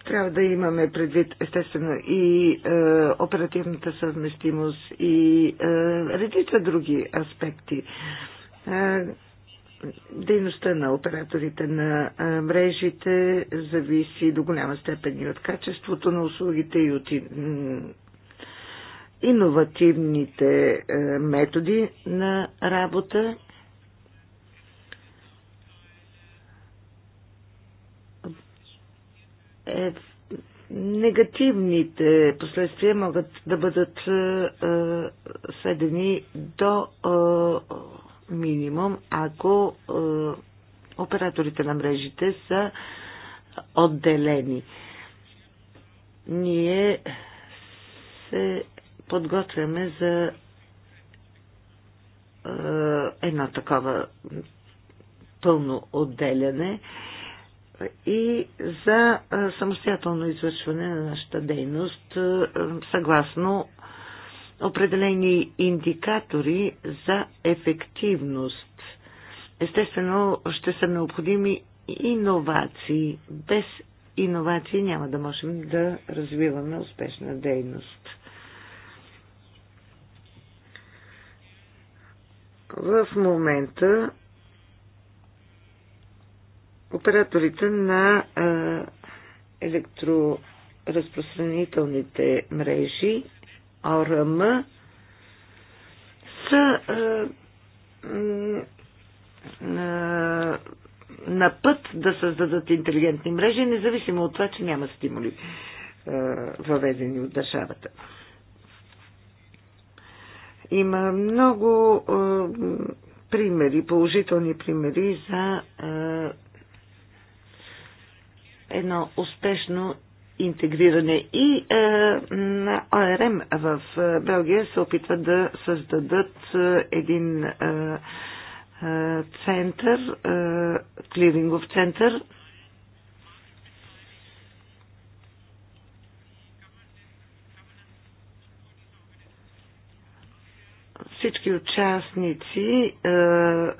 Speaker 3: Трябва да имаме предвид, естествено, и е, оперативната съвместимост, и е, редица други аспекти. Е, дейността на операторите на е, мрежите зависи до голяма степен и от качеството на услугите, и от иновативните е, методи на работа е, негативните последствия могат да бъдат е, е, сведени до е, минимум, ако е, операторите на мрежите са отделени. Ние се подготвяме за е, едно такова пълно отделяне. Е, и за самостоятелно извършване на нашата дейност съгласно определени индикатори за ефективност. Естествено, ще са необходими иновации. Без иновации няма да можем да развиваме успешна дейност. В момента операторите на електроразпространителните мрежи ОРМ са на път да създадат интелигентни мрежи, независимо от това, че няма стимули въведени от държавата. Има много примери, положителни примери за едно успешно интегриране. И е, на ОРМ в е, Белгия се опитват да създадат е, един е, е, център, е, клирингов център, всички участници е,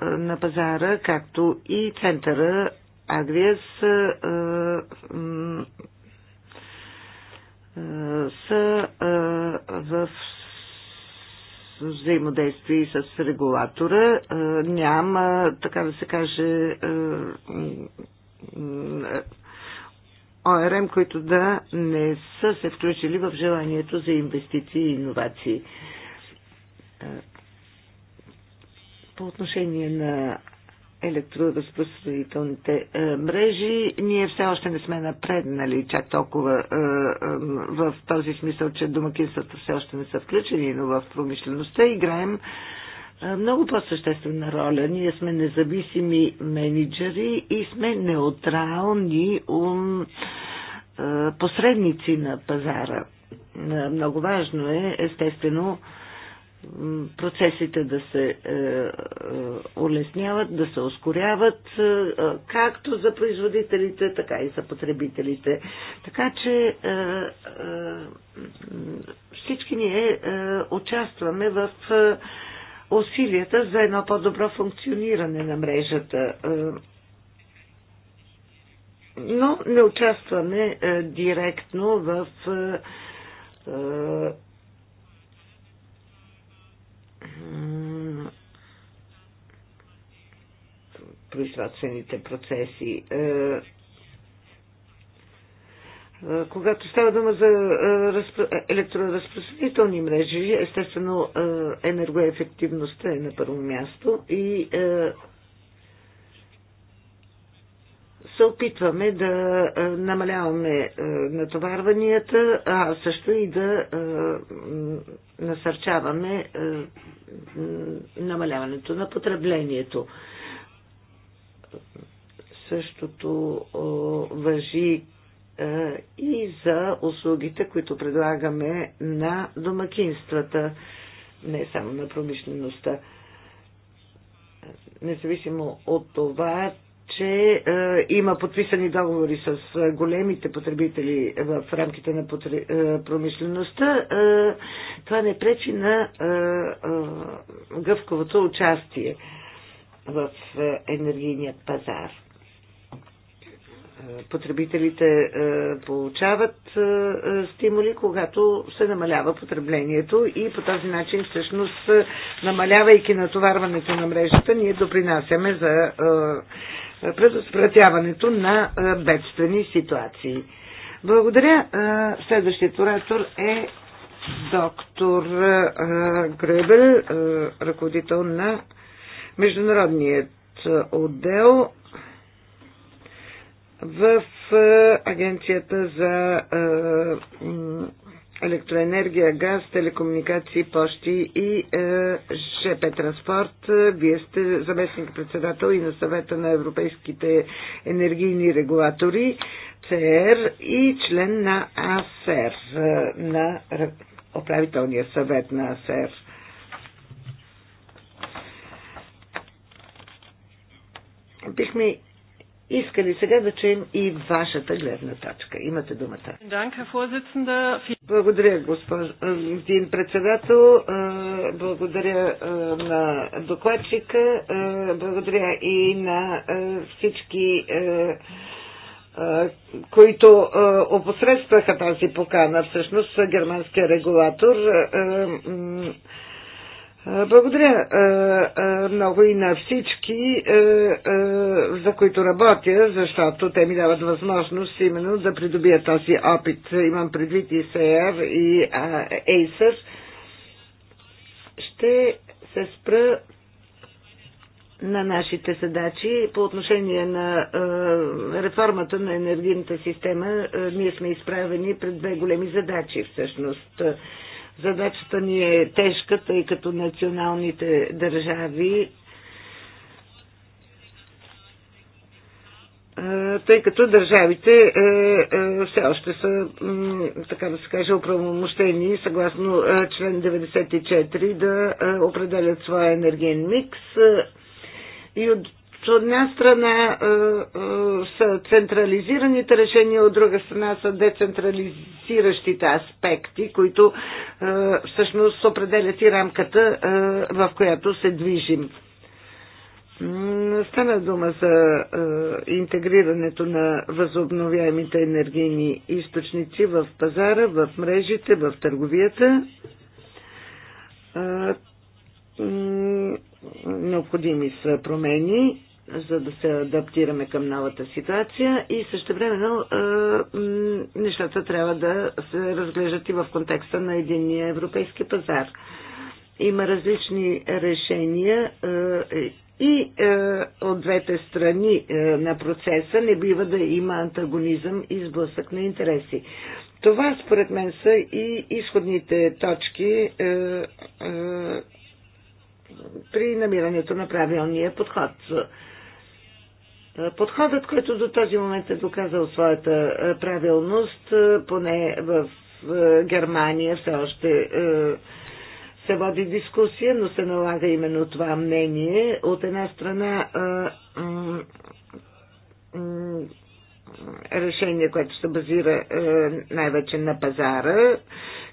Speaker 3: на пазара, както и центъра Агриес са в взаимодействие с регулатора. Няма, така да се каже, ОРМ, които да не са се включили в желанието за инвестиции и иновации. По отношение на електроразпространителните е, мрежи. Ние все още не сме напреднали чак толкова е, е, в този смисъл, че домакинствата все още не са включени, но в промишлеността играем много по-съществена роля. Ние сме независими менеджери и сме неутрални посредници на пазара. Много важно е, естествено, процесите да се е, е, улесняват, да се ускоряват, е, е, както за производителите, така и за потребителите. Така че е, е, всички ние е, участваме в е, усилията за едно по-добро функциониране на мрежата. Е, но не участваме е, директно в. Е, е производствените процеси. Е, е, когато става дума за е, електроразпространителни мрежи, естествено енергоефективността е на първо място и се опитваме да намаляваме натоварванията, а също и да насърчаваме намаляването на потреблението. Същото въжи и за услугите, които предлагаме на домакинствата, не само на промишлеността независимо от това, че е, има подписани договори с е, големите потребители в рамките на е, промишлеността, това не пречи на гъвковото участие в енергийният пазар. Потребителите получават стимули, когато се намалява потреблението и по този начин всъщност намалявайки натоварването на мрежата, ние допринасяме за предотвратяването на бедствени ситуации. Благодаря. Следващият оратор е доктор Гребел, ръководител на Международният отдел в Агенцията за електроенергия, газ, телекомуникации, почти и е, ЖП транспорт. Вие сте заместник-председател и на съвета на европейските енергийни регулатори, ЦР е и член на АСЕР, е, на управителния съвет на АСЕР. Бихме искали сега да чуем и вашата гледна точка. Имате думата. Благодаря, господин председател. Благодаря на докладчика. Благодаря и на всички които опосредстваха тази покана. Всъщност германския регулатор благодаря много и на всички, за които работя, защото те ми дават възможност именно да придобия този опит. Имам предвид и СЕР и Acer. Ще се спра на нашите задачи. По отношение на реформата на енергийната система, ние сме изправени пред две големи задачи всъщност Задачата ни е тежка, тъй като националните държави тъй като държавите е, е, все още са, така да се каже, оправомощени съгласно член 94 да определят своя енергиен микс и от че От една страна е, е, са централизираните решения, от друга страна са децентрализиращите аспекти, които е, всъщност определят и рамката, в която се движим. Стана дума за интегрирането на възобновяемите енергийни източници в пазара, в мрежите, в търговията. Необходими са промени за да се адаптираме към новата ситуация и времено е, нещата трябва да се разглеждат и в контекста на единния европейски пазар. Има различни решения е, и е, от двете страни е, на процеса не бива да има антагонизъм и сблъсък на интереси. Това според мен са и изходните точки е, е, при намирането на правилния подход. Подходът, който до този момент е доказал своята е, правилност, е, поне в е, Германия все още се води дискусия, но се налага именно това мнение. От една страна решение, което се базира най-вече на пазара,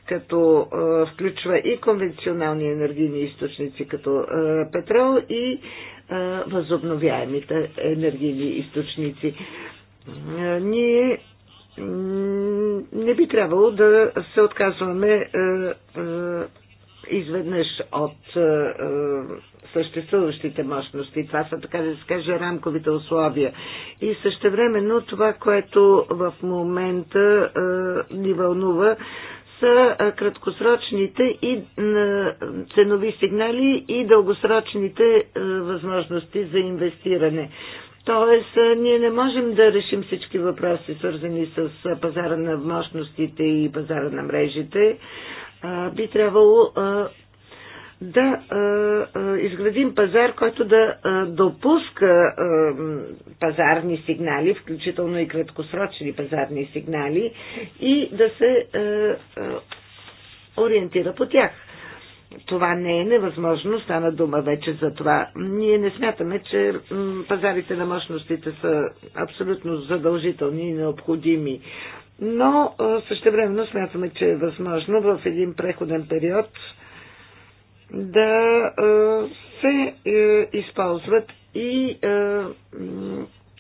Speaker 3: като включва и конвенционални енергийни източници, като петрол и възобновяемите енергийни източници. Ние не би трябвало да се отказваме изведнъж от съществуващите мощности. Това са, така да се каже, рамковите условия. И същевременно това, което в момента ни вълнува, са краткосрочните и ценови сигнали и дългосрочните възможности за инвестиране. Тоест, ние не можем да решим всички въпроси, свързани с пазара на мощностите и пазара на мрежите. Би трябвало да изградим пазар, който да допуска пазарни сигнали, включително и краткосрочни пазарни сигнали, и да се ориентира по тях. Това не е невъзможно, стана дума вече за това. Ние не смятаме, че пазарите на мощностите са абсолютно задължителни и необходими. Но същевременно смятаме, че е възможно в един преходен период да се е, използват и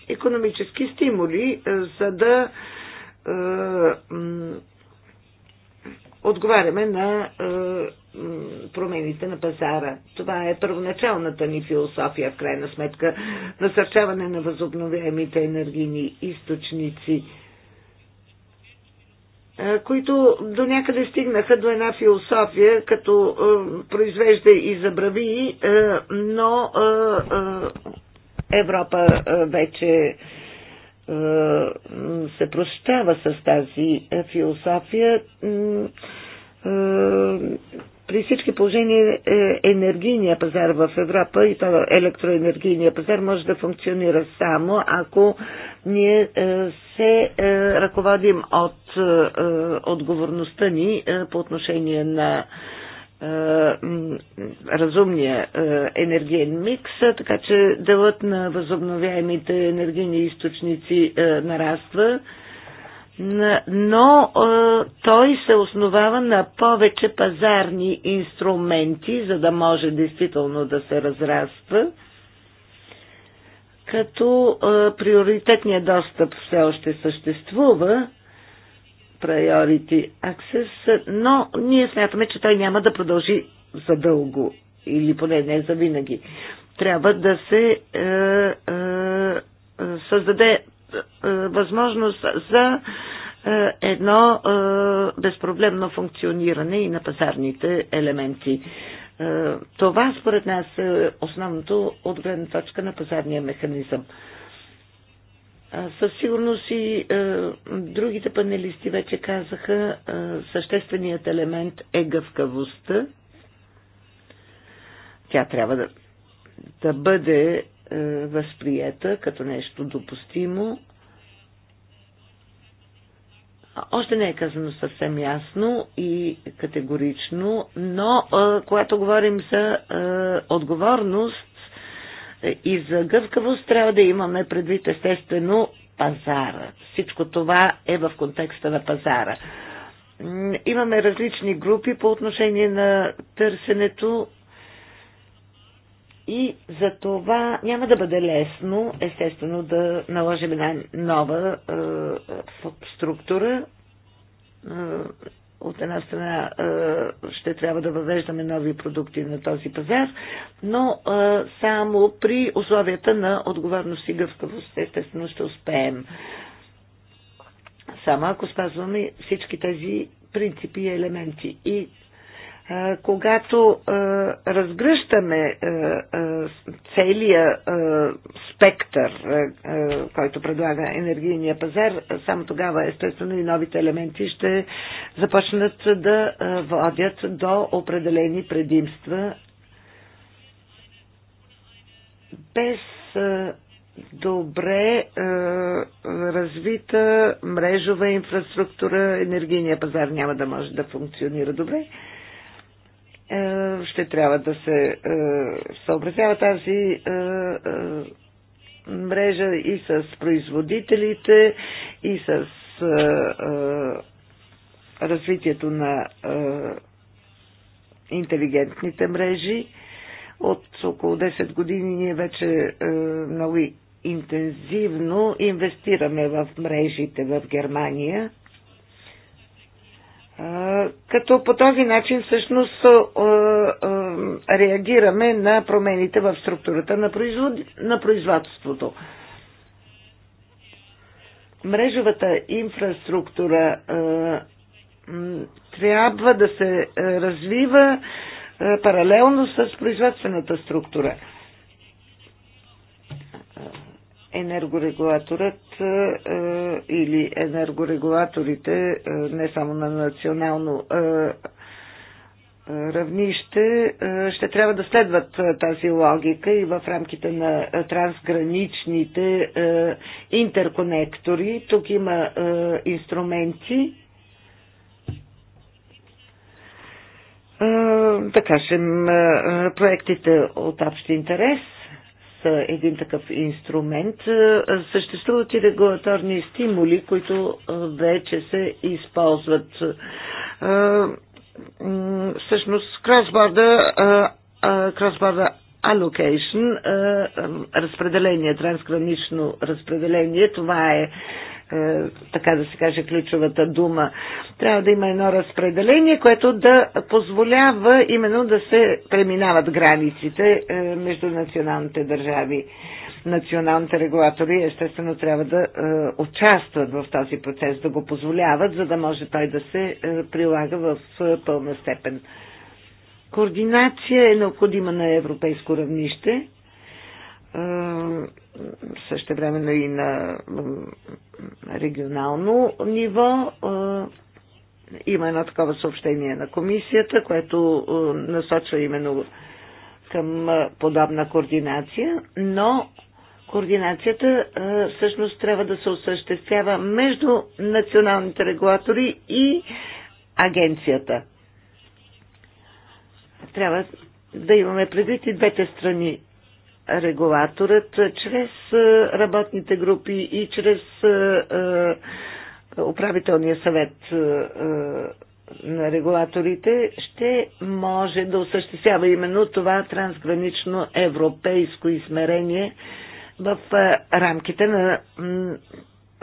Speaker 3: економически стимули, е, за да е, отговаряме на промените на пазара. Това е първоначалната ни философия, в крайна сметка, насърчаване на възобновяемите енергийни източници – които до някъде стигнаха до една философия, като произвежда и забрави, но Европа вече се прощава с тази философия при всички положения е, енергийния пазар в Европа и то електроенергийния пазар може да функционира само ако ние е, се е, ръководим от отговорността ни по отношение на разумния енергиен микс, така че делът на възобновяемите енергийни източници нараства но е, той се основава на повече пазарни инструменти, за да може действително да се разраства, като а, е, приоритетният достъп все още съществува, Priority Access, но ние смятаме, че той няма да продължи за дълго или поне не за винаги. Трябва да се е, е, е създаде е, възможност за е, едно е, безпроблемно функциониране и на пазарните елементи. Това според нас е основното от гледна точка на пазарния механизъм. Със сигурност и е, другите панелисти вече казаха, е, същественият елемент е гъвкавостта. Тя трябва да, да бъде е, възприета като нещо допустимо. Още не е казано съвсем ясно и категорично, но е, когато говорим за е, отговорност и за гъвкавост, трябва да имаме предвид естествено пазара. Всичко това е в контекста на пазара. Имаме различни групи по отношение на търсенето и за това няма да бъде лесно, естествено, да наложим една нова е, е, структура. Е, от една страна е, ще трябва да въвеждаме нови продукти на този пазар, но е, само при условията на отговорност и гъвкавост, естествено, ще успеем. Само ако спазваме всички тези принципи и елементи. И когато а, разгръщаме а, а, целия а, спектър, а, който предлага енергийния пазар, само тогава естествено и новите елементи ще започнат да а, водят до определени предимства без а, добре развита мрежова инфраструктура, енергийния пазар няма да може да функционира добре. Е, ще трябва да се е, съобразява тази е, мрежа и с производителите, и с развитието на интелигентните мрежи. От около 10 години ние вече много интензивно инвестираме в мрежите в Германия като по този начин всъщност реагираме на промените в структурата на, производ... на производството. Мрежовата инфраструктура трябва да се развива паралелно с производствената структура енергорегулаторът е, е, или енергорегулаторите е, не само на национално равнище ще трябва да следват тази логика и в рамките на трансграничните интерконектори. Тук има инструменти, да кажем, проектите от общ интерес – един такъв инструмент. Е, съществуват и регулаторни стимули, които е, вече се използват. Е, всъщност, кросборда, кросборда allocation, разпределение, трансгранично разпределение, това е е, така да се каже, ключовата дума. Трябва да има едно разпределение, което да позволява именно да се преминават границите е, между националните държави. Националните регулатори естествено трябва да е, участват в този процес, да го позволяват, за да може той да се прилага в пълна степен. Координация е необходима на европейско равнище – също време и на регионално ниво. Има едно такова съобщение на комисията, което насочва именно към подобна координация, но координацията всъщност трябва да се осъществява между националните регулатори и агенцията. Трябва да имаме предвид и двете страни регулаторът чрез работните групи и чрез управителния съвет на регулаторите ще може да осъществява именно това трансгранично европейско измерение в рамките на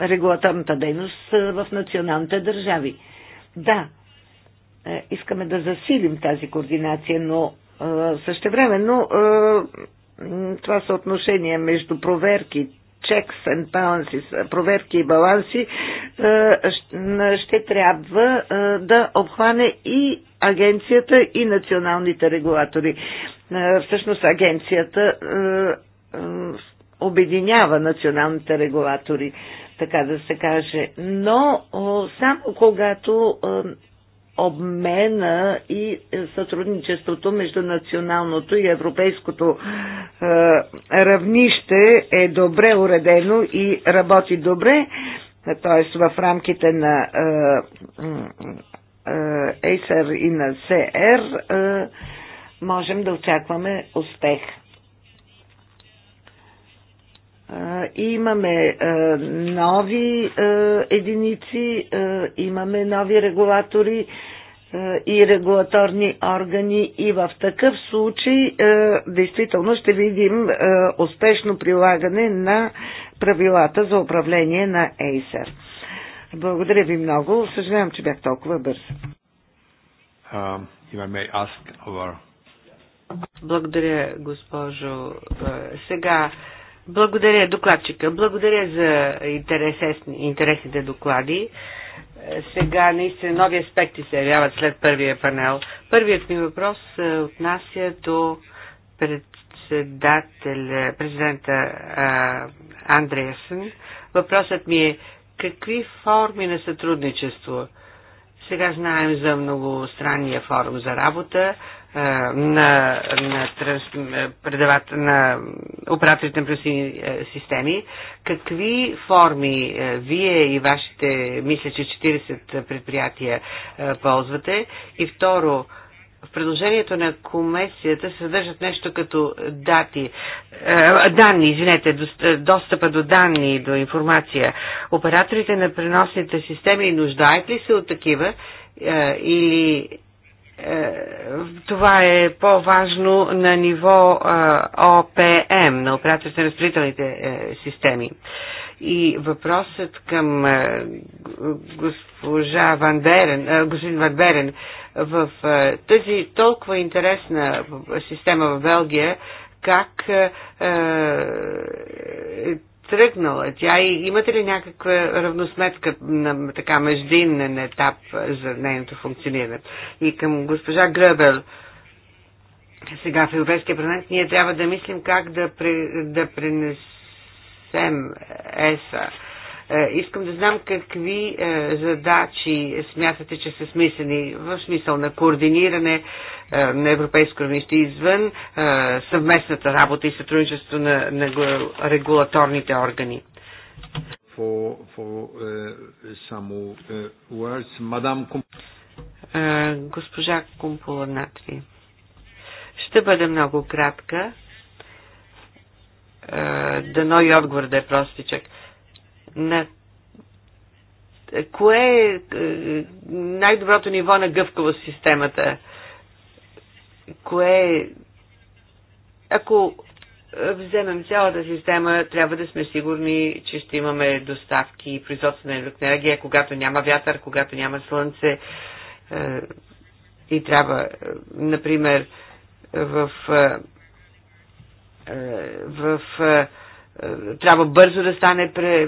Speaker 3: регулаторната дейност в националните държави. Да, е, искаме да засилим тази координация, но същевременно това съотношение между проверки, checks and balances, проверки и баланси, е, ще трябва е, да обхване и агенцията и националните регулатори. Е, всъщност агенцията обединява националните регулатори, така да се каже. Но само когато обмена и сътрудничеството между националното и европейското е, равнище е добре уредено и работи добре, т.е. в рамките на ЕСР е, и на СР е, можем да очакваме успех. И имаме нови единици, имаме нови регулатори, и регулаторни органи и в такъв случай е, действително ще видим е, успешно прилагане на правилата за управление на Acer. Благодаря ви много. Съжалявам, че бях толкова бърз. Um, благодаря,
Speaker 1: госпожо. Е, сега, благодаря докладчика. Благодаря за интересните доклади сега наистина нови аспекти се явяват след първия панел. Първият ми въпрос се отнася до председателя, президента Андреасен. Въпросът ми е какви форми на сътрудничество? Сега знаем за многостранния форум за работа, е, на, на, транс, е, предават, на операторите на преносни е, системи. Какви форми вие и вашите, мисля, че 40 предприятия ползвате? И второ, в предложението на комисията се съдържат нещо като дати, данни, извинете, достъпа до данни, до информация. Операторите на преносните системи нуждаят ли се от такива или е, това е по-важно на ниво ОПМ, на операторите на разпределителните е, системи. И въпросът към е, госпожа Ван Берен, господин Ван Берен, в тази толкова интересна система в Белгия, как е, тръгнала тя и имате ли някаква равносметка на така междинен етап за нейното функциониране? И към госпожа Гръбел, сега в Европейския парламент ние трябва да мислим как да, при, да принесем ЕСА е, искам да знам какви е, задачи смятате, че са смислени в смисъл на координиране е, на европейско равнище извън съвместната работа и сътрудничество на, на регулаторните органи. госпожа Кумпула Натви. Ще бъде много кратка. дано и отговор да е простичък. Uh, на кое е, е най-доброто ниво на гъвкавост в системата? Кое е... Ако вземем цялата система, трябва да сме сигурни, че ще имаме доставки и производство на електроенергия, когато няма вятър, когато няма слънце. Е, и трябва, е, например, в, в, в трябва бързо да стане е,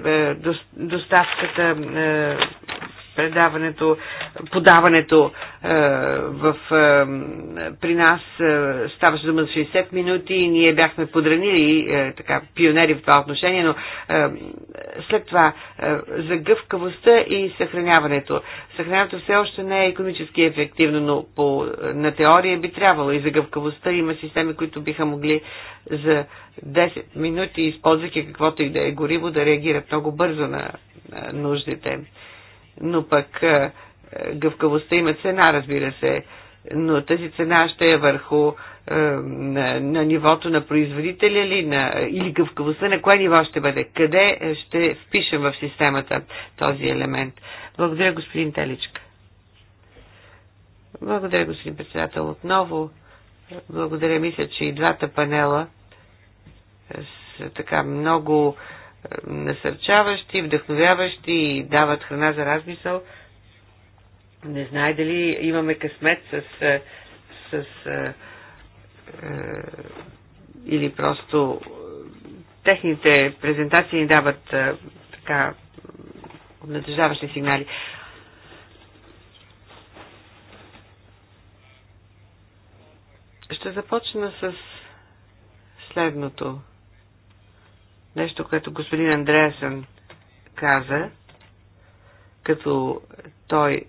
Speaker 1: доставката е, предаването, подаването е, в, е, при нас е, ставаше дума за 60 минути и ние бяхме подранили е, така, пионери в това отношение, но е, след това е, за гъвкавостта и съхраняването. Съхраняването все още не е економически ефективно, но по, на теория би трябвало и за гъвкавостта има системи, които биха могли за 10 минути, използвайки каквото и да е гориво, да реагират много бързо на нуждите но пък е, гъвкавостта има цена, разбира се, но тази цена ще е върху е, на, на нивото на производителя ли, на, или гъвкавостта, на кое ниво ще бъде, къде ще впишем в системата този елемент. Благодаря, господин Теличка. Благодаря, господин председател. Отново благодаря, мисля, че и двата панела с така много насърчаващи, вдъхновяващи и дават храна за размисъл. Не знае дали имаме късмет с, с, с е, е, или просто техните презентации ни дават е, така обнадежаващи сигнали. Ще започна с следното. Нещо, което господин Андреасен каза, като той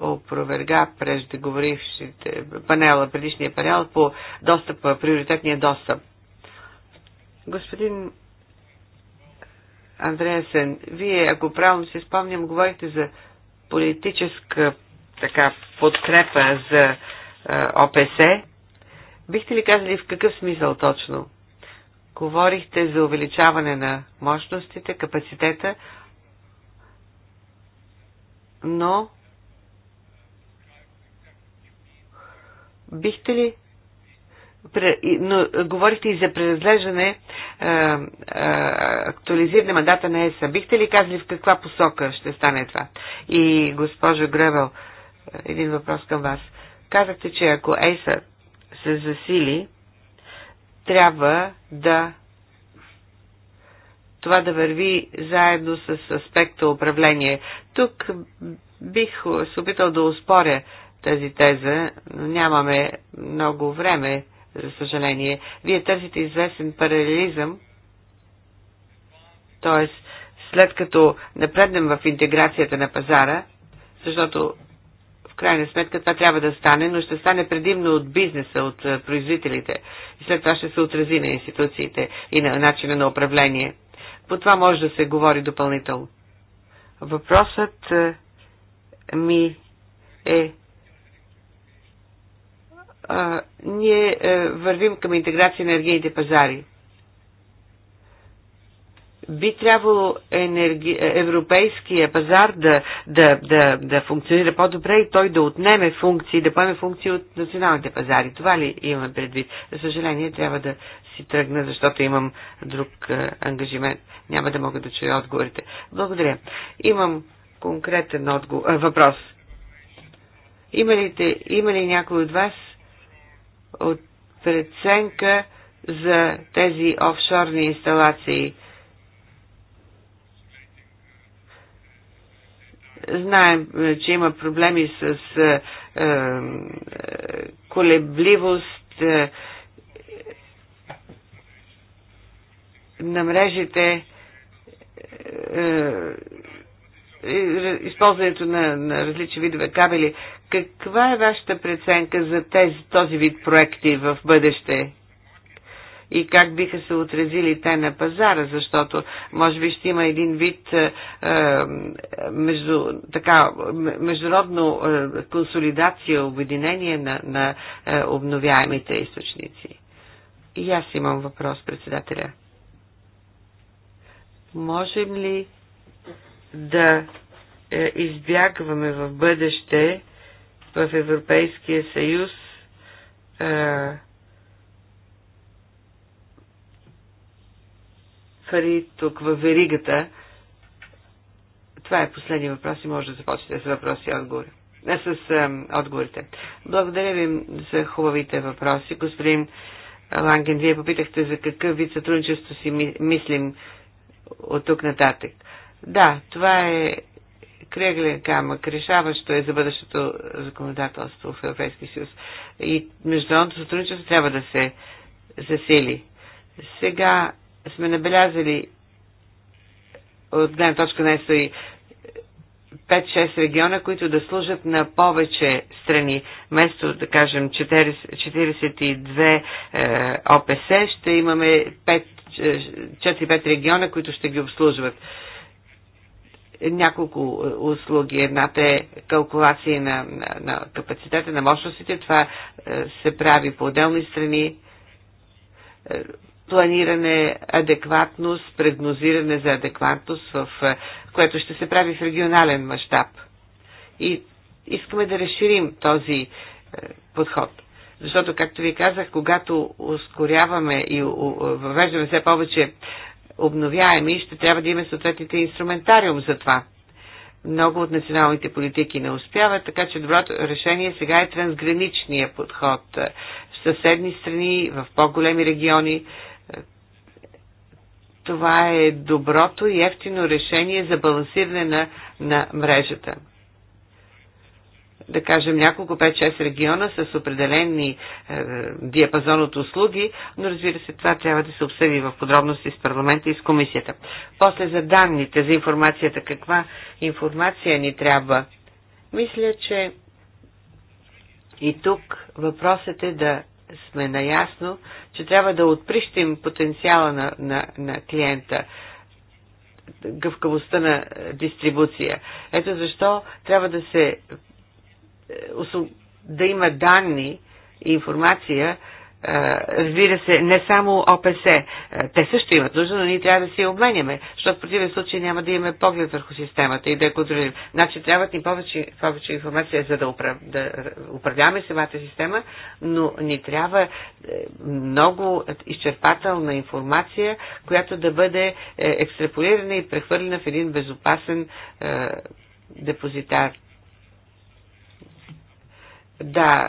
Speaker 1: опроверга преждеговорившите панела, предишния панел по достъп приоритетния достъп. Господин Андреасен, вие, ако правилно се спомням, говорите за политическа така подкрепа за е, ОПС. Бихте ли казали в какъв смисъл точно? Говорихте за увеличаване на мощностите, капацитета, но бихте ли но говорихте и за преразглеждане актуализиране мандата на ЕСА. Бихте ли казали в каква посока ще стане това? И госпожо Гребел, един въпрос към вас. Казахте, че ако ЕСА се засили, трябва да това да върви заедно с аспекта управление. Тук бих се опитал да успоря тази теза, но нямаме много време, за съжаление. Вие търсите известен паралелизъм, т.е. след като напреднем в интеграцията на пазара, защото крайна сметка това трябва да стане, но ще стане предимно от бизнеса, от производителите. И след това ще се отрази на институциите и на начина на управление. По това може да се говори допълнително. Въпросът ми е а, ние а, вървим към интеграция на енергийните пазари би трябвало енерги... Е, европейския пазар да, да, да, да функционира по-добре и той да отнеме функции, да поеме функции от националните пазари. Това ли имаме предвид? За съжаление, трябва да си тръгна, защото имам друг е, ангажимент. Няма да мога да чуя отговорите. Благодаря. Имам конкретен отгу... а, е, въпрос. Има ли, те, има ли някой от вас от преценка за тези офшорни инсталации? Знаем, е, че има проблеми с е, е, колебливост на мрежите използването на, на различни видове кабели. Каква е вашата преценка за тези, този вид проекти в бъдеще? и как биха се отразили те на пазара, защото може би ще има един вид е, е между, така, международно е, консолидация, обединение на, на е, обновяемите източници. И аз имам въпрос, председателя. Можем ли да е, избягваме в бъдеще в Европейския съюз е, пари тук във веригата. Това е последния въпрос и може да започнете с въпроси и отговори. Не, с е, отговорите. Благодаря ви за хубавите въпроси. Господин Ланген, вие попитахте за какъв вид сътрудничество си мислим от тук нататък. Да, това е кръглен камък, решаващо е за бъдещето законодателство в Европейския съюз. И международното сътрудничество трябва да се засили. Сега сме набелязали от гледна точка на ЕСО и 5-6 региона, които да служат на повече страни. Вместо, да кажем, 42 е, ОПС, ще имаме 4-5 е, региона, които ще ги обслужват. Няколко е, услуги. Едната е калкулация на, на, на капацитета, на мощностите. Това е, се прави по отделни страни. Е, планиране, адекватност, прогнозиране за адекватност, в, е, което ще се прави в регионален мащаб. И искаме да разширим този е, подход. Защото, както ви казах, когато ускоряваме и въвеждаме все повече обновяеми, ще трябва да имаме съответните инструментариум за това. Много от националните политики не успяват, така че доброто решение сега е трансграничния подход е, в съседни страни, в по-големи региони, това е доброто и ефтино решение за балансиране на, на мрежата. Да кажем няколко 5-6 региона с определени е, диапазон от услуги, но разбира се, това трябва да се обсъди в подробности с парламента и с комисията. После за данните, за информацията, каква информация ни трябва. Мисля, че и тук въпросът е да сме наясно, че трябва да отприщим потенциала на, на, на клиента, гъвкавостта на дистрибуция. Ето защо трябва да се е, да има данни и информация разбира се, не само ОПС. Те също имат нужда, но ние трябва да си обменяме, защото в противен случай няма да имаме поглед върху системата и да я контролираме. Значи трябват да ни повече, повече информация, за да, управ... да управляваме самата система, но ни трябва е, много изчерпателна информация, която да бъде е, екстраполирана и прехвърлена в един безопасен е, депозитар. Да,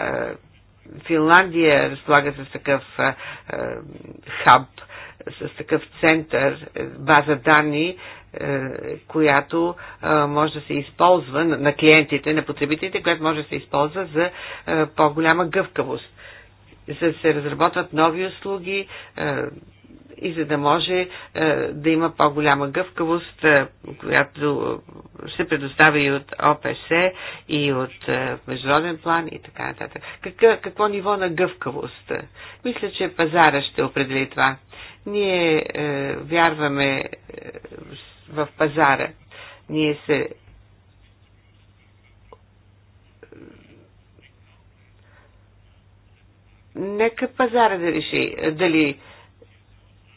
Speaker 1: Финландия разполага с такъв а, а, хаб, с такъв център, е, база данни, е, която може да се използва на клиентите, на потребителите, която може да се използва за по-голяма гъвкавост. За да се разработват нови услуги, и за да може е, да има по-голяма гъвкавост, е, която се предоставя и от ОПС, и от е, международен план и така нататък. Какъв, какво ниво на гъвкавост? Мисля, че пазара ще определи това. Ние а, вярваме е, в пазара. Ние се нека пазара да реши дали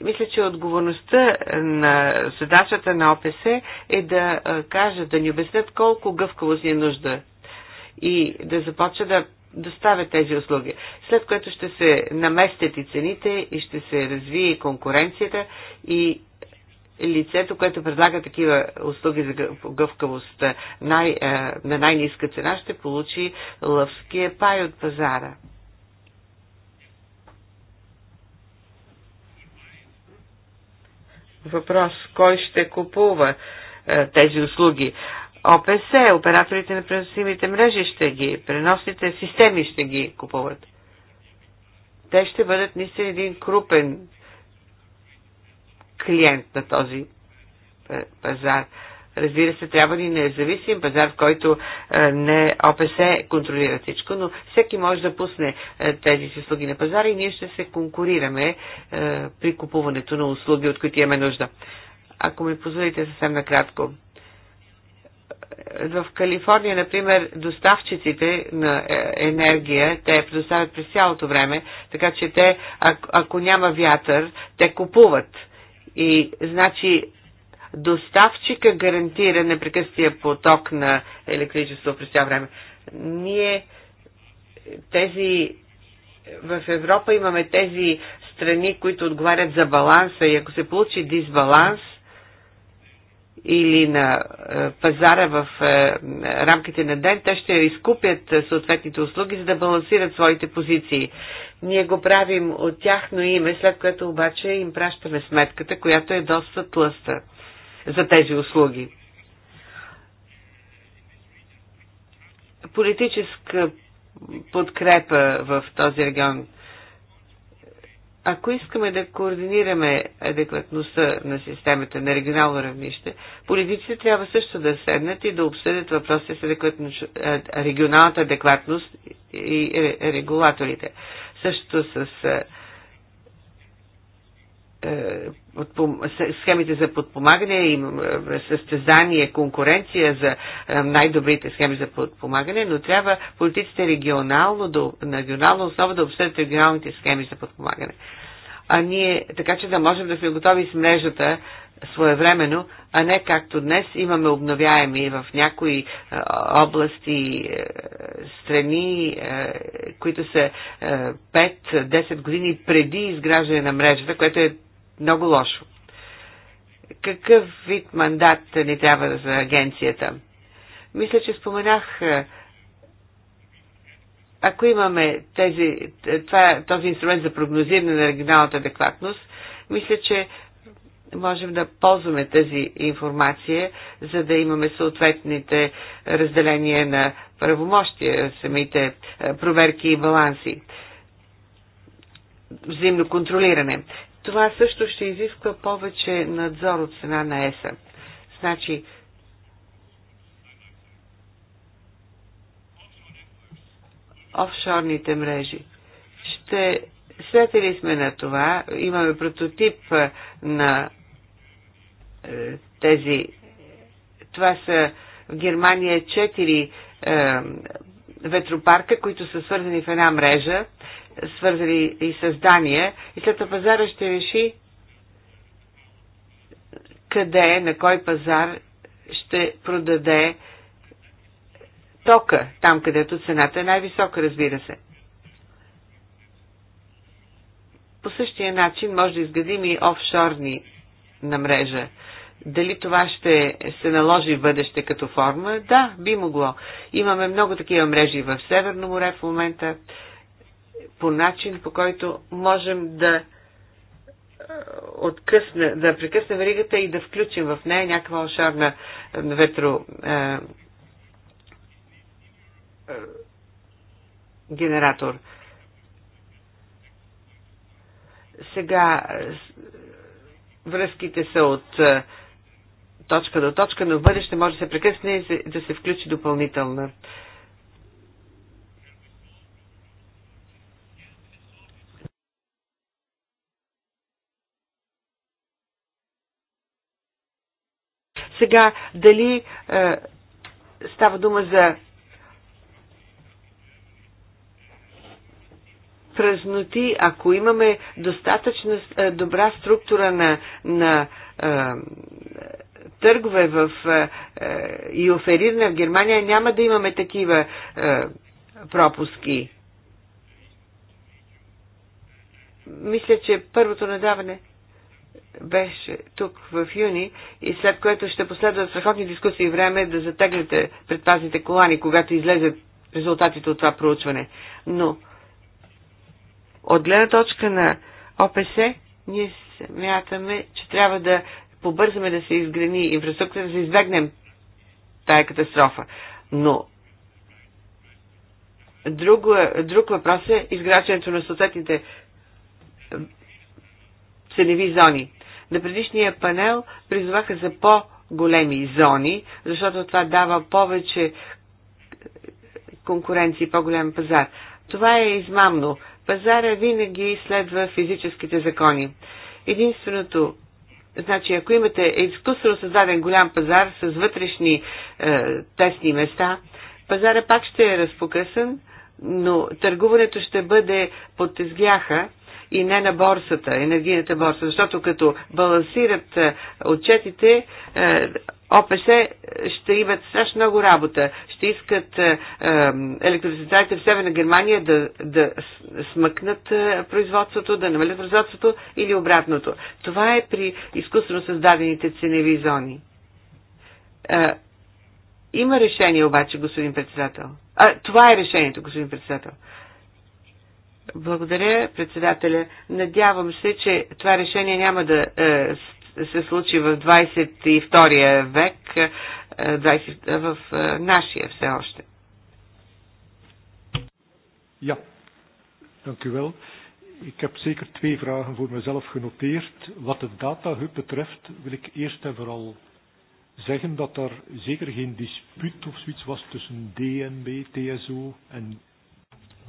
Speaker 1: мисля, че отговорността на задачата на ОПС е да кажат, да ни обяснят колко гъвкаво си е нужда и да започва да доставят тези услуги, след което ще се наместят и цените и ще се развие и конкуренцията и лицето, което предлага такива услуги за гъвкавост най, на най-низка цена, ще получи лъвския пай от пазара. въпрос кой ще купува е, тези услуги. ОПС, операторите на преносимите мрежи ще ги, преносните системи ще ги купуват. Те ще бъдат наистина един крупен клиент на този е, пазар. Разбира се, трябва ни независим пазар, в който е, не ОПС контролира всичко, но всеки може да пусне е, тези си услуги на пазара и ние ще се конкурираме е, при купуването на услуги, от които имаме нужда. Ако ми позволите съвсем накратко в Калифорния, например, доставчиците на енергия, те предоставят през цялото време, така че те, ако, ако няма вятър, те купуват. И значи доставчика гарантира непрекъстия поток на електричество през това време. Ние тези в Европа имаме тези страни, които отговарят за баланса и ако се получи дисбаланс или на е, пазара в е, рамките на ден, те ще изкупят е, съответните услуги, за да балансират своите позиции. Ние го правим от тяхно име, след което обаче им пращаме сметката, която е доста тлъста за тези услуги. Политическа подкрепа в този регион. Ако искаме да координираме адекватността на системата на регионално равнище, политиците трябва също да седнат и да обсъдят въпроси с регионалната адекватност и регулаторите. Също с е, схемите за подпомагане и е, състезание, конкуренция за е, най-добрите схеми за подпомагане, но трябва политиците регионално, на регионална основа да обсъдят регионалните схеми за подпомагане. А ние, така че да можем да сме готови с мрежата своевременно, а не както днес имаме обновяеми в някои области, страни, които са 5-10 години преди изграждане на мрежата, което е много лошо. Какъв вид мандат ни трябва за агенцията? Мисля, че споменах е, ако имаме тези, е, това, този инструмент за прогнозиране на регионалната адекватност, мисля, че можем да ползваме тази информация, за да имаме съответните разделения на правомощия, самите е, проверки и баланси. Взаимно контролиране това също ще изисква повече надзор от цена на ЕСА. Значи, офшорните мрежи. Ще светили сме на това. Имаме прототип на е, тези. Това са в Германия четири е, ветропарка, които са свързани в една мрежа, свързани и създания, и след това пазара ще реши къде, на кой пазар ще продаде тока, там където цената е най-висока, разбира се. По същия начин може да изградим и офшорни на мрежа. Дали това ще се наложи в бъдеще като форма? Да, би могло. Имаме много такива мрежи в Северно море в момента, по начин, по който можем да е, откъсне, да прекъснем ригата и да включим в нея някаква ошарна е, ветро е, е, генератор. Сега е, връзките са от е, точка до точка, но в бъдеще може да се прекъсне и да се включи допълнителна. Сега, дали е, става дума за празноти, ако имаме достатъчно е, добра структура на, на е, търгове в, е, е, и офериране в Германия, няма да имаме такива е, пропуски. Мисля, че първото надаване беше тук в юни и след което ще последват страхотни дискусии и време да затегнете предпазните колани, когато излезат резултатите от това проучване. Но от гледна точка на ОПС, ние смятаме, че трябва да побързаме да се изгрени инфраструктура, да се избегнем тая катастрофа. Но друг, е, друг въпрос е изграждането на съответните е, ценови зони. На предишния панел призоваха за по-големи зони, защото това дава повече е, конкуренция по-голям пазар. Това е измамно. Пазара винаги следва физическите закони. Единственото Значи, ако имате изкуствено създаден голям пазар с вътрешни е, тесни места, пазара пак ще е разпокъсан, но търгуването ще бъде под изгляха, и не на борсата, енергийната борса, защото като балансират е, отчетите, е, ОПС ще имат страшно много работа. Ще искат е, е в Северна Германия да, да смъкнат производството, да намалят производството или обратното. Това е при изкуствено създадените ценеви зони. Е, има решение обаче, господин председател. А, това е решението, господин председател. Благодаря, председателя. Надявам се, че това решение няма да се случи в 22 я век, 20, в нашия все още.
Speaker 2: Ja, dank u wel. Ik heb zeker twee vragen voor mezelf genoteerd. Wat het datahub betreft wil ik eerst en vooral zeggen dat er zeker geen dispuut of zoiets was tussen DNB, TSO en...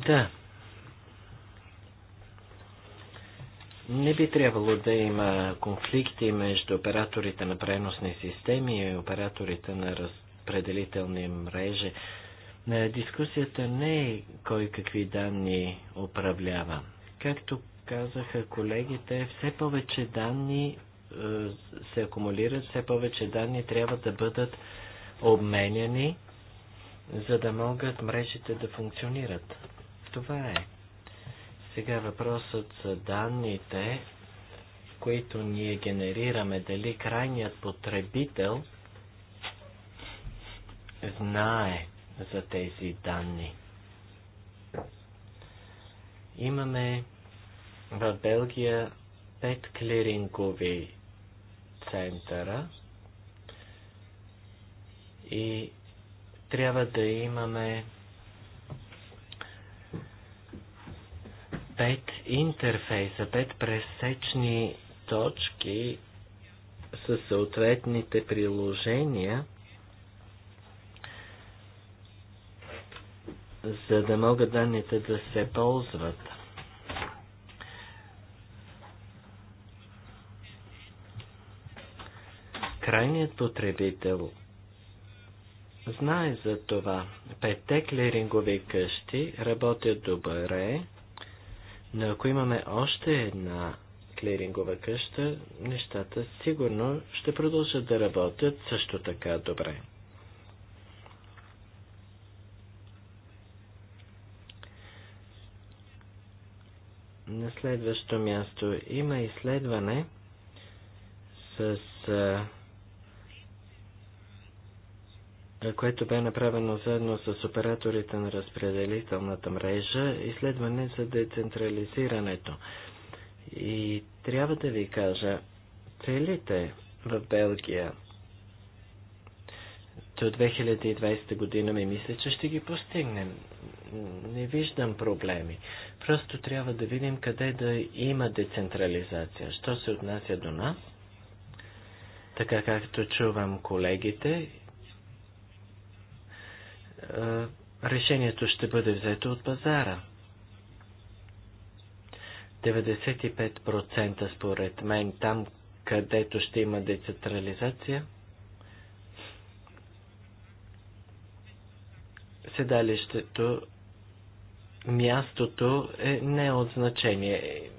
Speaker 2: Ja, Не би трябвало да има конфликти между операторите на преносни системи и операторите на разпределителни мрежи. Е, дискусията не е кой какви данни управлява. Както казаха колегите, все повече данни е, се акумулират, все повече данни трябва да бъдат обменяни, за да могат мрежите да функционират. Това е. Сега въпросът за данните, които ние генерираме, дали крайният потребител знае за тези данни. Имаме в Белгия пет клирингови центъра и трябва да имаме пет интерфейса, пет пресечни точки със съответните приложения, за да могат данните да се ползват. Крайният потребител знае за това. Петте клирингови къщи работят добре, но ако имаме още една клирингова къща, нещата сигурно ще продължат да работят също така добре. На следващо място има изследване с което бе направено заедно с операторите на разпределителната мрежа, изследване за децентрализирането. И трябва да ви кажа, целите в Белгия до 2020 година ми мисля, че ще ги постигнем. Не виждам проблеми. Просто трябва да видим къде да има децентрализация. Що се отнася до нас? Така както чувам колегите е, решението ще бъде взето от пазара. 95% според мен там, където ще има децентрализация, седалището, мястото е не от значение.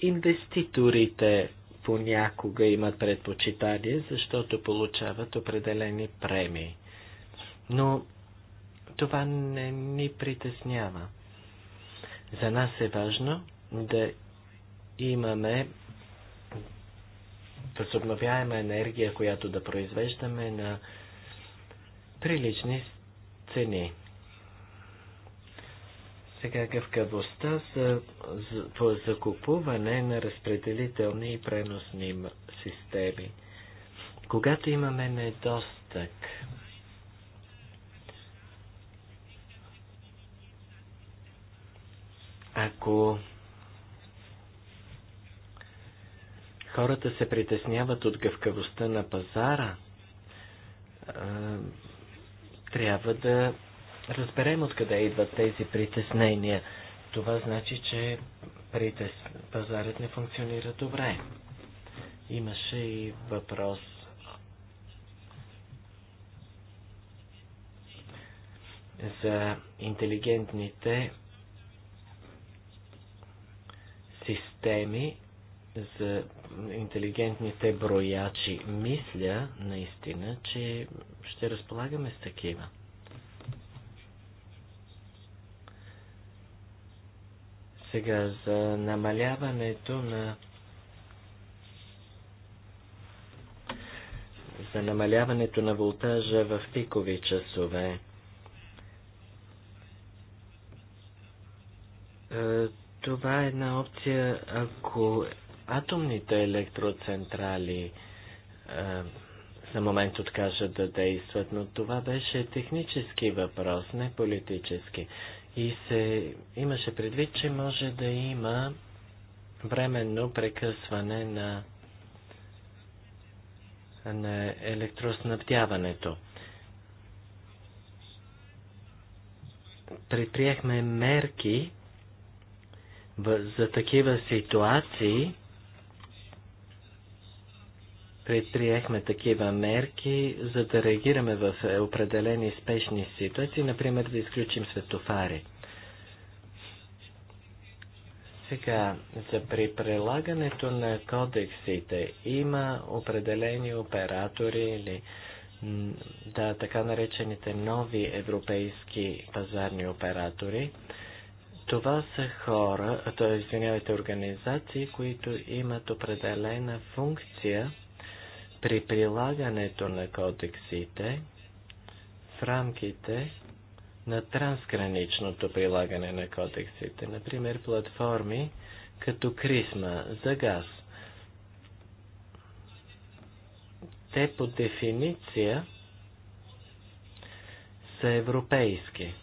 Speaker 2: Инвеститорите понякога имат предпочитание, защото получават определени премии. Но това не ни притеснява. За нас е важно да имаме възобновяема енергия, която да произвеждаме на прилични цени. Сега гъвкавостта за, за, закупуване на разпределителни и преносни системи. Когато имаме недостъг Ако хората се притесняват от гъвкавостта на пазара, трябва да разберем откъде идват тези притеснения. Това значи, че притес... пазарът не функционира добре. Имаше и въпрос за интелигентните системи за интелигентните броячи. Мисля наистина, че ще разполагаме с такива. Сега за намаляването на за намаляването на волтажа в пикови часове. Е, това е една опция, ако атомните електроцентрали е, за момент откажат да действат, но това беше технически въпрос, не политически. И се имаше предвид, че може да има временно прекъсване на, на електроснабдяването. Предприехме мерки, за такива ситуации предприехме такива мерки, за да реагираме в определени спешни ситуации, например да изключим светофари. Сега, за при прилагането на кодексите има определени оператори или да, така наречените нови европейски пазарни оператори, това са хора, т.е. извинявайте, организации, които имат определена функция при прилагането на кодексите в рамките на трансграничното прилагане на кодексите. Например, платформи като Крисма за газ. Те по дефиниция са европейски.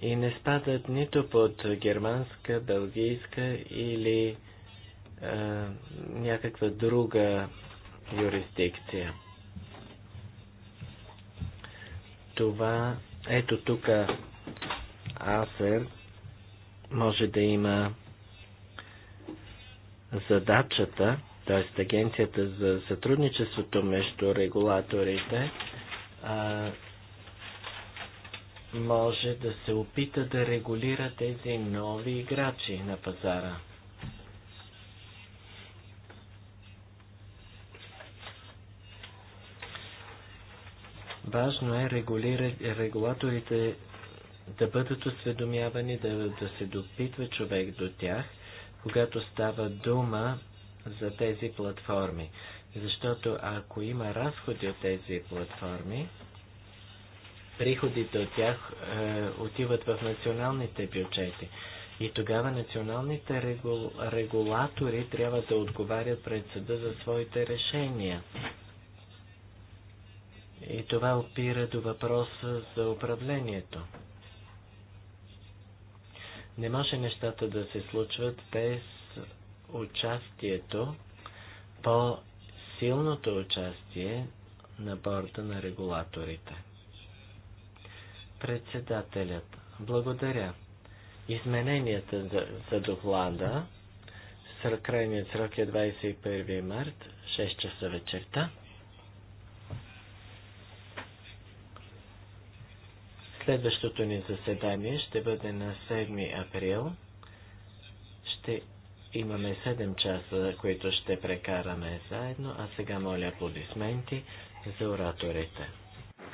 Speaker 2: и не спадат нито под германска, белгийска или е, някаква друга юрисдикция. Това, ето тук Асер може да има задачата, т.е. Агенцията за сътрудничеството между регулаторите, може да се опита да регулира тези нови играчи на пазара. Важно е регулаторите да бъдат осведомявани, да, да се допитва човек до тях, когато става дума за тези платформи. Защото ако има разходи от тези платформи, приходите от тях е, отиват в националните бюджети. И тогава националните регу... регулатори трябва да отговарят пред съда за своите решения. И това опира до въпроса за управлението. Не може нещата да се случват без участието, по-силното участие на борда на регулаторите. Председателят, благодаря. Измененията за, за доклада крайният срок е 21 март, 6 часа вечерта. Следващото ни заседание ще бъде на 7 април. Ще имаме 7 часа, които ще прекараме заедно, а сега моля аплодисменти за ораторите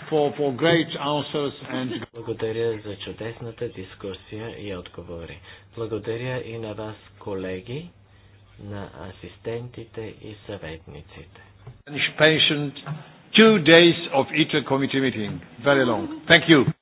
Speaker 2: for, for great answers and... Благодаря за чудесната дискусия и отговори. Благодаря и на вас, колеги, на асистентите и съветниците. Two days of ITRE committee meeting. Very
Speaker 1: long. Thank you.